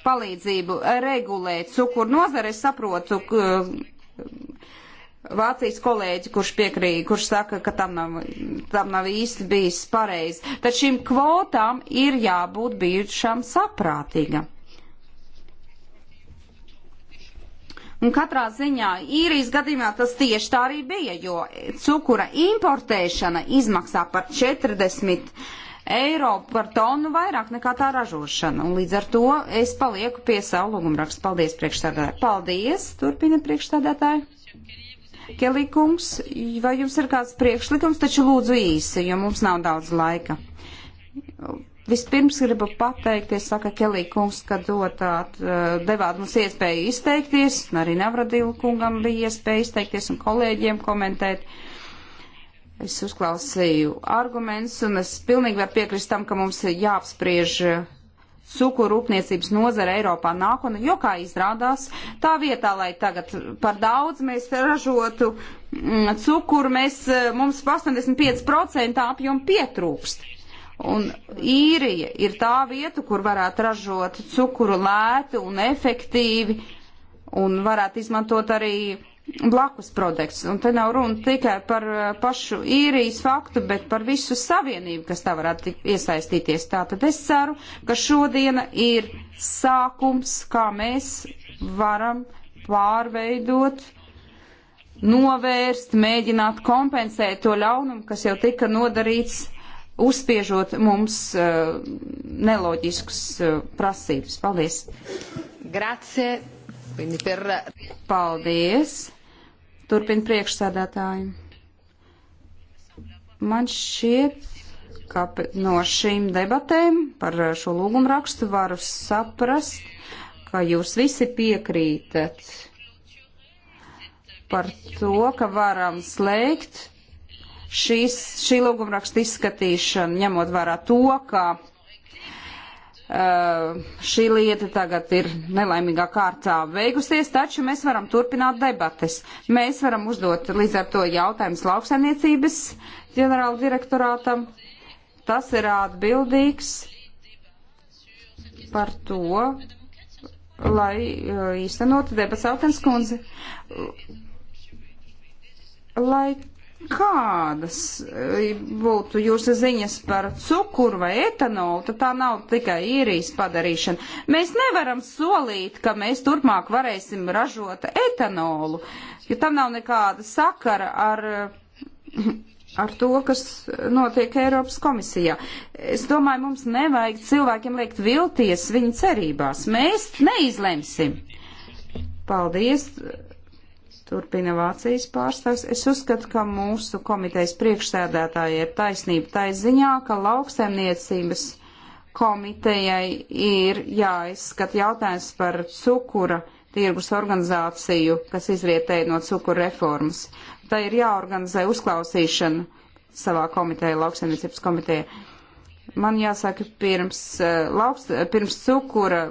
palīdzību regulēt cukuru nozare, es saprotu, uh, Vācijas kolēģi, kurš piekrīt, kurš saka, ka tam nav, tam nav īsti bijis pareizi. Tad šīm kvotām ir jābūt bijušām saprātīgam. Un katrā ziņā īrijas gadījumā tas tieši tā arī bija, jo cukura importēšana izmaksā par 40 eiro par tonu vairāk nekā tā ražošana. Un līdz ar to es palieku pie savu lūgumrakstu. Paldies, priekšstādātāji. Paldies, turpina priekšstādātāji. Kelīkums, vai jums ir kāds priekšlikums, taču lūdzu īsi, jo mums nav daudz laika. Vispirms gribu pateikties, saka Kelī kungs, ka dotāt, devāt mums iespēju izteikties, un arī Navradīlu kungam bija iespēja izteikties un kolēģiem komentēt. Uh, Es uzklausīju argumentus, un es pilnīgi varu piekrist tam, ka mums ir jāapspriež cukuru eh, rūpniecības nozara Eiropā nākotnē, jo, kā izrādās, tā vietā, lai tagad par daudz mēs ražotu mm, cukuru, mēs, eh, mums 85% apjom pietrūkst. Un īrija ir tā vieta, kur varētu ražot cukuru lēti un efektīvi, un varētu izmantot arī blakus produkts. Un te nav runa tikai par uh, pašu īrijas faktu, bet par visu savienību, kas tā varētu iesaistīties. Tātad es ceru, ka šodiena ir sākums, kā mēs varam pārveidot, novērst, mēģināt kompensēt to ļaunumu, kas jau tika nodarīts, uzspiežot mums uh, neloģiskus uh, prasības. Paldies! Grazie! Paldies! Turpin priekšsēdētāji. Man šķiet, ka no šīm debatēm par eh, šo lūgumu rakstu varu saprast, ka jūs visi piekrītat par to, ka varam slēgt šīs, šī lūguma raksta izskatīšanu, ņemot vērā to, ka šī lieta tagad ir nelaimīgā kārtā beigusies, taču mēs varam turpināt debates. Mēs varam uzdot līdz ar to jautājumus lauksainiecības ģenerāla direktorātam. Tas ir atbildīgs par to, lai uh, īstenot debats Altens kundze. Lai kādas eh, būtu jūsu ziņas par cukuru vai etanolu, tad tā nav tikai īrijas padarīšana. Mēs nevaram solīt, ka mēs turpmāk varēsim ražot etanolu, jo tam nav nekāda sakara ar, eh, ar to, kas notiek Eiropas komisijā. Es domāju, mums nevajag cilvēkiem liekt vilties viņa cerībās. Mēs neizlemsim. Paldies! Turpina Vācijas pārstāvs. Es uzskatu, ka mūsu komitejas priekšsēdētāja ir taisnība tai ziņā, ka lauksaimniecības komitejai ir jāizskat jautājums par cukura tirgus organizāciju, kas izrietēja no cukura reformas. Tā ir jāorganizē uzklausīšana savā komitejā, lauksaimniecības komitejā. Man jāsaka, pirms, eh, labs, pirms cukura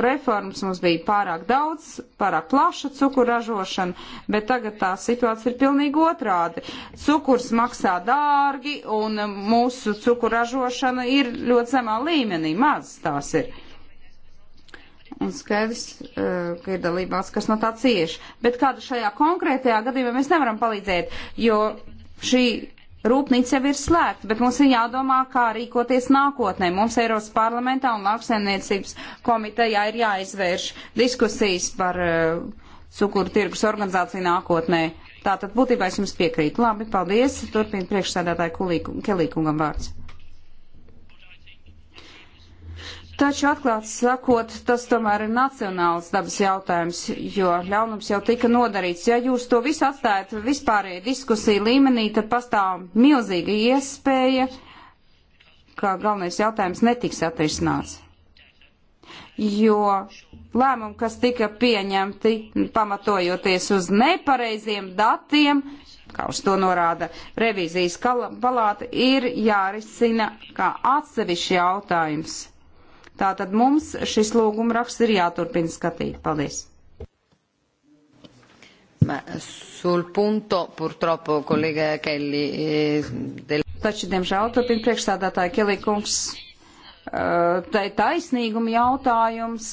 reformas mums bija pārāk daudz, pārāk plaša cukura ražošana, bet tagad tā situācija ir pilnīgi otrādi. Cukurs maksā dārgi un mūsu cukura ražošana ir ļoti zemā līmenī, maz tās ir. Un skaidrs, eh, ka ir dalībās, kas no tā cieši. Bet kāda šajā konkrētajā gadījumā mēs nevaram palīdzēt, jo šī rūpnīca jau ir slēgta, bet mums ir jādomā, kā rīkoties nākotnē. Mums Eiropas parlamentā un lauksaimniecības komitejā ir jāizvērš diskusijas par uh, cukuru tirgus organizāciju nākotnē. Tātad būtībā es jums piekrītu. Labi, paldies. Turpin priekšsēdētāju Kelīkungam vārds. Taču, atklāt sakot, tas tomēr ir nacionāls dabas jautājums, jo ļaunums jau tika nodarīts. Ja jūs to visu atstājat vispārējai diskusiju līmenī, tad pastāv milzīga iespēja, ka galvenais jautājums netiks atrisināts. Jo lēmumi, kas tika pieņemti, pamatojoties uz nepareiziem datiem, kā uz to norāda revīzijas palāta, ir jārisina kā atsevišķi jautājums Tātad mums šis lūgumraksts ir jāturpina skatīt. Paldies! Sul punto, purtroppo, kolēģa Kelly. Eh, del... Taču, diemžēl, turpina priekšstādātāja Kelly kungs. Eh, tā ir taisnīguma jautājums.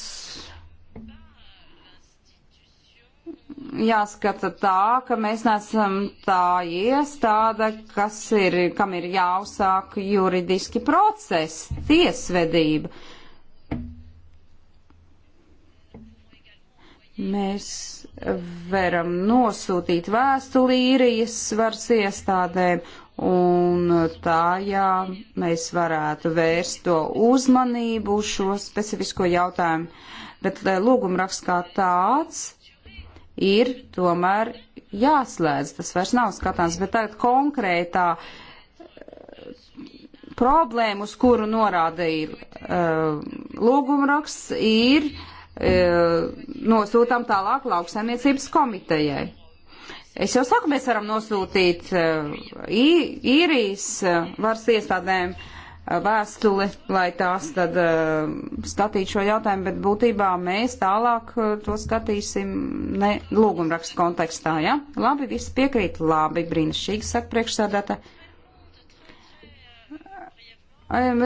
jāskata tā, ka mēs neesam tā iestāde, kas ir, kam ir jāuzsāk juridiski process, tiesvedība. Mēs varam nosūtīt vēstuli īrijas varas iestādēm, un tā, jā, mēs varētu vērst to uzmanību uz šo specifisko jautājumu. Bet lūguma raksts kā tāds ir tomēr jāslēdz, tas vairs nav skatāms, bet tagad konkrētā eh, problēma, uz kuru norādīja uh, eh, lūguma raksts, ir E, nosūtām tālāk lauksaimniecības komitejai. Es jau saku, mēs varam nosūtīt e, īrijas e, varas iestādēm vēstuli, lai tās tad skatītu šo jautājumu, bet būtībā mēs tālāk to skatīsim ne lūgumrakstu kontekstā, ja? Labi, viss piekrīt, labi, brīnišķīgi, saka priekšsādātā.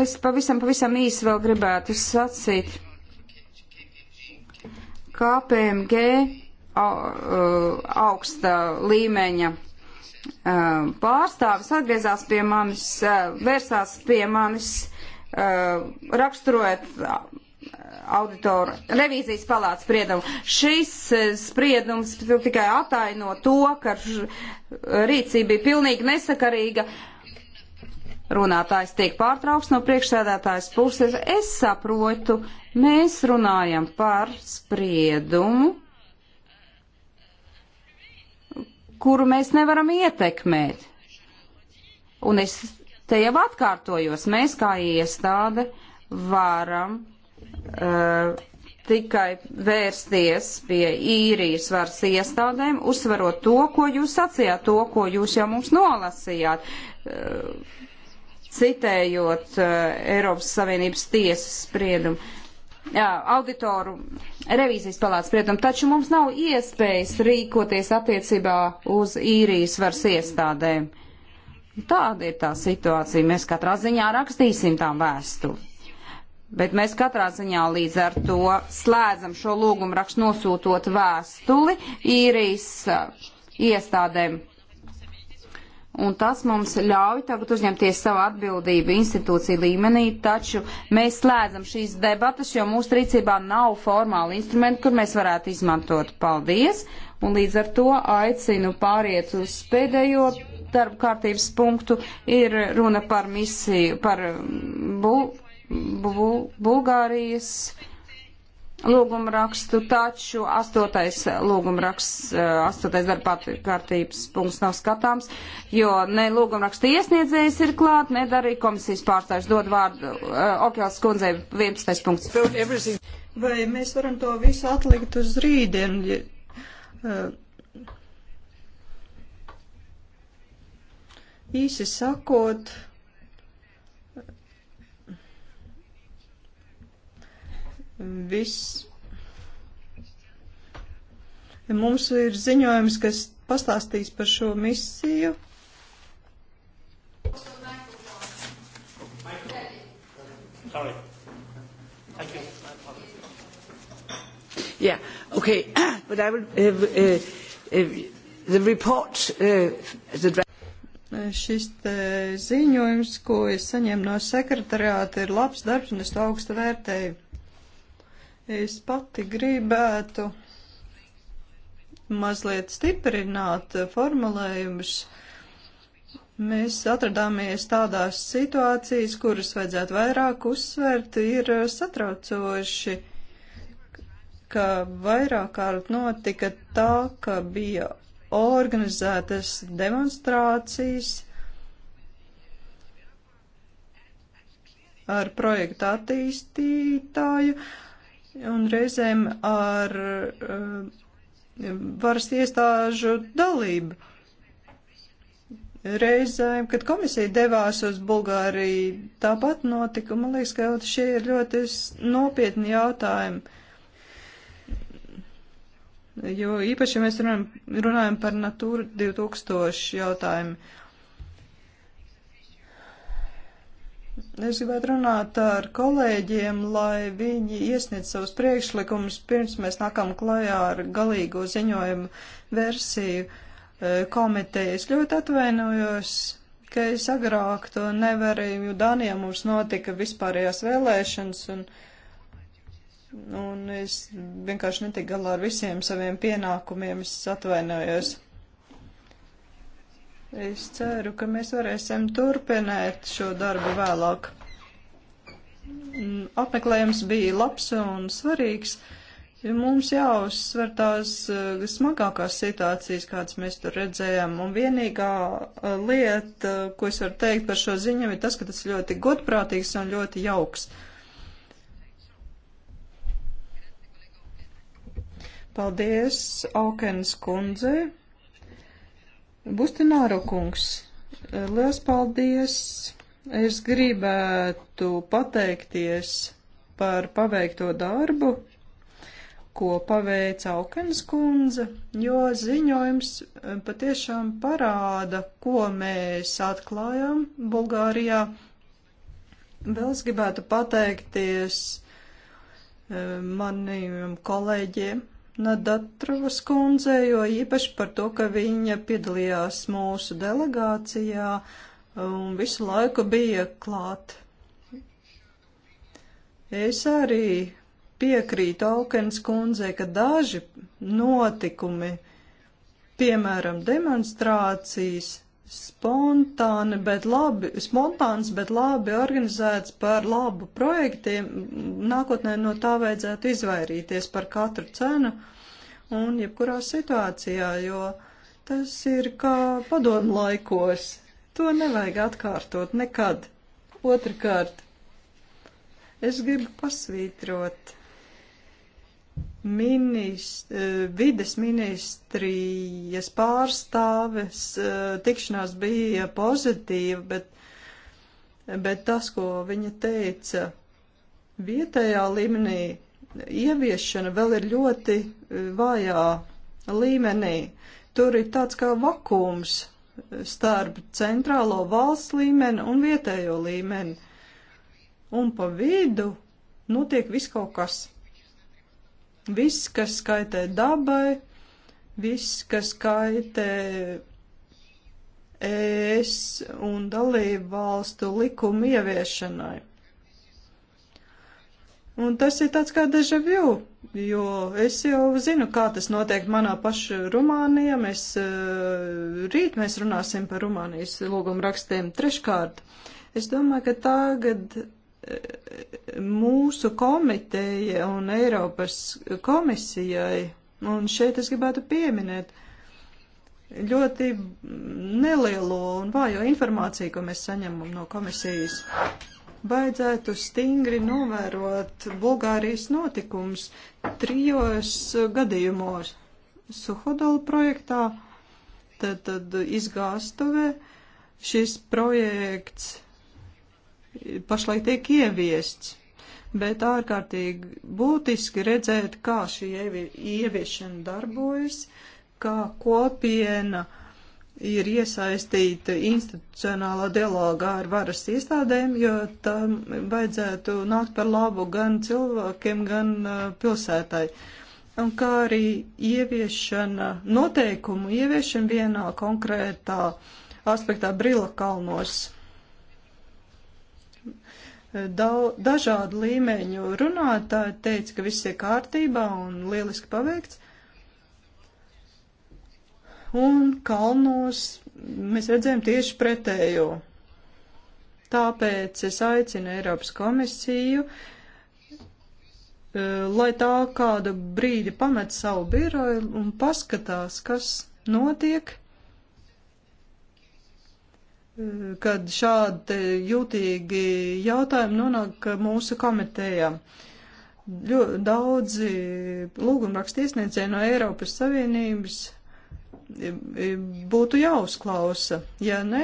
Es pavisam, pavisam īsi vēl gribētu sacīt KPMG augsta līmeņa pārstāvis atgriezās pie manis, vērsās pie manis, raksturojot auditoru revīzijas palātas spriedumu. Šis e, spriedums tikai ataino to, ka rīcība bija pilnīgi nesakarīga runātājs tiek pārtrauks no priekšsēdētājas puses. Es saprotu, mēs runājam par spriedumu, kuru mēs nevaram ietekmēt. Un es te jau atkārtojos, mēs kā iestāde varam uh, tikai vērsties pie īrijas varas iestādēm, uzsverot to, ko jūs sacījāt, to, ko jūs jau mums nolasījāt. Uh, citējot uh, Eiropas Savienības tiesas spriedumu. Jā, auditoru revīzijas palātas spriedumu, taču mums nav iespējas rīkoties attiecībā uz īrijas varas iestādēm. Tāda ir tā situācija. Mēs katrā ziņā rakstīsim tām vēstuli. Bet mēs katrā ziņā līdz ar to slēdzam šo lūgumu rakstu nosūtot vēstuli īrijas uh, iestādēm. Un tas mums ļauj tagad uzņemties savu atbildību institūciju līmenī, taču mēs slēdzam šīs debatas, jo mūsu rīcībā nav formāli instrumenti, kur mēs varētu izmantot. Paldies! Un līdz ar to aicinu pāriet uz pēdējo darba kārtības punktu. Ir runa par misiju, par bu, bu, Bulgārijas. Bu, lūgumrakstu, taču astotais lūgumraksts, eh, astotais darba kārtības punkts nav skatāms, jo ne lūgumraksta iesniedzējs ir klāt, ne arī komisijas pārstāvis dod vārdu uh, eh, Okjāls kundzei 11. punkts. Vai mēs varam to visu atlikt uz rītdienu? Uh, eh, īsi sakot, uh, Viss. Mums ir ziņojums, kas pastāstīs par šo misiju. Sorry. Thank you. Yeah, okay, but I will. Uh, uh, uh, the report. Uh, the uh, Šis ziņojums, ko es saņēmu no sekretariāta, ir labs darbs, un es to augstu vērtēju. Es pati gribētu mazliet stiprināt formulējumus. Mēs atradāmies tādās situācijas, kuras vajadzētu vairāk uzsvērt, ir satraucoši, ka vairāk kārt notika tā, ka bija organizētas demonstrācijas ar projektu attīstītāju, un reizēm ar eh, varas iestāžu dalību. Reizēm, kad komisija devās uz Bulgāriju, tāpat notika, man liekas, ka šie ir ļoti nopietni jautājumi. Jo īpaši mēs runājam, runājam par Natūra 2000 jautājumu. Es gribētu runāt ar kolēģiem, lai viņi iesniedz savus priekšlikumus pirms mēs nākam klajā ar galīgo ziņojumu versiju e, komitejas. Ļoti atvainojos, ka es agrāk to nevarēju, jo Danijā mums notika vispārējās vēlēšanas un, un es vienkārši netiku galā ar visiem saviem pienākumiem. Es atvainojos. Es ceru, ka mēs varēsim turpināt šo darbu vēlāk. Mm, apmeklējums bija labs un svarīgs. Mums jāuzsver tās eh, smagākās situācijas, kādas mēs tur redzējām, un vienīgā eh, lieta, eh, ko es varu teikt par šo ziņu, ir tas, ka tas ļoti godprātīgs un ļoti jauks. Paldies, Aukens kundzei! Bustināro kungs, liels paldies! Es gribētu pateikties par paveikto darbu, ko paveica Aukens kundze, jo ziņojums eh, patiešām parāda, ko mēs atklājām Bulgārijā. Vēl es gribētu pateikties eh, maniem kolēģiem Nadatrovas kundze, jo īpaši par to, ka viņa piedalījās mūsu delegācijā un visu laiku bija klāt. Es arī piekrītu Aukens kundzei, ka daži notikumi, piemēram, demonstrācijas, spontāni, bet labi, spontāns, bet labi organizēts par labu projektiem. Nākotnē no tā vajadzētu izvairīties par katru cenu un jebkurā situācijā, jo tas ir kā padomu laikos. To nevajag atkārtot nekad. Otrakārt, es gribu pasvītrot minist, eh, vides ministrijas pārstāves eh, tikšanās bija pozitīva, bet, bet tas, ko viņa teica vietējā līmenī, ieviešana vēl ir ļoti eh, vājā līmenī. Tur ir tāds kā vakums starp centrālo valsts līmeni un vietējo līmeni. Un pa vidu notiek viss kaut kas. Viss, kas kaitē dabai, viss, kas kaitē ES un dalību valstu likumu ieviešanai. Un tas ir tāds kā deja vu, jo es jau zinu, kā tas notiek manā paša Rumānijā. Mēs eh, rīt mēs runāsim par Rumānijas lūgumu rakstiem treškārt. Es domāju, ka tagad mūsu komiteja un Eiropas komisijai, un šeit es gribētu pieminēt ļoti nelielo un vājo informāciju, ko mēs saņemam no komisijas. Baidzētu stingri novērot Bulgārijas notikums trijos gadījumos - Suhodola projektā, tad, tad izgāstuvē šis projekts pašlaik tiek ieviests. Bet ārkārtīgi būtiski redzēt, kā šī ieviešana darbojas, kā kopiena ir iesaistīta institucionālā dialogā ar varas iestādēm, jo tam vajadzētu nākt par labu gan cilvēkiem, gan uh, pilsētai. Un kā arī ieviešana, noteikumu ieviešana vienā konkrētā aspektā Brila kalnos dažādu līmeņu runātāji teica, ka viss ir kārtībā un lieliski paveikts. Un kalnos mēs redzējām tieši pretējo. Tāpēc es aicinu Eiropas komisiju, eh, lai tā kādu brīdi pamet savu biroju un paskatās, kas notiek kad šādi jūtīgi jautājumi nonāk mūsu komitejā. Ļoti daudzi lūgumrakstu iesniedzēji no Eiropas Savienības būtu jāuzklausa. Ja ne,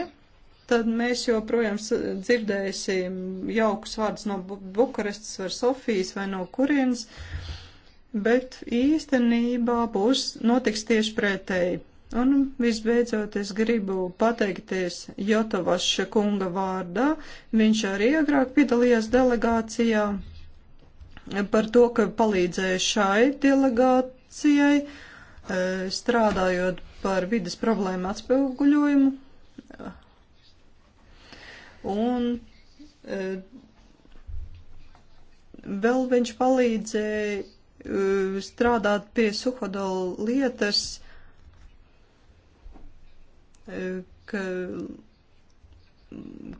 tad mēs joprojām dzirdēsim jaukus vārdus no Bukarestas vai Sofijas vai no kurienes, bet īstenībā būs notiks tieši pretēji Un visbeidzot es gribu pateikties Jotovaša kunga vārdā. Viņš arī agrāk piedalījās delegācijā par to, ka palīdzēja šai delegācijai eh, strādājot par vidas problēmu atspoguļojumu. Un eh, vēl viņš palīdzēja eh, strādāt pie suhodola lietas ka,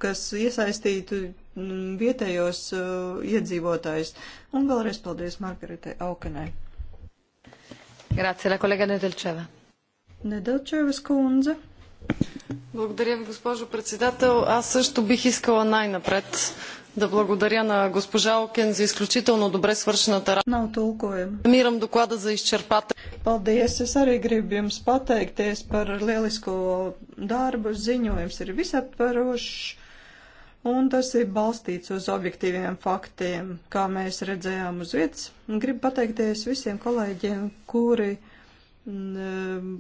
kas iesaistītu mm, vietējos uh, iedzīvotājus. Un vēlreiz paldies Margaritai Aukenai. Grazie, la kolega Nedelčeva. Неделчевска Унза. Благодаря ви, госпожо председател. Аз също бих искала най-напред да благодаря на госпожа Окен за изключително добре свършената работа. Nav tulkojuma. Mīram doklada за izčerpāta. Paldies, es arī gribu jums pateikties par lielisko darbu. Ziņojums ir visaptvarošs un tas ir balstīts uz objektīviem faktiem, kā mēs redzējām uz vietas. Gribu pateikties visiem kolēģiem, kuri mm,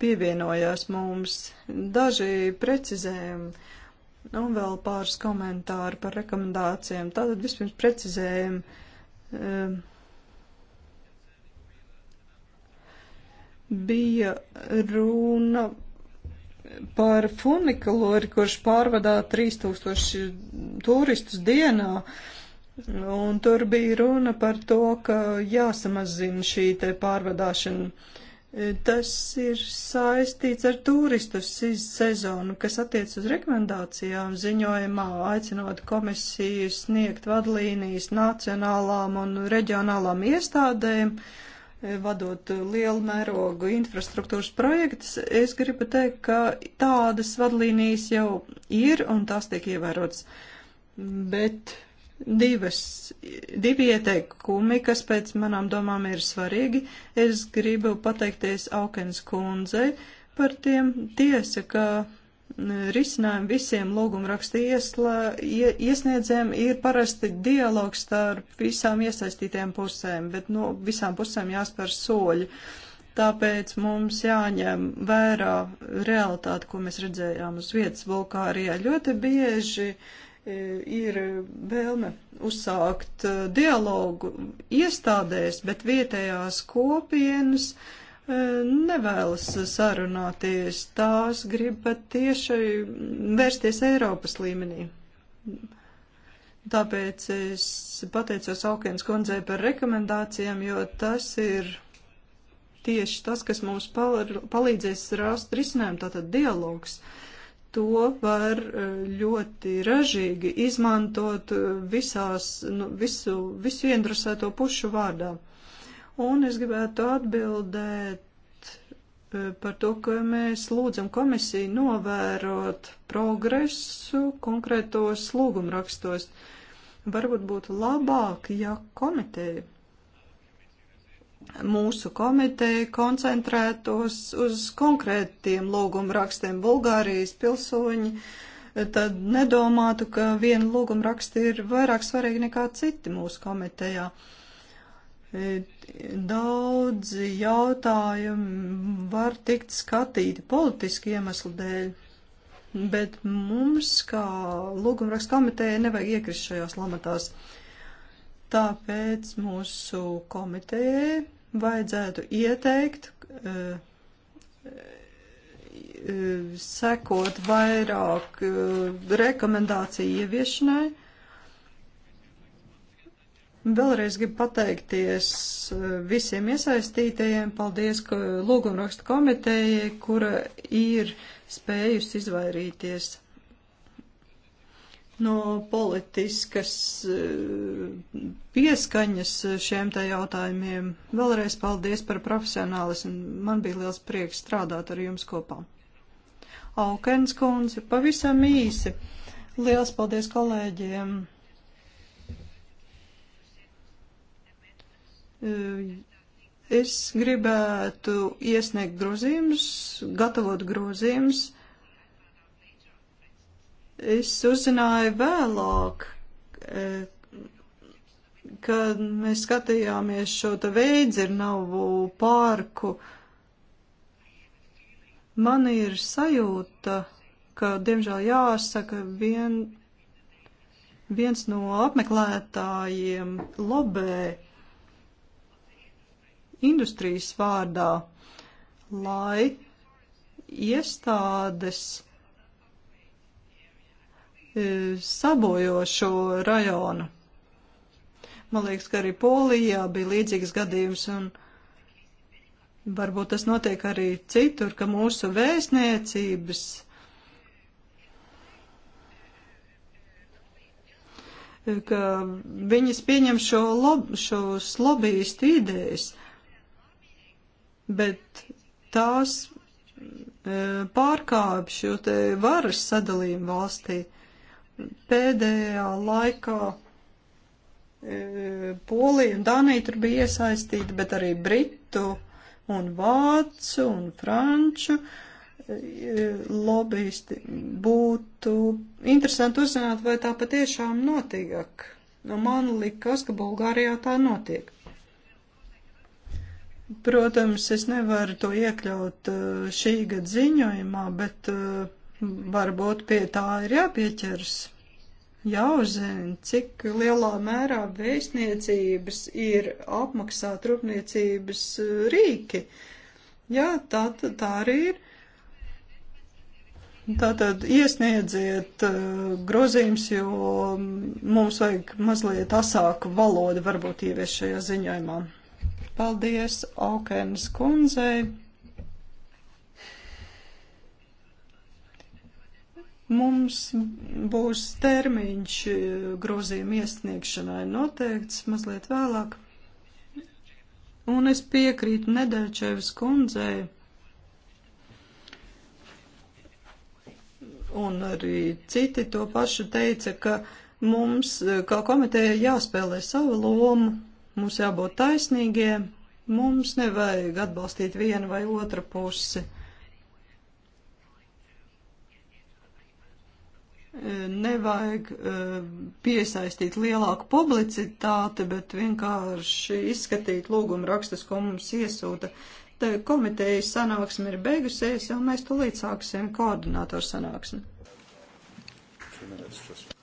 pievienojās mums. Daži precizējumi Un vēl pāris komentāri par rekomendācijām. Tātad vispirms precizējam. Ehm, bija runa par funikulori, kurš pārvadā 3000 turistus dienā. Un tur bija runa par to, ka jāsamazina šī te pārvadāšana. Tas ir saistīts ar turistu sezonu, kas attiec uz rekomendācijām ziņojumā, aicinot komisiju sniegt vadlīnijas nacionālām un reģionālām iestādēm, eh, vadot lielu mērogu infrastruktūras projektus. Es gribu teikt, ka tādas vadlīnijas jau ir un tās tiek ievērotas, bet divas, divi ieteikumi, kas pēc manām domām ir svarīgi. Es gribu pateikties Aukens kundzei par tiem. Tiesa, ka mm, risinājumi visiem lūgumraksta iesniedzējiem ir parasti dialogs starp visām iesaistītajām pusēm, bet no nu, visām pusēm jāspēr soļi. Tāpēc mums jāņem vērā realitāti, ko mēs redzējām uz vietas Bulgārijā. Ļoti bieži uh, E, ir vēlme uzsākt e, dialogu iestādēs, bet vietējās kopienas e, nevēlas sarunāties. Tās grib pat tieši vērsties Eiropas līmenī. Tāpēc es pateicos Aukens kundzei par rekomendācijām, jo tas ir tieši tas, kas mums palīdzēs rast risinājumu, tātad dialogs. Uh, to var e, ļoti ražīgi izmantot e, visās, nu, visu, visu iendrasēto pušu vārdā. Un es gribētu atbildēt e, par to, ka mēs lūdzam komisiju novērot progresu konkrētos lūgumrakstos. Varbūt būtu labāk, ja komiteja mūsu komiteja koncentrētos uz konkrētiem lūguma rakstiem Bulgārijas pilsoņi, eh, tad nedomātu, ka viena lūguma raksta ir vairāk svarīga nekā citi mūsu komitejā. E, daudzi jautājumi var tikt skatīti politiski iemeslu dēļ, bet mums, kā lūgumrakstu komitejai, nevajag iekrist šajās lamatās. Uh, Tāpēc mūsu komitejai vajadzētu ieteikt eh, eh, sekot vairāk eh, rekomendāciju ieviešanai. Vēlreiz gribu pateikties visiem iesaistītajiem. Paldies lūgumrakstu komitejai, kura ir spējusi izvairīties no politiskas eh, pieskaņas šiem te jautājumiem. Vēlreiz paldies par profesionālismu. Man bija liels prieks strādāt ar jums kopā. Aukens kundze, pavisam īsi. Liels paldies kolēģiem. Eh, es gribētu iesniegt grozījumus, gatavot grozījumus Es uzzināju vēlāk, e, kad mēs skatījāmies šo te veidzirnavu parku. Man ir sajūta, ka, diemžēl jāsaka, vien, viens no apmeklētājiem lobē industrijas vārdā, lai iestādes E, sabojājošo rajonu. Man liekas, ka arī Polijā bija līdzīgs gadījums, un varbūt tas notiek arī citur, ka mūsu vēstniecības e, ka viņas pieņem šo lob, šos lobbyistu idejas, bet tās e, pārkāpj šo te varas sadalījumu valstī pēdējā laikā e, Polija un Dānija tur bija iesaistīti, bet arī Britu un Vācu un Franču e, lobbyisti būtu interesanti uzzināt, vai tā patiešām notiek. Nu, man likas, ka Bulgārijā tā notiek. Protams, es nevaru to iekļaut e, šī gada ziņojumā, bet uh, Varbūt pie tā ir jāpieķers. Jāuzzina, cik lielā mērā vēstniecības ir apmaksāt rūpniecības eh, rīki. Jā, tā, tā arī ir. Tātad iesniedziet uh, grozījums, jo mums vajag mazliet asāku valodu varbūt ievies šajā ziņojumā. Paldies Aukenas kundzei. Mums būs termiņš eh, grozījuma iesniegšanai noteikts mazliet vēlāk. Un es piekrītu Nedēļčevas kundzei un arī citi to pašu teica, ka mums eh, kā komiteja jāspēlē sava loma, mums jābūt taisnīgiem, mums nevajag atbalstīt vienu vai otru pusi. nevajag eh, piesaistīt lielāku publicitāti, bet vienkārši izskatīt lūgumu rakstus, ko mums iesūta. Te komitejas sanāksme ir beigusies, un mēs tulīt sāksim koordinātoru sanāksmi. Two minutes, just.